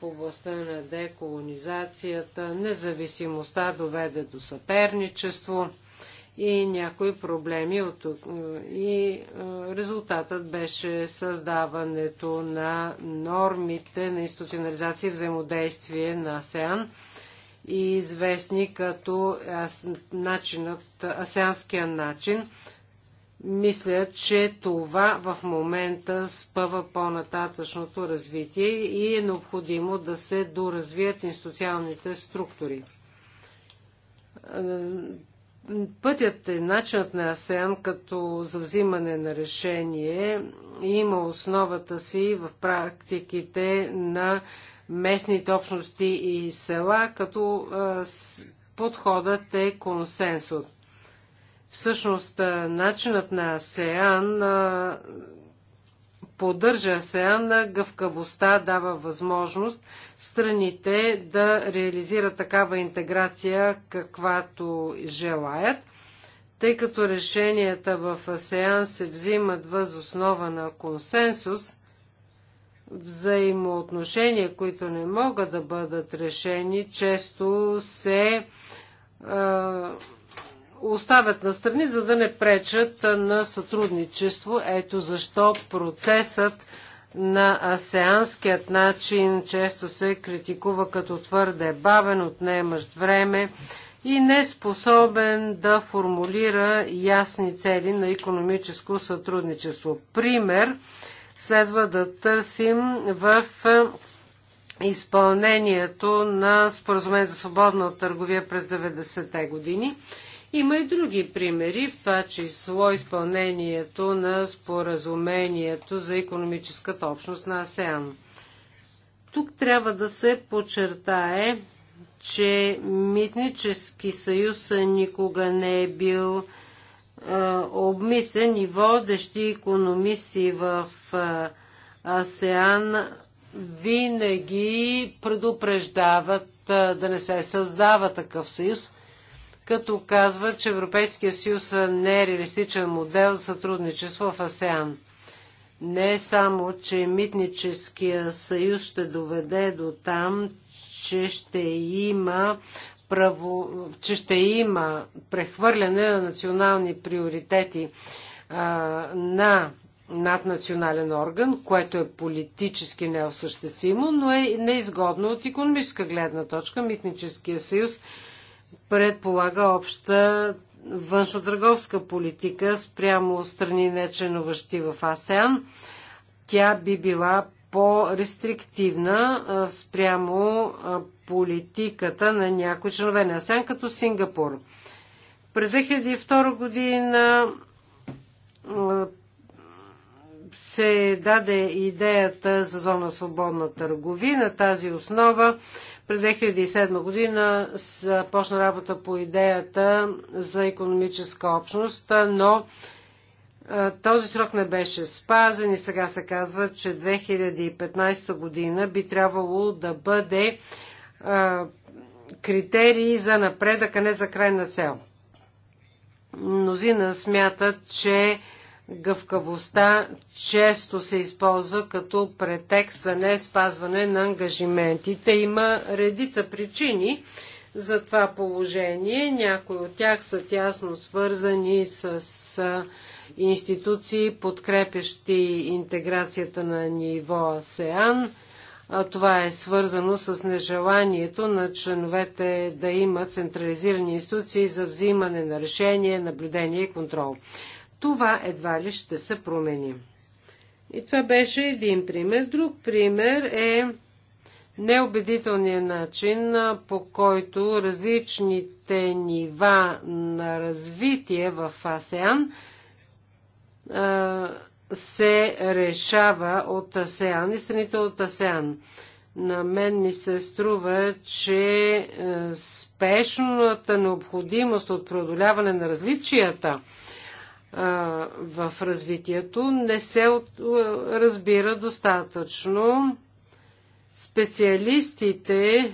Speaker 3: в областта на деколонизацията. Независимостта доведе до съперничество и някои проблеми от тук. И резултатът беше създаването на нормите на институционализация и взаимодействие на СЕАН и известни като начинът, асианския начин. Мисля, че това в момента спъва по-нататъчното развитие и е необходимо да се доразвият институционалните структури. Пътят и е, начинът на АСЕАН като за взимане на решение има основата си в практиките на местните общности и села, като подходът е консенсус. Всъщност, начинът на СЕАН поддържа СЕАН, гъвкавостта дава възможност страните да реализират такава интеграция, каквато желаят, тъй като решенията в АСЕАН се взимат въз основа на консенсус – взаимоотношения, които не могат да бъдат решени, често се а, оставят настрани, за да не пречат на сътрудничество. Ето защо процесът на асеанският начин често се критикува като твърде бавен, отнемащ време и не способен да формулира ясни цели на економическо сътрудничество. Пример – следва да търсим в е, изпълнението на споразумение за свободна търговия през 90-те години. Има и други примери, в това число изпълнението на споразумението за економическата общност на АСЕАН. Тук трябва да се подчертае, че Митнически съюз никога не е бил е, обмислен и водещи економисти в е, АСЕАН винаги предупреждават е, да не се създава такъв съюз, като казва, че Европейския съюз не е реалистичен модел за сътрудничество в АСЕАН. Не само, че митническия съюз ще доведе до там, че ще има право, че ще има прехвърляне на национални приоритети а, на наднационален орган, което е политически неосъществимо, но е неизгодно от економическа гледна точка. Митническия съюз предполага обща външно-търговска политика спрямо страни, не членуващи в АСЕАН. Тя би била по-рестриктивна спрямо политиката на някои членове на АСЕАН, като Сингапур. През 2002 година се даде идеята за зона свободна търговина. Тази основа през 2007 година започна работа по идеята за економическа общност, но този срок не беше спазен и сега се казва, че 2015 година би трябвало да бъде критерии за напредък, а не за крайна цел. Мнозина смятат, че гъвкавостта често се използва като претекст за не спазване на ангажиментите. Има редица причини за това положение. Някои от тях са тясно свързани с институции, подкрепящи интеграцията на ниво АСЕАН. Това е свързано с нежеланието на членовете да имат централизирани институции за взимане на решение, наблюдение и контрол. Това едва ли ще се промени. И това беше един пример. Друг пример е неубедителният начин, по който различните нива на развитие в АСЕАН – се решава от АСЕАН и страните от АСЕАН. На мен ми се струва, че спешната необходимост от преодоляване на различията в развитието не се разбира достатъчно. Специалистите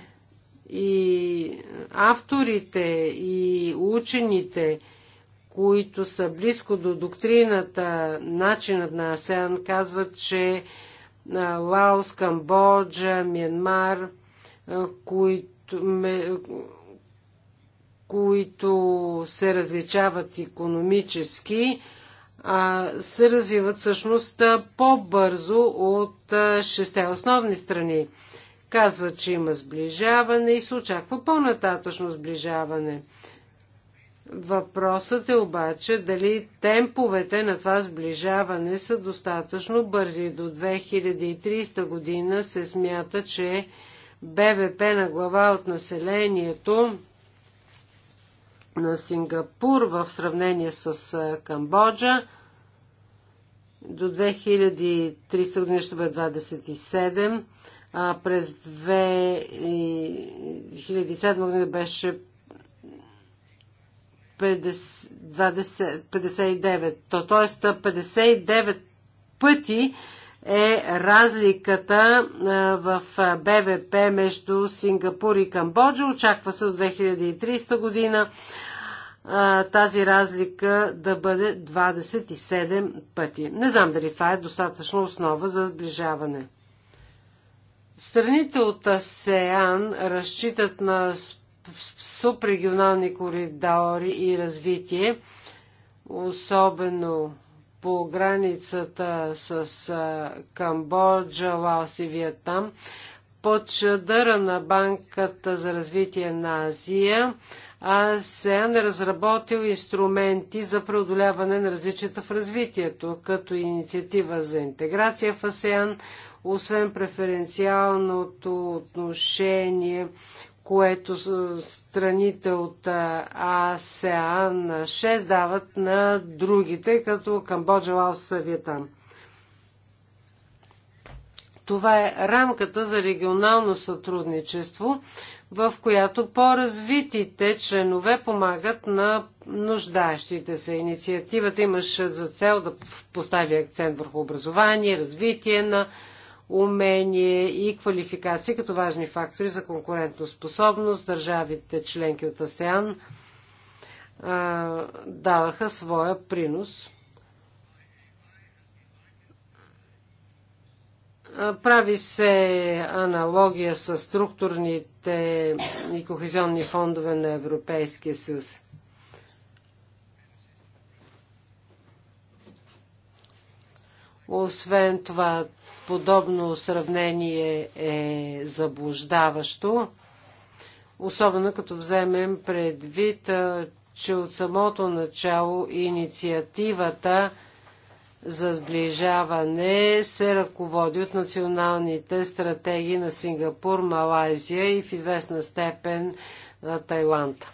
Speaker 3: и авторите и учените – които са близко до доктрината, начинът на АСЕАН, казват, че Лаос, Камбоджа, Миенмар, които, които се различават економически, се развиват всъщност по-бързо от шесте основни страни. Казват, че има сближаване и се очаква по-нататъчно сближаване. Въпросът е обаче дали темповете на това сближаване са достатъчно бързи. До 2030 година се смята, че БВП на глава от населението на Сингапур в сравнение с Камбоджа до 2300 година ще бъде 27, а през 2007 година беше 59. То, тоест 59 пъти е разликата в БВП между Сингапур и Камбоджа. Очаква се от 2300 година тази разлика да бъде 27 пъти. Не знам дали това е достатъчно основа за сближаване. Страните от АСЕАН разчитат на субрегионални коридори и развитие, особено по границата с Камбоджа, Лаос и Виетнам, под шадъра на Банката за развитие на Азия, АСЕАН е разработил инструменти за преодоляване на различията в развитието, като инициатива за интеграция в АСЕАН, освен преференциалното отношение, което страните от АСЕАН 6 дават на другите, като Камбоджа, Лаос, Виетнам. Това е рамката за регионално сътрудничество, в която по-развитите членове помагат на нуждащите се. Инициативата имаше за цел да постави акцент върху образование, развитие на умение и квалификация като важни фактори за конкурентоспособност. Държавите членки от АСЕАН даваха своя принос. Прави се аналогия с структурните и кохезионни фондове на Европейския съюз. Освен това, подобно сравнение е заблуждаващо, особено като вземем предвид, че от самото начало инициативата за сближаване се ръководи от националните стратегии на Сингапур, Малайзия и в известна степен на Тайланд.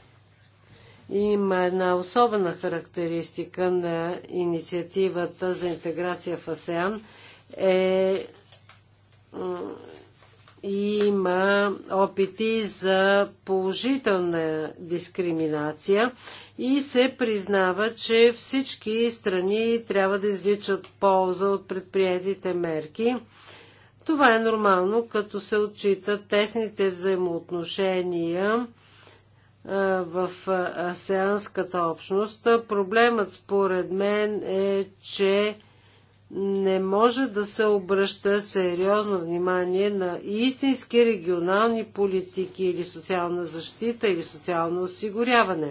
Speaker 3: Има една особена характеристика на инициативата за интеграция в АСЕАН е има опити за положителна дискриминация и се признава, че всички страни трябва да извличат полза от предприятите мерки. Това е нормално, като се отчитат тесните взаимоотношения в асеанската общност. Проблемът според мен е, че не може да се обръща сериозно внимание на истински регионални политики или социална защита или социално осигуряване.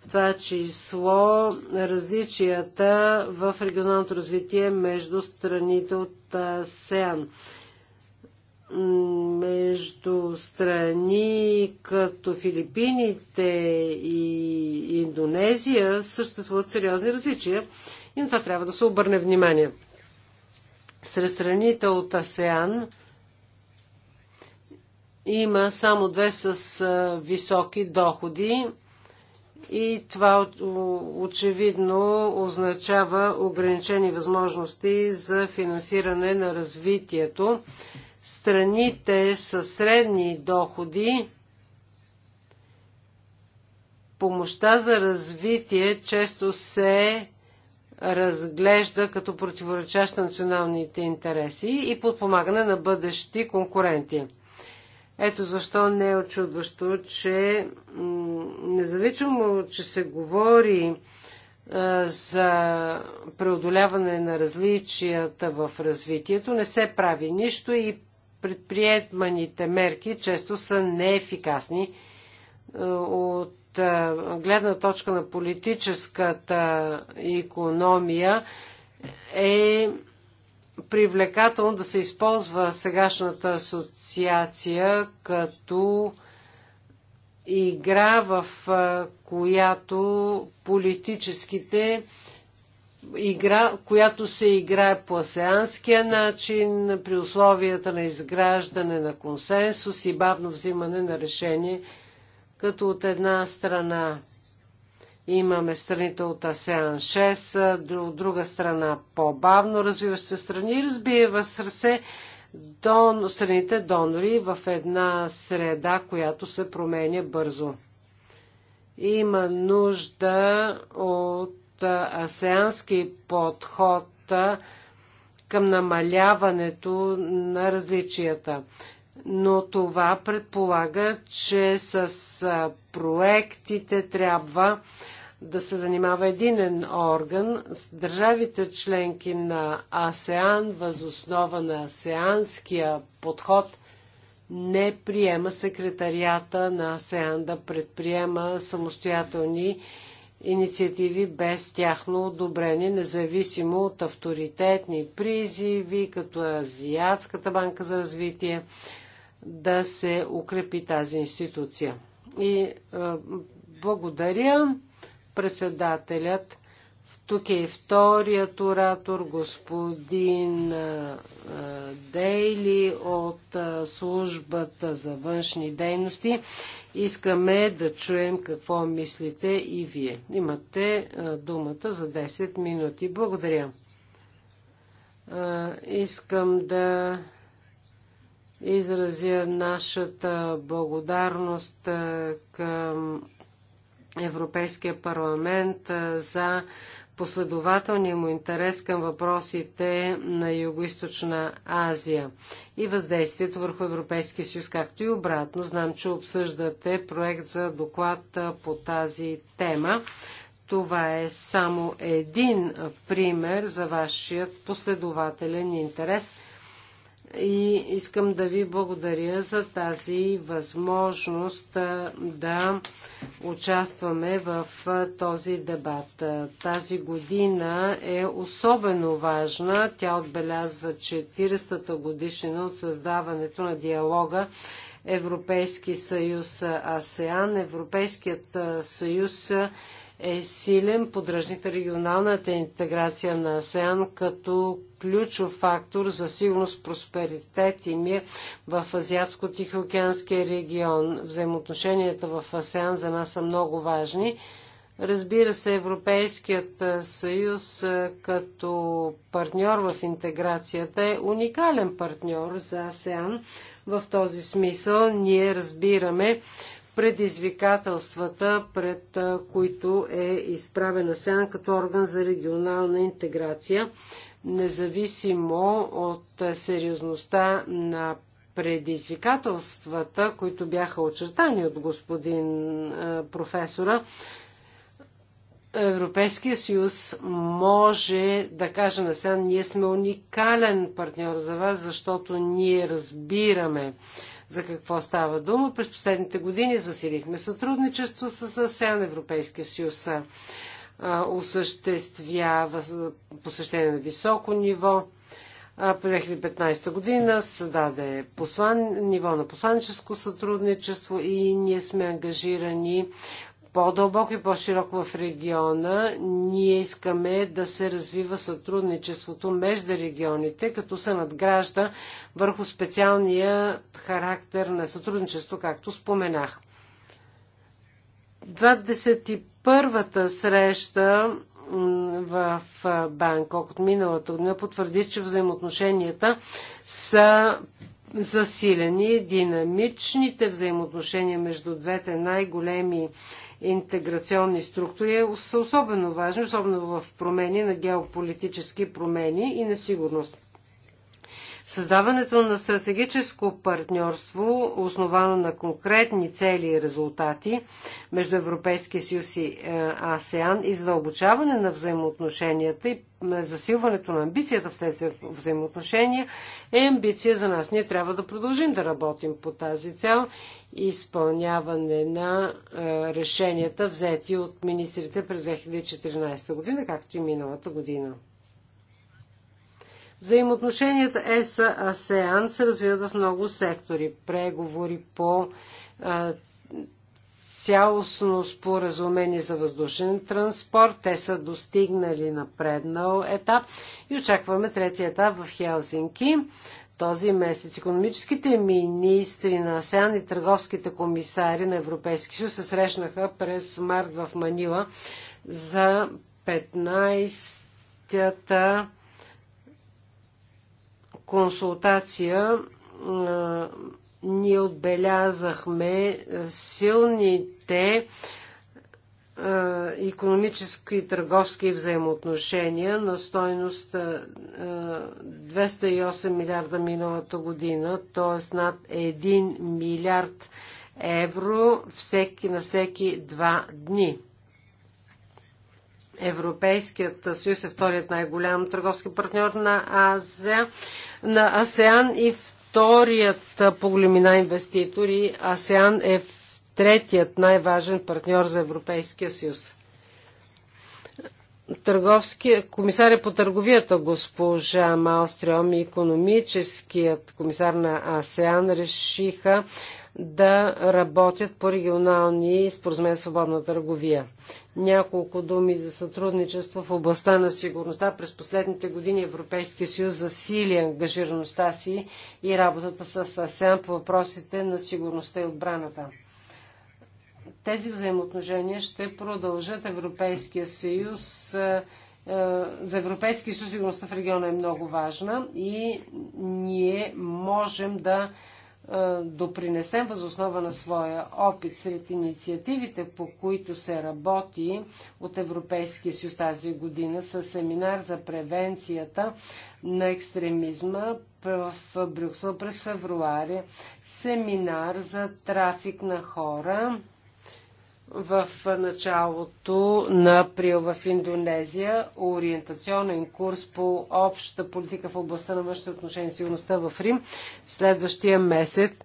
Speaker 3: В това число различията в регионалното развитие между страните от СЕАН между страни като Филипините и Индонезия съществуват сериозни различия и на това трябва да се обърне внимание. Сред страните от АСЕАН има само две с високи доходи и това очевидно означава ограничени възможности за финансиране на развитието Страните с средни доходи помощта за развитие често се разглежда като противоречащ националните интереси и подпомагане на бъдещи конкуренти. Ето защо не е очудващо, че независимо, че се говори а, за преодоляване на различията в развитието, не се прави нищо и предприеманите мерки често са неефикасни е, от е, гледна точка на политическата економия е привлекателно да се използва сегашната асоциация като игра, в е, която политическите игра, която се играе по асеанския начин, при условията на изграждане на консенсус и бавно взимане на решение, като от една страна имаме страните от АСЕАН 6, от друга страна по-бавно развиващи страни и разбива се дон, страните донори в една среда, която се променя бързо. Има нужда от асеански подход към намаляването на различията. Но това предполага, че с проектите трябва да се занимава единен орган. Държавите членки на АСЕАН, възоснова на асеанския подход, не приема секретарията на АСЕАН да предприема самостоятелни инициативи без тяхно одобрение, независимо от авторитетни призиви, като Азиатската банка за развитие, да се укрепи тази институция. И е, благодаря председателят. Тук е вторият оратор, господин Дейли от службата за външни дейности. Искаме да чуем какво мислите и вие. Имате думата за 10 минути. Благодаря. Искам да изразя нашата благодарност към Европейския парламент за последователния му интерес към въпросите на Юго-Источна Азия и въздействието върху Европейския съюз, както и обратно. Знам, че обсъждате проект за доклад по тази тема. Това е само един пример за вашият последователен интерес – и искам да ви благодаря за тази възможност да участваме в този дебат. Тази година е особено важна. Тя отбелязва 40-та годишнина от създаването на диалога Европейски съюз АСЕАН. Европейският съюз е силен подръжник на регионалната интеграция на АСЕАН като ключов фактор за сигурност, просперитет и мир в Азиатско-Тихоокеанския регион. Взаимоотношенията в АСЕАН за нас са много важни. Разбира се, Европейският съюз като партньор в интеграцията е уникален партньор за АСЕАН. В този смисъл ние разбираме предизвикателствата, пред които е изправена СЕНА като орган за регионална интеграция, независимо от сериозността на предизвикателствата, които бяха очертани от господин професора, Европейския съюз може да каже на сега, ние сме уникален партньор за вас, защото ние разбираме за какво става дума? През последните години засилихме сътрудничество с АСЕАН, Европейския съюз осъществява посещение на високо ниво. През 2015 година създаде послан, ниво на посланническо сътрудничество и ние сме ангажирани по-дълбоко и по-широко в региона. Ние искаме да се развива сътрудничеството между регионите, като се надгражда върху специалния характер на сътрудничество, както споменах. 21-та среща в Банкок от миналата година потвърди, че взаимоотношенията са засилени динамичните взаимоотношения между двете най-големи интеграционни структури е, са особено важни, особено в промени на геополитически промени и несигурност. Създаването на стратегическо партньорство, основано на конкретни цели и резултати между Европейския съюз и е, АСЕАН и задълбочаване на взаимоотношенията и засилването на амбицията в тези взаимоотношения е амбиция за нас. Ние трябва да продължим да работим по тази цел и изпълняване на е, решенията взети от министрите през 2014 година, както и миналата година. Взаимоотношенията еса асеан се развиват в много сектори. Преговори по цялостно споразумение за въздушен транспорт. Те са достигнали напреднал етап и очакваме третия етап в Хелсинки. Този месец економическите министри на АСЕАН и търговските комисари на Европейски съюз се срещнаха през март в Манила за 15-та консултация ние отбелязахме силните економически и търговски взаимоотношения на стойност 208 милиарда миналата година, т.е. над 1 милиард евро всеки, на всеки два дни. Европейският съюз е вторият най-голям търговски партньор на Азия на АСЕАН и вторият по големина инвеститори. АСЕАН е третият най-важен партньор за Европейския съюз. Търговски, комисаря е по търговията госпожа Маустриом и економическият комисар на АСЕАН решиха да работят по регионални споразумения свободна търговия. Няколко думи за сътрудничество в областта на сигурността. През последните години Европейския съюз засили ангажираността си и работата с АСЕАН по въпросите на сигурността и отбраната. Тези взаимоотношения ще продължат Европейския съюз е, е, за Европейския съюз сигурността в региона е много важна и ние можем да допринесем възоснова на своя опит сред инициативите, по които се работи от Европейския съюз тази година с семинар за превенцията на екстремизма в Брюксел през февруари, семинар за трафик на хора в началото на април в Индонезия ориентационен курс по общата политика в областта на външните отношения и сигурността в Рим. Следващия месец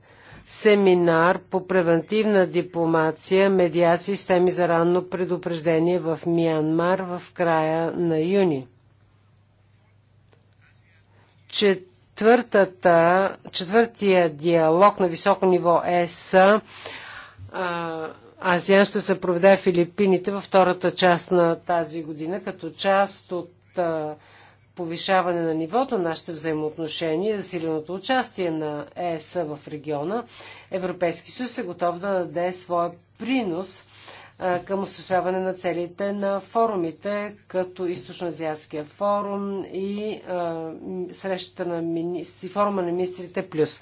Speaker 3: семинар по превентивна дипломация, медиация и системи за ранно предупреждение в Миянмар в края на юни. Четвъртата, четвъртия диалог на високо ниво ЕС а, АСИАН ще се проведе в Филипините във втората част на тази година, като част от повишаване на нивото на нашите взаимоотношения, засиленото участие на ЕС в региона. Европейски съюз е готов да даде своя принос към осъществяване на целите на форумите, като Източно-азиатския форум и а, срещата на мини... форума на министрите плюс.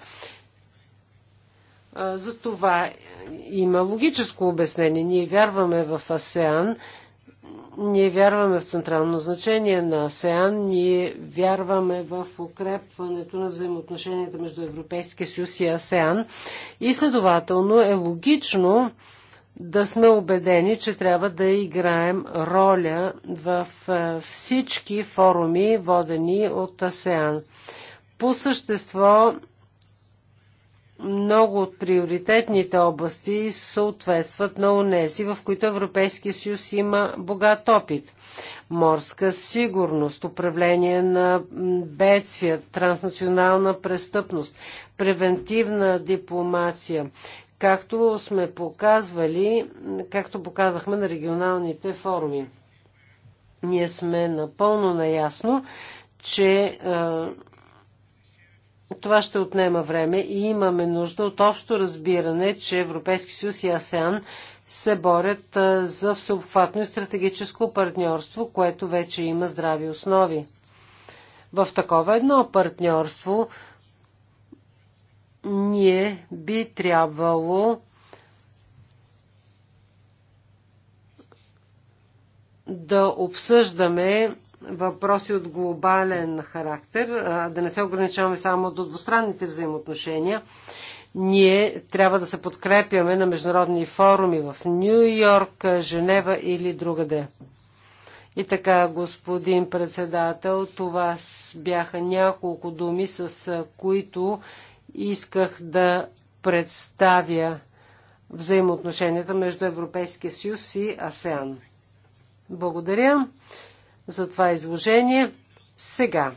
Speaker 3: За това има логическо обяснение. Ние вярваме в АСЕАН, ние вярваме в централно значение на АСЕАН, ние вярваме в укрепването на взаимоотношенията между Европейския съюз и АСЕАН и следователно е логично да сме убедени, че трябва да играем роля в всички форуми, водени от АСЕАН. По същество много от приоритетните области съответстват на унези, в които Европейския съюз има богат опит. Морска сигурност, управление на бедствия, транснационална престъпност, превентивна дипломация, както сме показвали, както показахме на регионалните форуми. Ние сме напълно наясно, че това ще отнема време и имаме нужда от общо разбиране, че Европейски съюз и АСЕАН се борят за всеобхватно и стратегическо партньорство, което вече има здрави основи. В такова едно партньорство ние би трябвало да обсъждаме въпроси от глобален характер, да не се ограничаваме само до двустранните взаимоотношения. Ние трябва да се подкрепяме на международни форуми в Нью Йорк, Женева или другаде. И така, господин председател, това бяха няколко думи, с които исках да представя взаимоотношенията между Европейския съюз и АСЕАН. Благодаря за това изложение. Сега,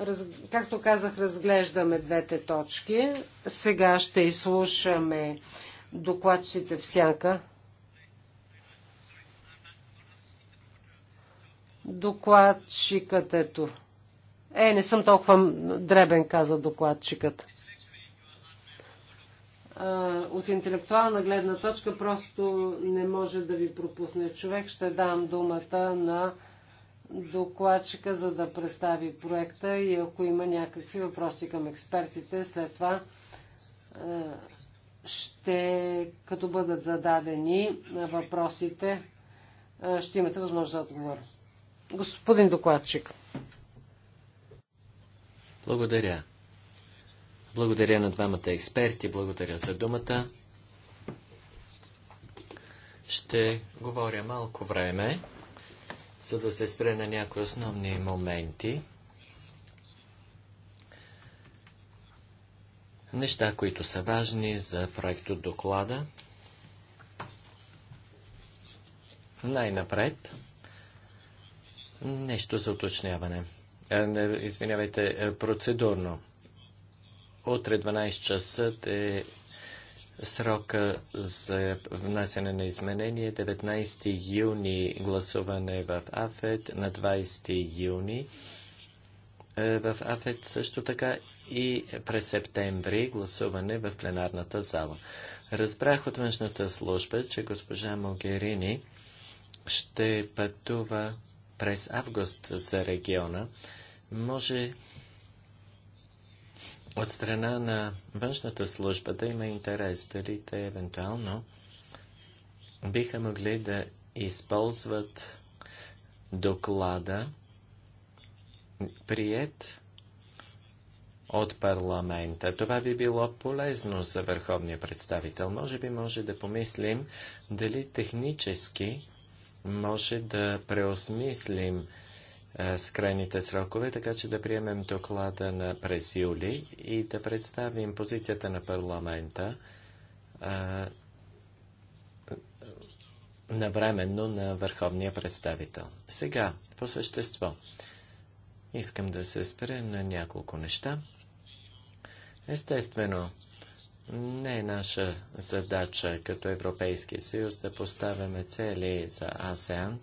Speaker 3: раз, както казах, разглеждаме двете точки. Сега ще изслушаме докладчите в сянка. Докладчикът ето. Е, не съм толкова дребен, каза докладчикът от интелектуална гледна точка просто не може да ви пропусне човек. Ще дам думата на докладчика, за да представи проекта и ако има някакви въпроси към експертите, след това ще, като бъдат зададени въпросите, ще имате възможност да отговоря. Господин докладчик.
Speaker 2: Благодаря. Благодаря на двамата експерти, благодаря за думата. Ще говоря малко време, за да се спре на някои основни моменти. Неща, които са важни за проект от доклада. Най-напред нещо за уточняване. Е, извинявайте, е, процедурно. Утре 12 часа е срока за внасяне на изменение. 19 юни гласуване е в Афет на 20 юни е в Афет също така и през септември гласуване в пленарната зала. Разбрах от външната служба, че госпожа Могерини ще пътува през август за региона. Може от страна на външната служба да има интерес, дали те евентуално биха могли да използват доклада, прият от парламента. Това би било полезно за върховния представител. Може би може да помислим дали технически може да преосмислим е, с крайните срокове, така че да приемем доклада на през юли и да представим позицията на парламента а, е, навременно на върховния представител. Сега, по същество, искам да се спре на няколко неща. Естествено, не е наша задача като Европейски съюз да поставяме цели за АСЕАН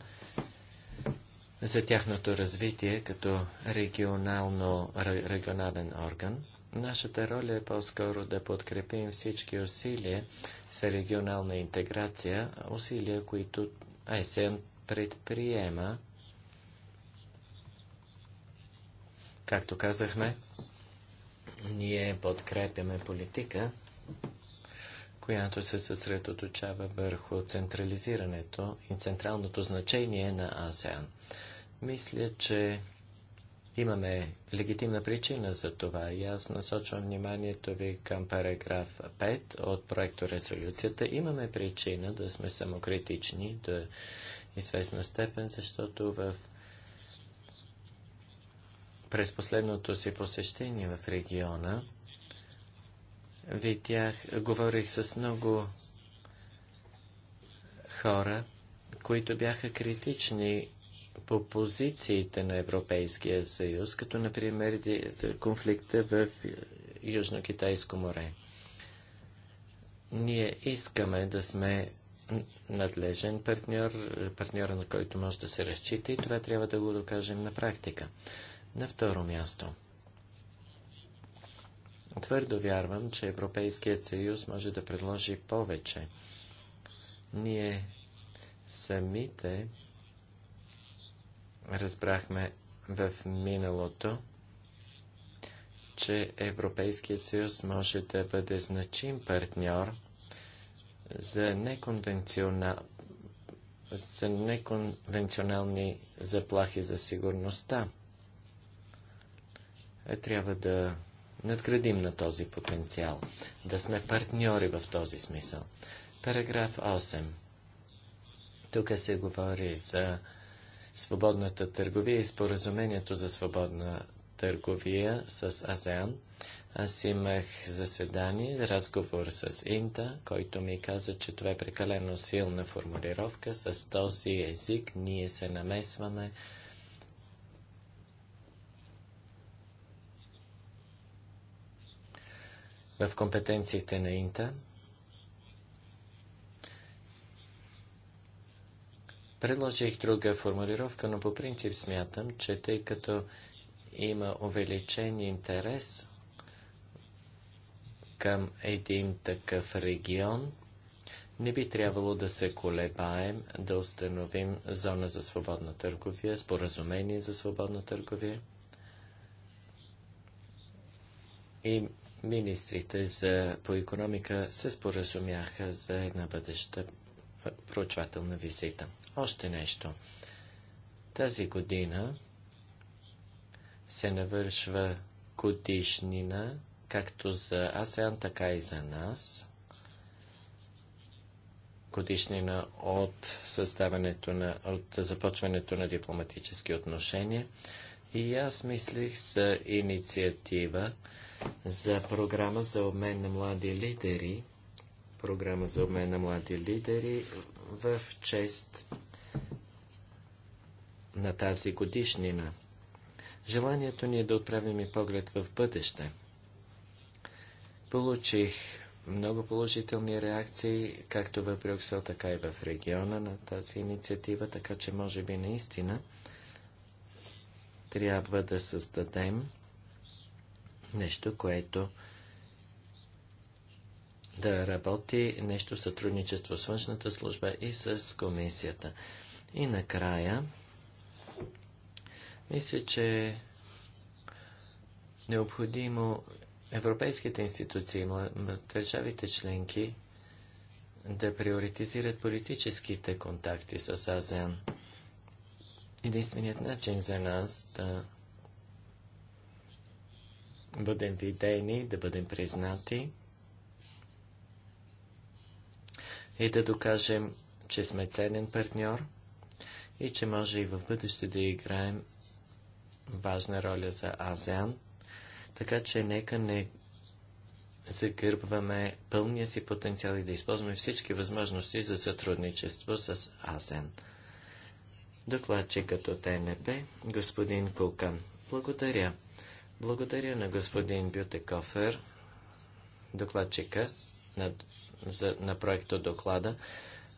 Speaker 2: за тяхното развитие като регионално, регионален орган. Нашата роля е по-скоро да подкрепим всички усилия за регионална интеграция, усилия, които АСМ предприема. Както казахме, ние подкрепяме политика, която се съсредоточава върху централизирането и централното значение на АСЕАН. Мисля, че имаме легитимна причина за това и аз насочвам вниманието ви към параграф 5 от проекто резолюцията. Имаме причина да сме самокритични до известна степен, защото в през последното си посещение в региона видях, говорих с много хора, които бяха критични по позициите на Европейския съюз, като например конфликта в Южно-Китайско море. Ние искаме да сме надлежен партньор, партньор на който може да се разчита и това трябва да го докажем на практика. На второ място. Твърдо вярвам, че Европейският съюз може да предложи повече. Ние самите разбрахме в миналото, че Европейският съюз може да бъде значим партньор за, неконвенциона... за неконвенционални заплахи за сигурността. Е, трябва да надградим на този потенциал, да сме партньори в този смисъл. Параграф 8. Тук се говори за свободната търговия и споразумението за свободна търговия с АСЕАН. Аз имах заседание, разговор с Инта, който ми каза, че това е прекалено силна формулировка. С този език ние се намесваме. в компетенциите на Инта. Предложих друга формулировка, но по принцип смятам, че тъй като има увеличен интерес към един такъв регион, не би трябвало да се колебаем да установим зона за свободна търговия, споразумение за свободна търговия и министрите за, по економика се споразумяха за една бъдеща проучвателна визита. Още нещо. Тази година се навършва годишнина, както за АСЕАН, така и за нас. Годишнина от създаването на, от започването на дипломатически отношения. И аз мислих за инициатива, за програма за обмен на млади лидери, програма за обмен на млади лидери в чест на тази годишнина. Желанието ни е да отправим и поглед в бъдеще. Получих много положителни реакции, както в Брюксел, така и в региона на тази инициатива, така че може би наистина трябва да създадем нещо, което да работи нещо в сътрудничество с външната служба и с комисията. И накрая, мисля, че е необходимо европейските институции, държавите членки да приоритизират политическите контакти с АЗЕАН. Единственият начин за нас да бъдем видени, да бъдем признати – е да докажем, че сме ценен партньор и че може и в бъдеще да играем важна роля за Азиан. така че нека не загърбваме пълния си потенциал и да използваме всички възможности за сътрудничество с АСЕН. Докладчикът от ЕНП, господин Кулкан. Благодаря. Благодаря на господин Бютекофер, докладчика на за, на проекта доклада.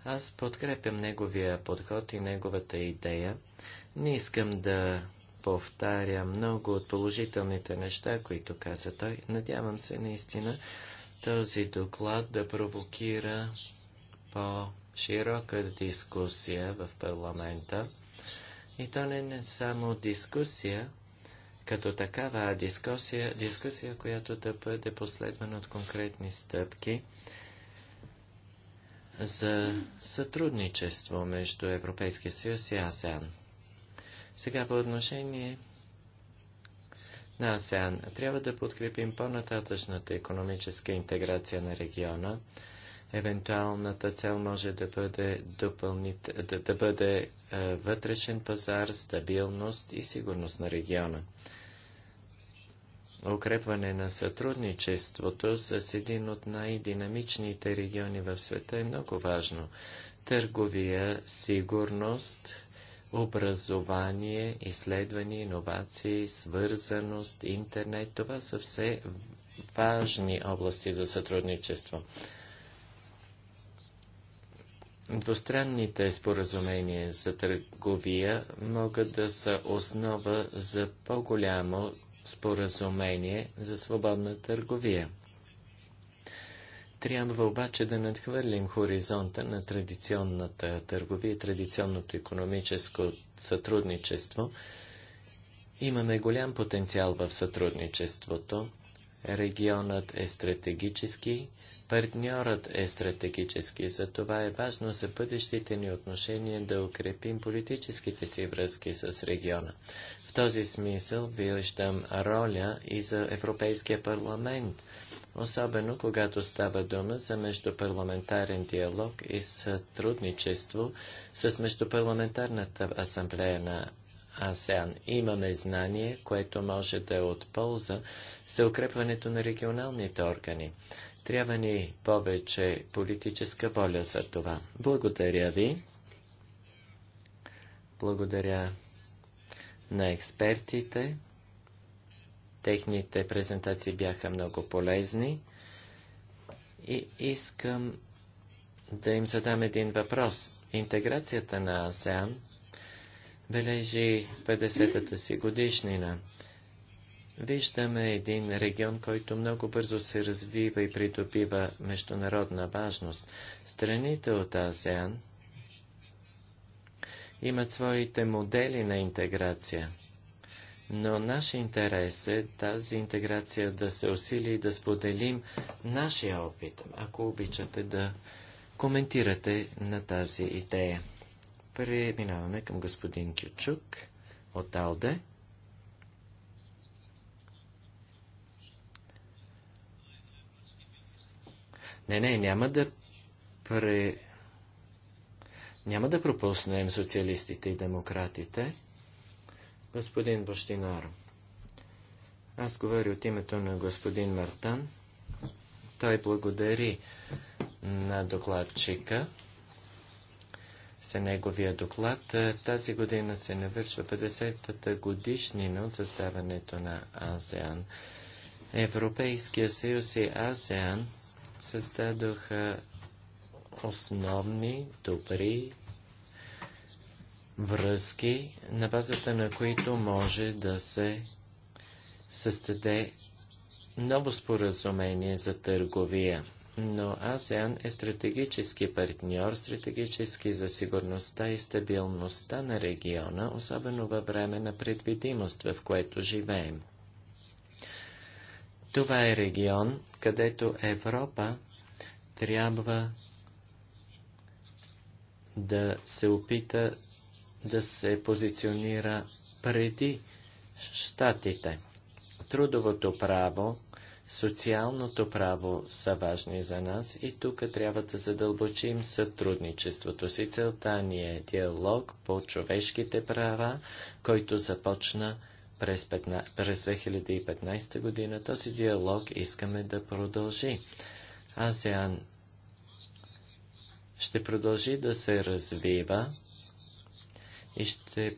Speaker 2: Аз подкрепям неговия подход и неговата идея. Не искам да повтаря много от положителните неща, които каза той. Надявам се наистина този доклад да провокира по-широка дискусия в парламента. И то не е само дискусия, като такава, а дискусия, дискусия, която да бъде последвана от конкретни стъпки за сътрудничество между Европейския съюз и АСЕАН. Сега по отношение на АСЕАН. Трябва да подкрепим по-нататъчната економическа интеграция на региона. Евентуалната цел може да бъде, допълнит, да, да бъде е, вътрешен пазар, стабилност и сигурност на региона укрепване на сътрудничеството с един от най-динамичните региони в света е много важно. Търговия, сигурност, образование, изследвания, иновации, свързаност, интернет – това са все важни области за сътрудничество. Двустранните споразумения за търговия могат да са основа за по-голямо споразумение за свободна търговия. Трябва обаче да надхвърлим хоризонта на традиционната търговия и традиционното економическо сътрудничество. Имаме голям потенциал в сътрудничеството. Регионът е стратегически Партньорът е стратегически, затова е важно за бъдещите ни отношения да укрепим политическите си връзки с региона. В този смисъл виждам роля и за Европейския парламент, особено когато става дума за междупарламентарен диалог и сътрудничество с Междупарламентарната асамблея на АСЕАН. Имаме знание, което може да е от полза за укрепването на регионалните органи. Трябва ни повече политическа воля за това. Благодаря ви. Благодаря на експертите. Техните презентации бяха много полезни. И искам да им задам един въпрос. Интеграцията на АСЕАН бележи 50-та си годишнина. Виждаме един регион, който много бързо се развива и придобива международна важност. Страните от АСЕАН имат своите модели на интеграция. Но наш интерес е тази интеграция да се усили и да споделим нашия опит, ако обичате да коментирате на тази идея. Преминаваме към господин Кючук от Алде. Не, не, няма да пре... Няма да пропуснем социалистите и демократите. Господин Бащинар, аз говоря от името на господин Мартан. Той благодари на докладчика за неговия доклад. Е, тази година се навършва 50-та годишнина от създаването на АСЕАН. Европейския съюз и АСЕАН – създадоха основни, добри връзки, на базата на които може да се създаде ново споразумение за търговия. Но АСЕАН е стратегически партньор, стратегически за сигурността и стабилността на региона, особено във време на предвидимост, в което живеем. Това е регион, където Европа трябва да се опита да се позиционира преди щатите. Трудовото право, социалното право са важни за нас и тук трябва да задълбочим сътрудничеството си. Целта ни е диалог по човешките права, който започна през, 15, през 2015 година. Този диалог искаме да продължи. АСЕАН ще продължи да се развива и ще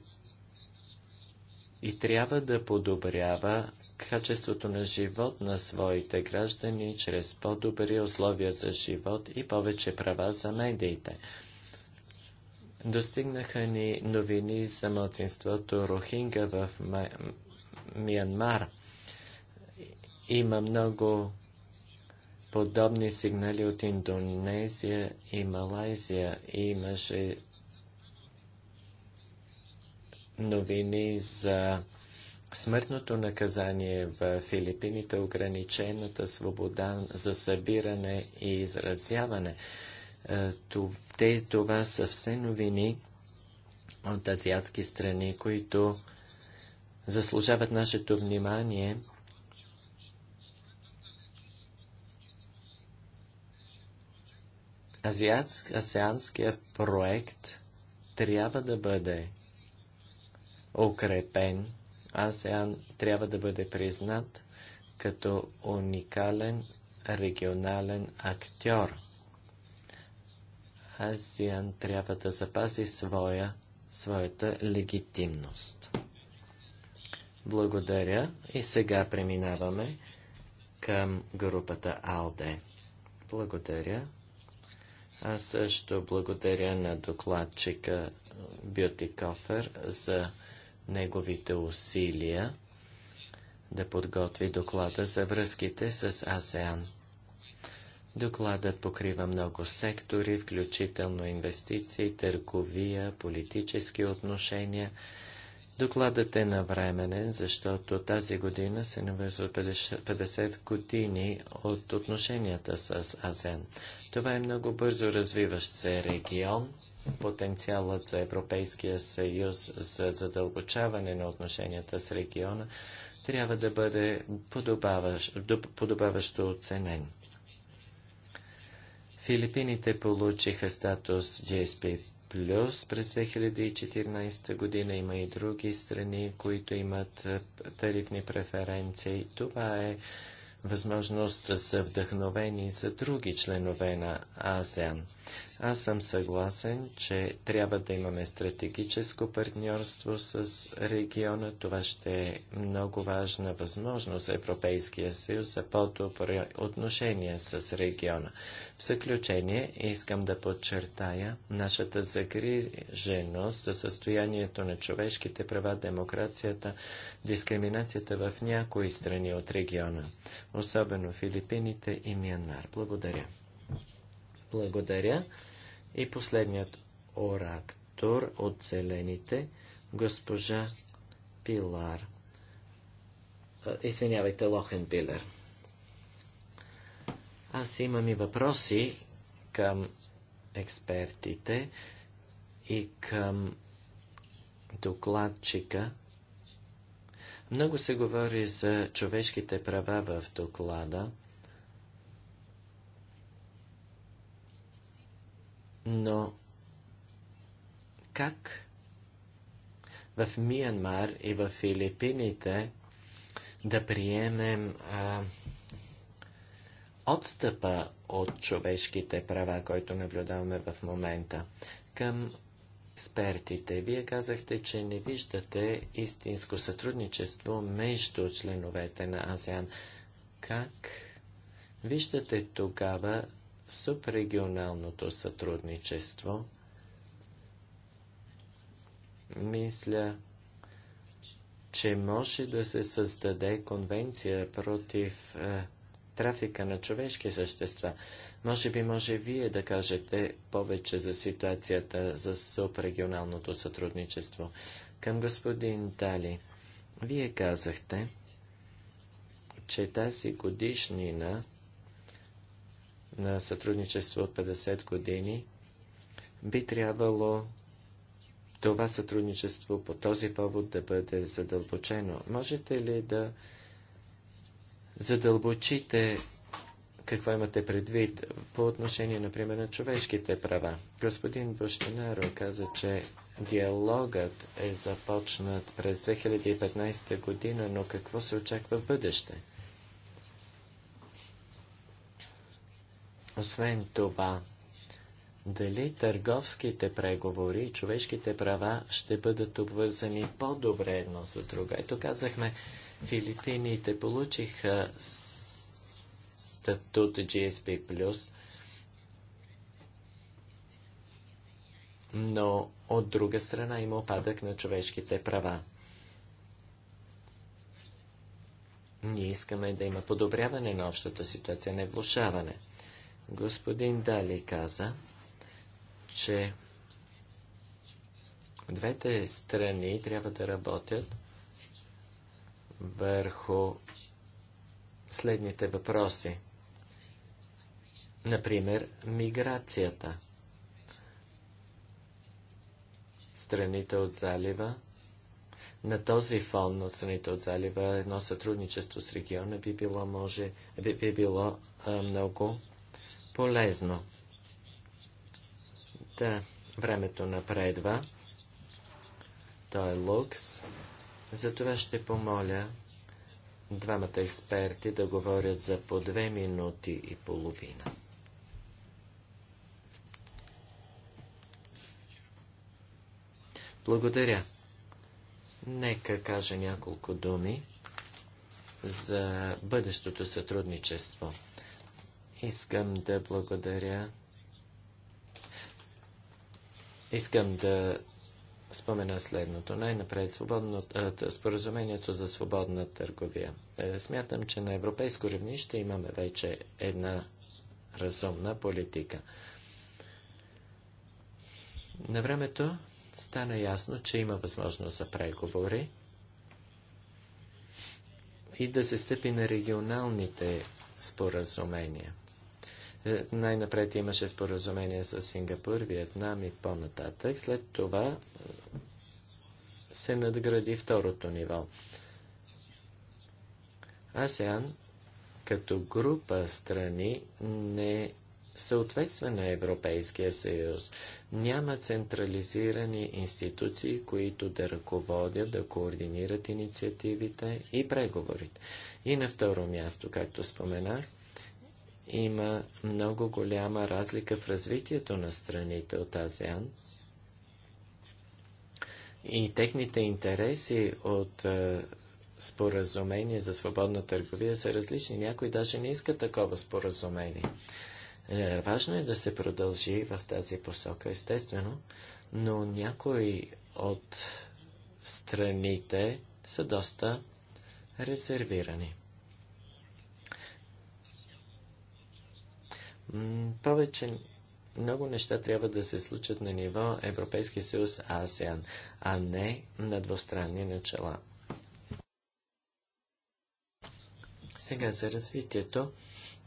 Speaker 2: и трябва да подобрява качеството на живот на своите граждани чрез по-добри условия за живот и повече права за медиите. Достигнаха ни новини за младсинството Рохинга в Миянмар. Има много подобни сигнали от Индонезия и Малайзия. Имаше новини за смъртното наказание в Филипините, ограничената свобода за събиране и изразяване. Е, това са все новини от азиатски страни, които заслужават нашето внимание. Азиатския проект трябва да бъде укрепен. Асиан трябва да бъде признат като уникален регионален актьор. АСИАН трябва да запази своя, своята легитимност. Благодаря и сега преминаваме към групата АЛДЕ. Благодаря. Аз също благодаря на докладчика Бюти Кофер за неговите усилия да подготви доклада за връзките с АСЕАН. Докладът покрива много сектори, включително инвестиции, търговия, политически отношения. Докладът е навременен, защото тази година се навързва 50 години от отношенията с АЗЕН. Това е много бързо развиващ се регион. Потенциалът за Европейския съюз за задълбочаване на отношенията с региона трябва да бъде подобаващо оценен. Филипините получиха статус GSP Плюс през 2014 година има и други страни, които имат тарифни преференции. Това е възможност да са вдъхновени за други членове на АСЕАН. Аз съм съгласен, че трябва да имаме стратегическо партньорство с региона. Това ще е много важна възможност Европейския съюз за по добро отношения с региона. В заключение искам да подчертая нашата загриженост за състоянието на човешките права, демокрацията, дискриминацията в някои страни от региона, особено Филипините и Мянмар. Благодаря. Благодаря. И последният оратор от зелените, госпожа Пилар. Извинявайте, Лохенбилер. Аз имам и въпроси към експертите и към докладчика. Много се говори за човешките права в доклада. Но как в Миянмар и в Филипините да приемем а, отстъпа от човешките права, който наблюдаваме в момента. Към експертите, вие казахте, че не виждате истинско сътрудничество между членовете на АСЕАН. Как виждате тогава субрегионалното сътрудничество, мисля, че може да се създаде конвенция против е, трафика на човешки същества. Може би може вие да кажете повече за ситуацията за субрегионалното сътрудничество. Към господин Тали, вие казахте, че тази годишнина на сътрудничество от 50 години, би трябвало това сътрудничество по този повод да бъде задълбочено. Можете ли да задълбочите какво имате предвид по отношение, например, на човешките права? Господин Бощенаро каза, че диалогът е започнат през 2015 година, но какво се очаква в бъдеще? Освен това, дали търговските преговори и човешките права ще бъдат обвързани по-добре едно с друго. Ето казахме, Филипините получиха статут GSP+, но от друга страна има опадък на човешките права. Ние искаме да има подобряване на общата ситуация, не влушаване – Господин Дали каза, че двете страни трябва да работят върху следните въпроси. Например, миграцията. Страните от залива. На този фон от страните от залива едно сътрудничество с региона би било, може, би, би било а, много полезно. Да, времето напредва. То е лукс. Затова ще помоля двамата експерти да говорят за по две минути и половина. Благодаря. Нека кажа няколко думи за бъдещото сътрудничество. Искам да благодаря. Искам да спомена следното. Най-напред споразумението за свободна търговия. Е, смятам, че на европейско равнище имаме вече една разумна политика. На времето стана ясно, че има възможност за преговори и да се стъпи на регионалните споразумения – е, най-напред имаше споразумение с Сингапур, Виетнам и по-нататък. След това е, се надгради второто ниво. АСЕАН като група страни не съответства на Европейския съюз. Няма централизирани институции, които да ръководят, да координират инициативите и преговорите. И на второ място, както споменах, има много голяма разлика в развитието на страните от Азиан и техните интереси от е, споразумение за свободна търговия са различни. Някой даже не иска такова споразумение. Е, важно е да се продължи в тази посока, естествено, но някои от страните са доста резервирани. повече много неща трябва да се случат на ниво Европейски съюз АСЕАН, а не на двустранни начала. Сега за развитието.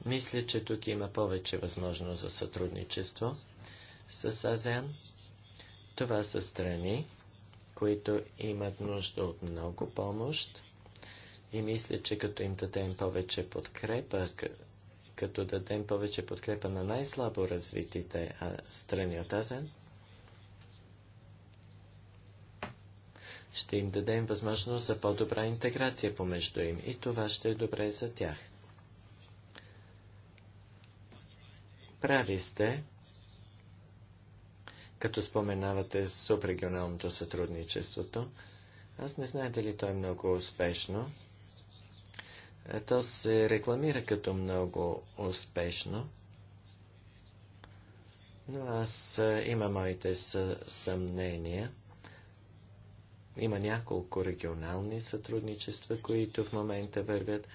Speaker 2: Мисля, че тук има повече възможност за сътрудничество с Азиан. Това са страни, които имат нужда от много помощ и мисля, че като им дадем повече подкрепа като дадем повече подкрепа на най-слабо развитите страни от Азен, ще им дадем възможност за по-добра интеграция помежду им и това ще е добре за тях. Прави сте, като споменавате субрегионалното сътрудничеството. Аз не знае дали то е много успешно. Е, то се рекламира като много успешно, но аз е, има моите съмнения. Има няколко регионални сътрудничества, които в момента вървят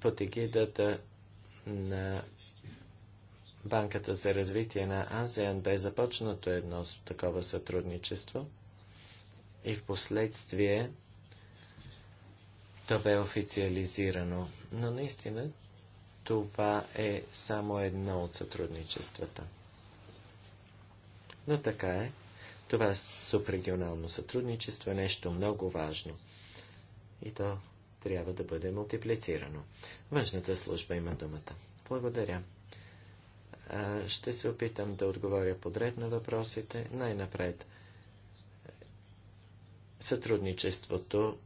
Speaker 2: под егидата на Банката за развитие на Азиан бе започнато едно такова сътрудничество и в последствие то бе официализирано. Но наистина това е само едно от сътрудничествата. Но така е. Това субрегионално сътрудничество е нещо много важно. И то трябва да бъде мултиплицирано. Външната служба има думата. Благодаря. А, ще се опитам да отговоря подред на въпросите. Най-напред. Сътрудничеството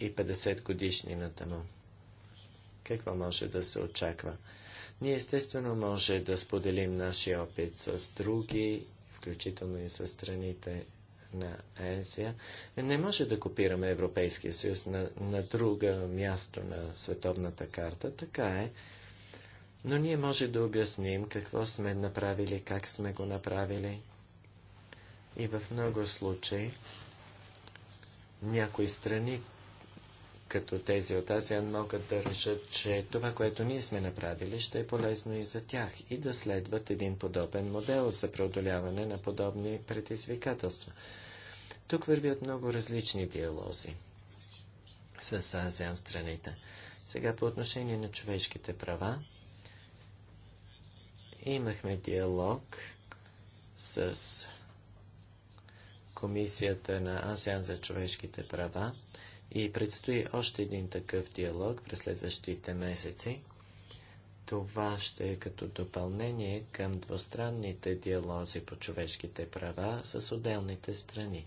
Speaker 2: и 50 годишнината му. Какво може да се очаква? Ние естествено може да споделим нашия опит с други, включително и с страните на Азия. Не може да копираме Европейския съюз на, на друго място на световната карта, така е. Но ние може да обясним какво сме направили, как сме го направили. И в много случаи някои страни, като тези от Азиан могат да решат, че това, което ние сме направили, ще е полезно и за тях и да следват един подобен модел за преодоляване на подобни предизвикателства. Тук вървят много различни диалози с Азиан страните. Сега по отношение на човешките права имахме диалог с Комисията на Азиан за човешките права. И предстои още един такъв диалог през следващите месеци. Това ще е като допълнение към двустранните диалози по човешките права с отделните страни.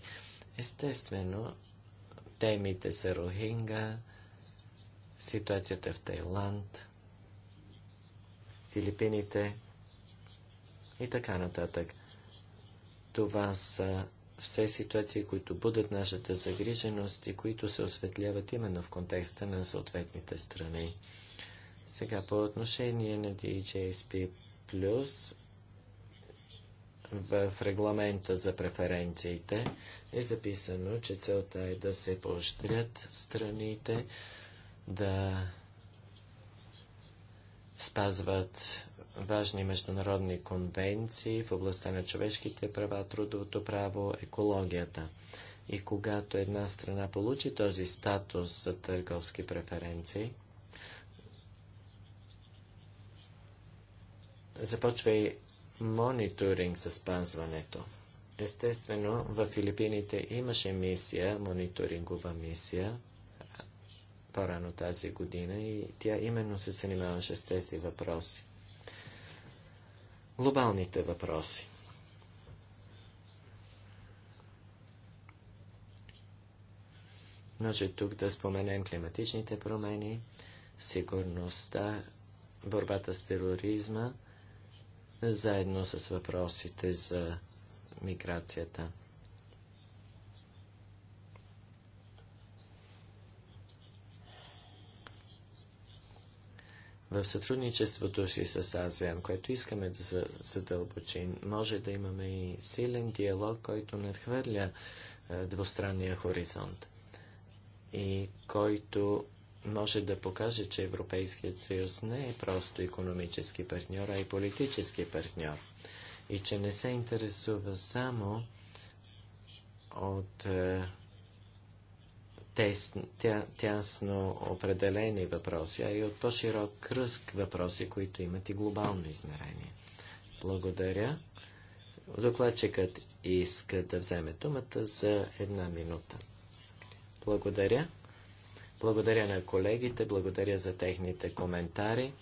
Speaker 2: Естествено, темите са Рохинга, ситуацията в Тайланд, Филипините и така нататък. Това са все ситуации, които будат нашата загриженост и които се осветляват именно в контекста на съответните страни. Сега по отношение на DJSP+, в регламента за преференциите е записано, че целта е да се поощрят страните да спазват важни международни конвенции в областта на човешките права, трудовото право, екологията. И когато една страна получи този статус за търговски преференции, започва и мониторинг за спазването. Естествено, в Филипините имаше мисия, мониторингова мисия, по-рано тази година и тя именно се занимаваше с тези въпроси глобалните въпроси. Може тук да споменем климатичните промени, сигурността, борбата с тероризма, заедно с въпросите за миграцията. в сътрудничеството си с АСЕАН, което искаме да задълбочим, може да имаме и силен диалог, който надхвърля двустранния хоризонт и който може да покаже, че Европейският съюз не е просто економически партньор, а и политически партньор. И че не се интересува само от е, тясно определени въпроси, а и от по-широк кръст въпроси, които имат и глобално измерение. Благодаря. Докладчикът иска да вземе думата за една минута. Благодаря. Благодаря на колегите, благодаря за техните коментари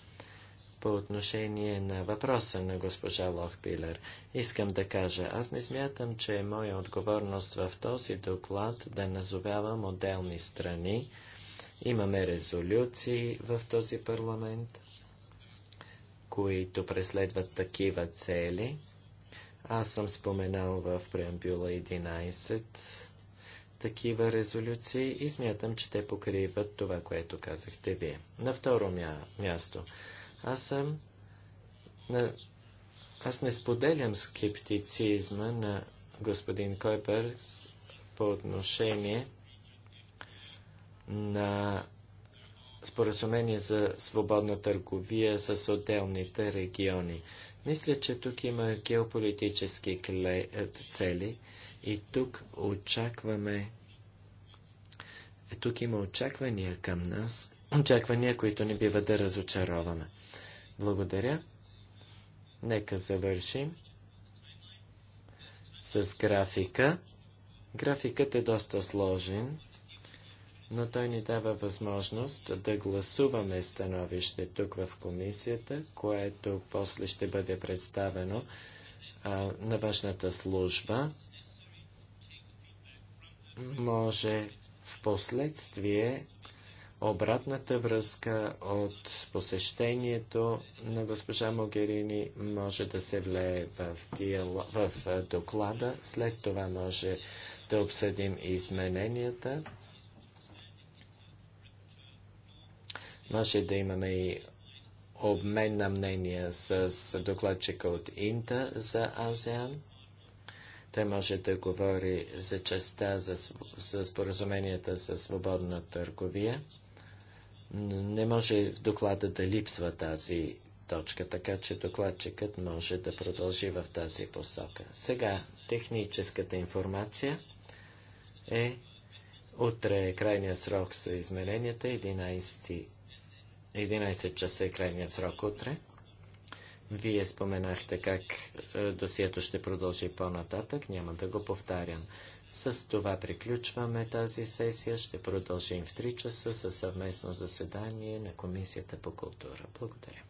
Speaker 2: по отношение на въпроса на госпожа Лохпилер. Искам да кажа, аз не смятам, че е моя отговорност в този доклад да назовявам отделни страни. Имаме резолюции в този парламент, които преследват такива цели. Аз съм споменал в преамбюла 11 такива резолюции и смятам, че те покриват това, което казахте вие. На второ мя... място аз съм... На... Аз не споделям скептицизма на господин Койперс по отношение на споразумение за свободна търговия с отделните региони. Мисля, че тук има геополитически е, цели и тук очакваме тук има очаквания към нас, очаквания, които не бива да разочароваме. Благодаря. Нека завършим с графика. Графикът е доста сложен, но той ни дава възможност да гласуваме становище тук в комисията, което после ще бъде представено а, на външната служба. Може в последствие Обратната връзка от посещението на госпожа Могерини може да се влее в, диал... в доклада. След това може да обсъдим измененията. Може да имаме и обмен на мнения с докладчика от Инта за АСЕАН. Той може да говори за частта за, за споразуменията за свободна търговия. Не може в доклада да липсва тази точка, така че докладчикът може да продължи в тази посока. Сега техническата информация е утре е крайния срок за измеренията, 11, 11 часа е крайния срок утре. Вие споменахте как е, досието ще продължи по-нататък, няма да го повтарям. С това приключваме тази сесия. Ще продължим в 3 часа със съвместно заседание на Комисията по култура. Благодаря.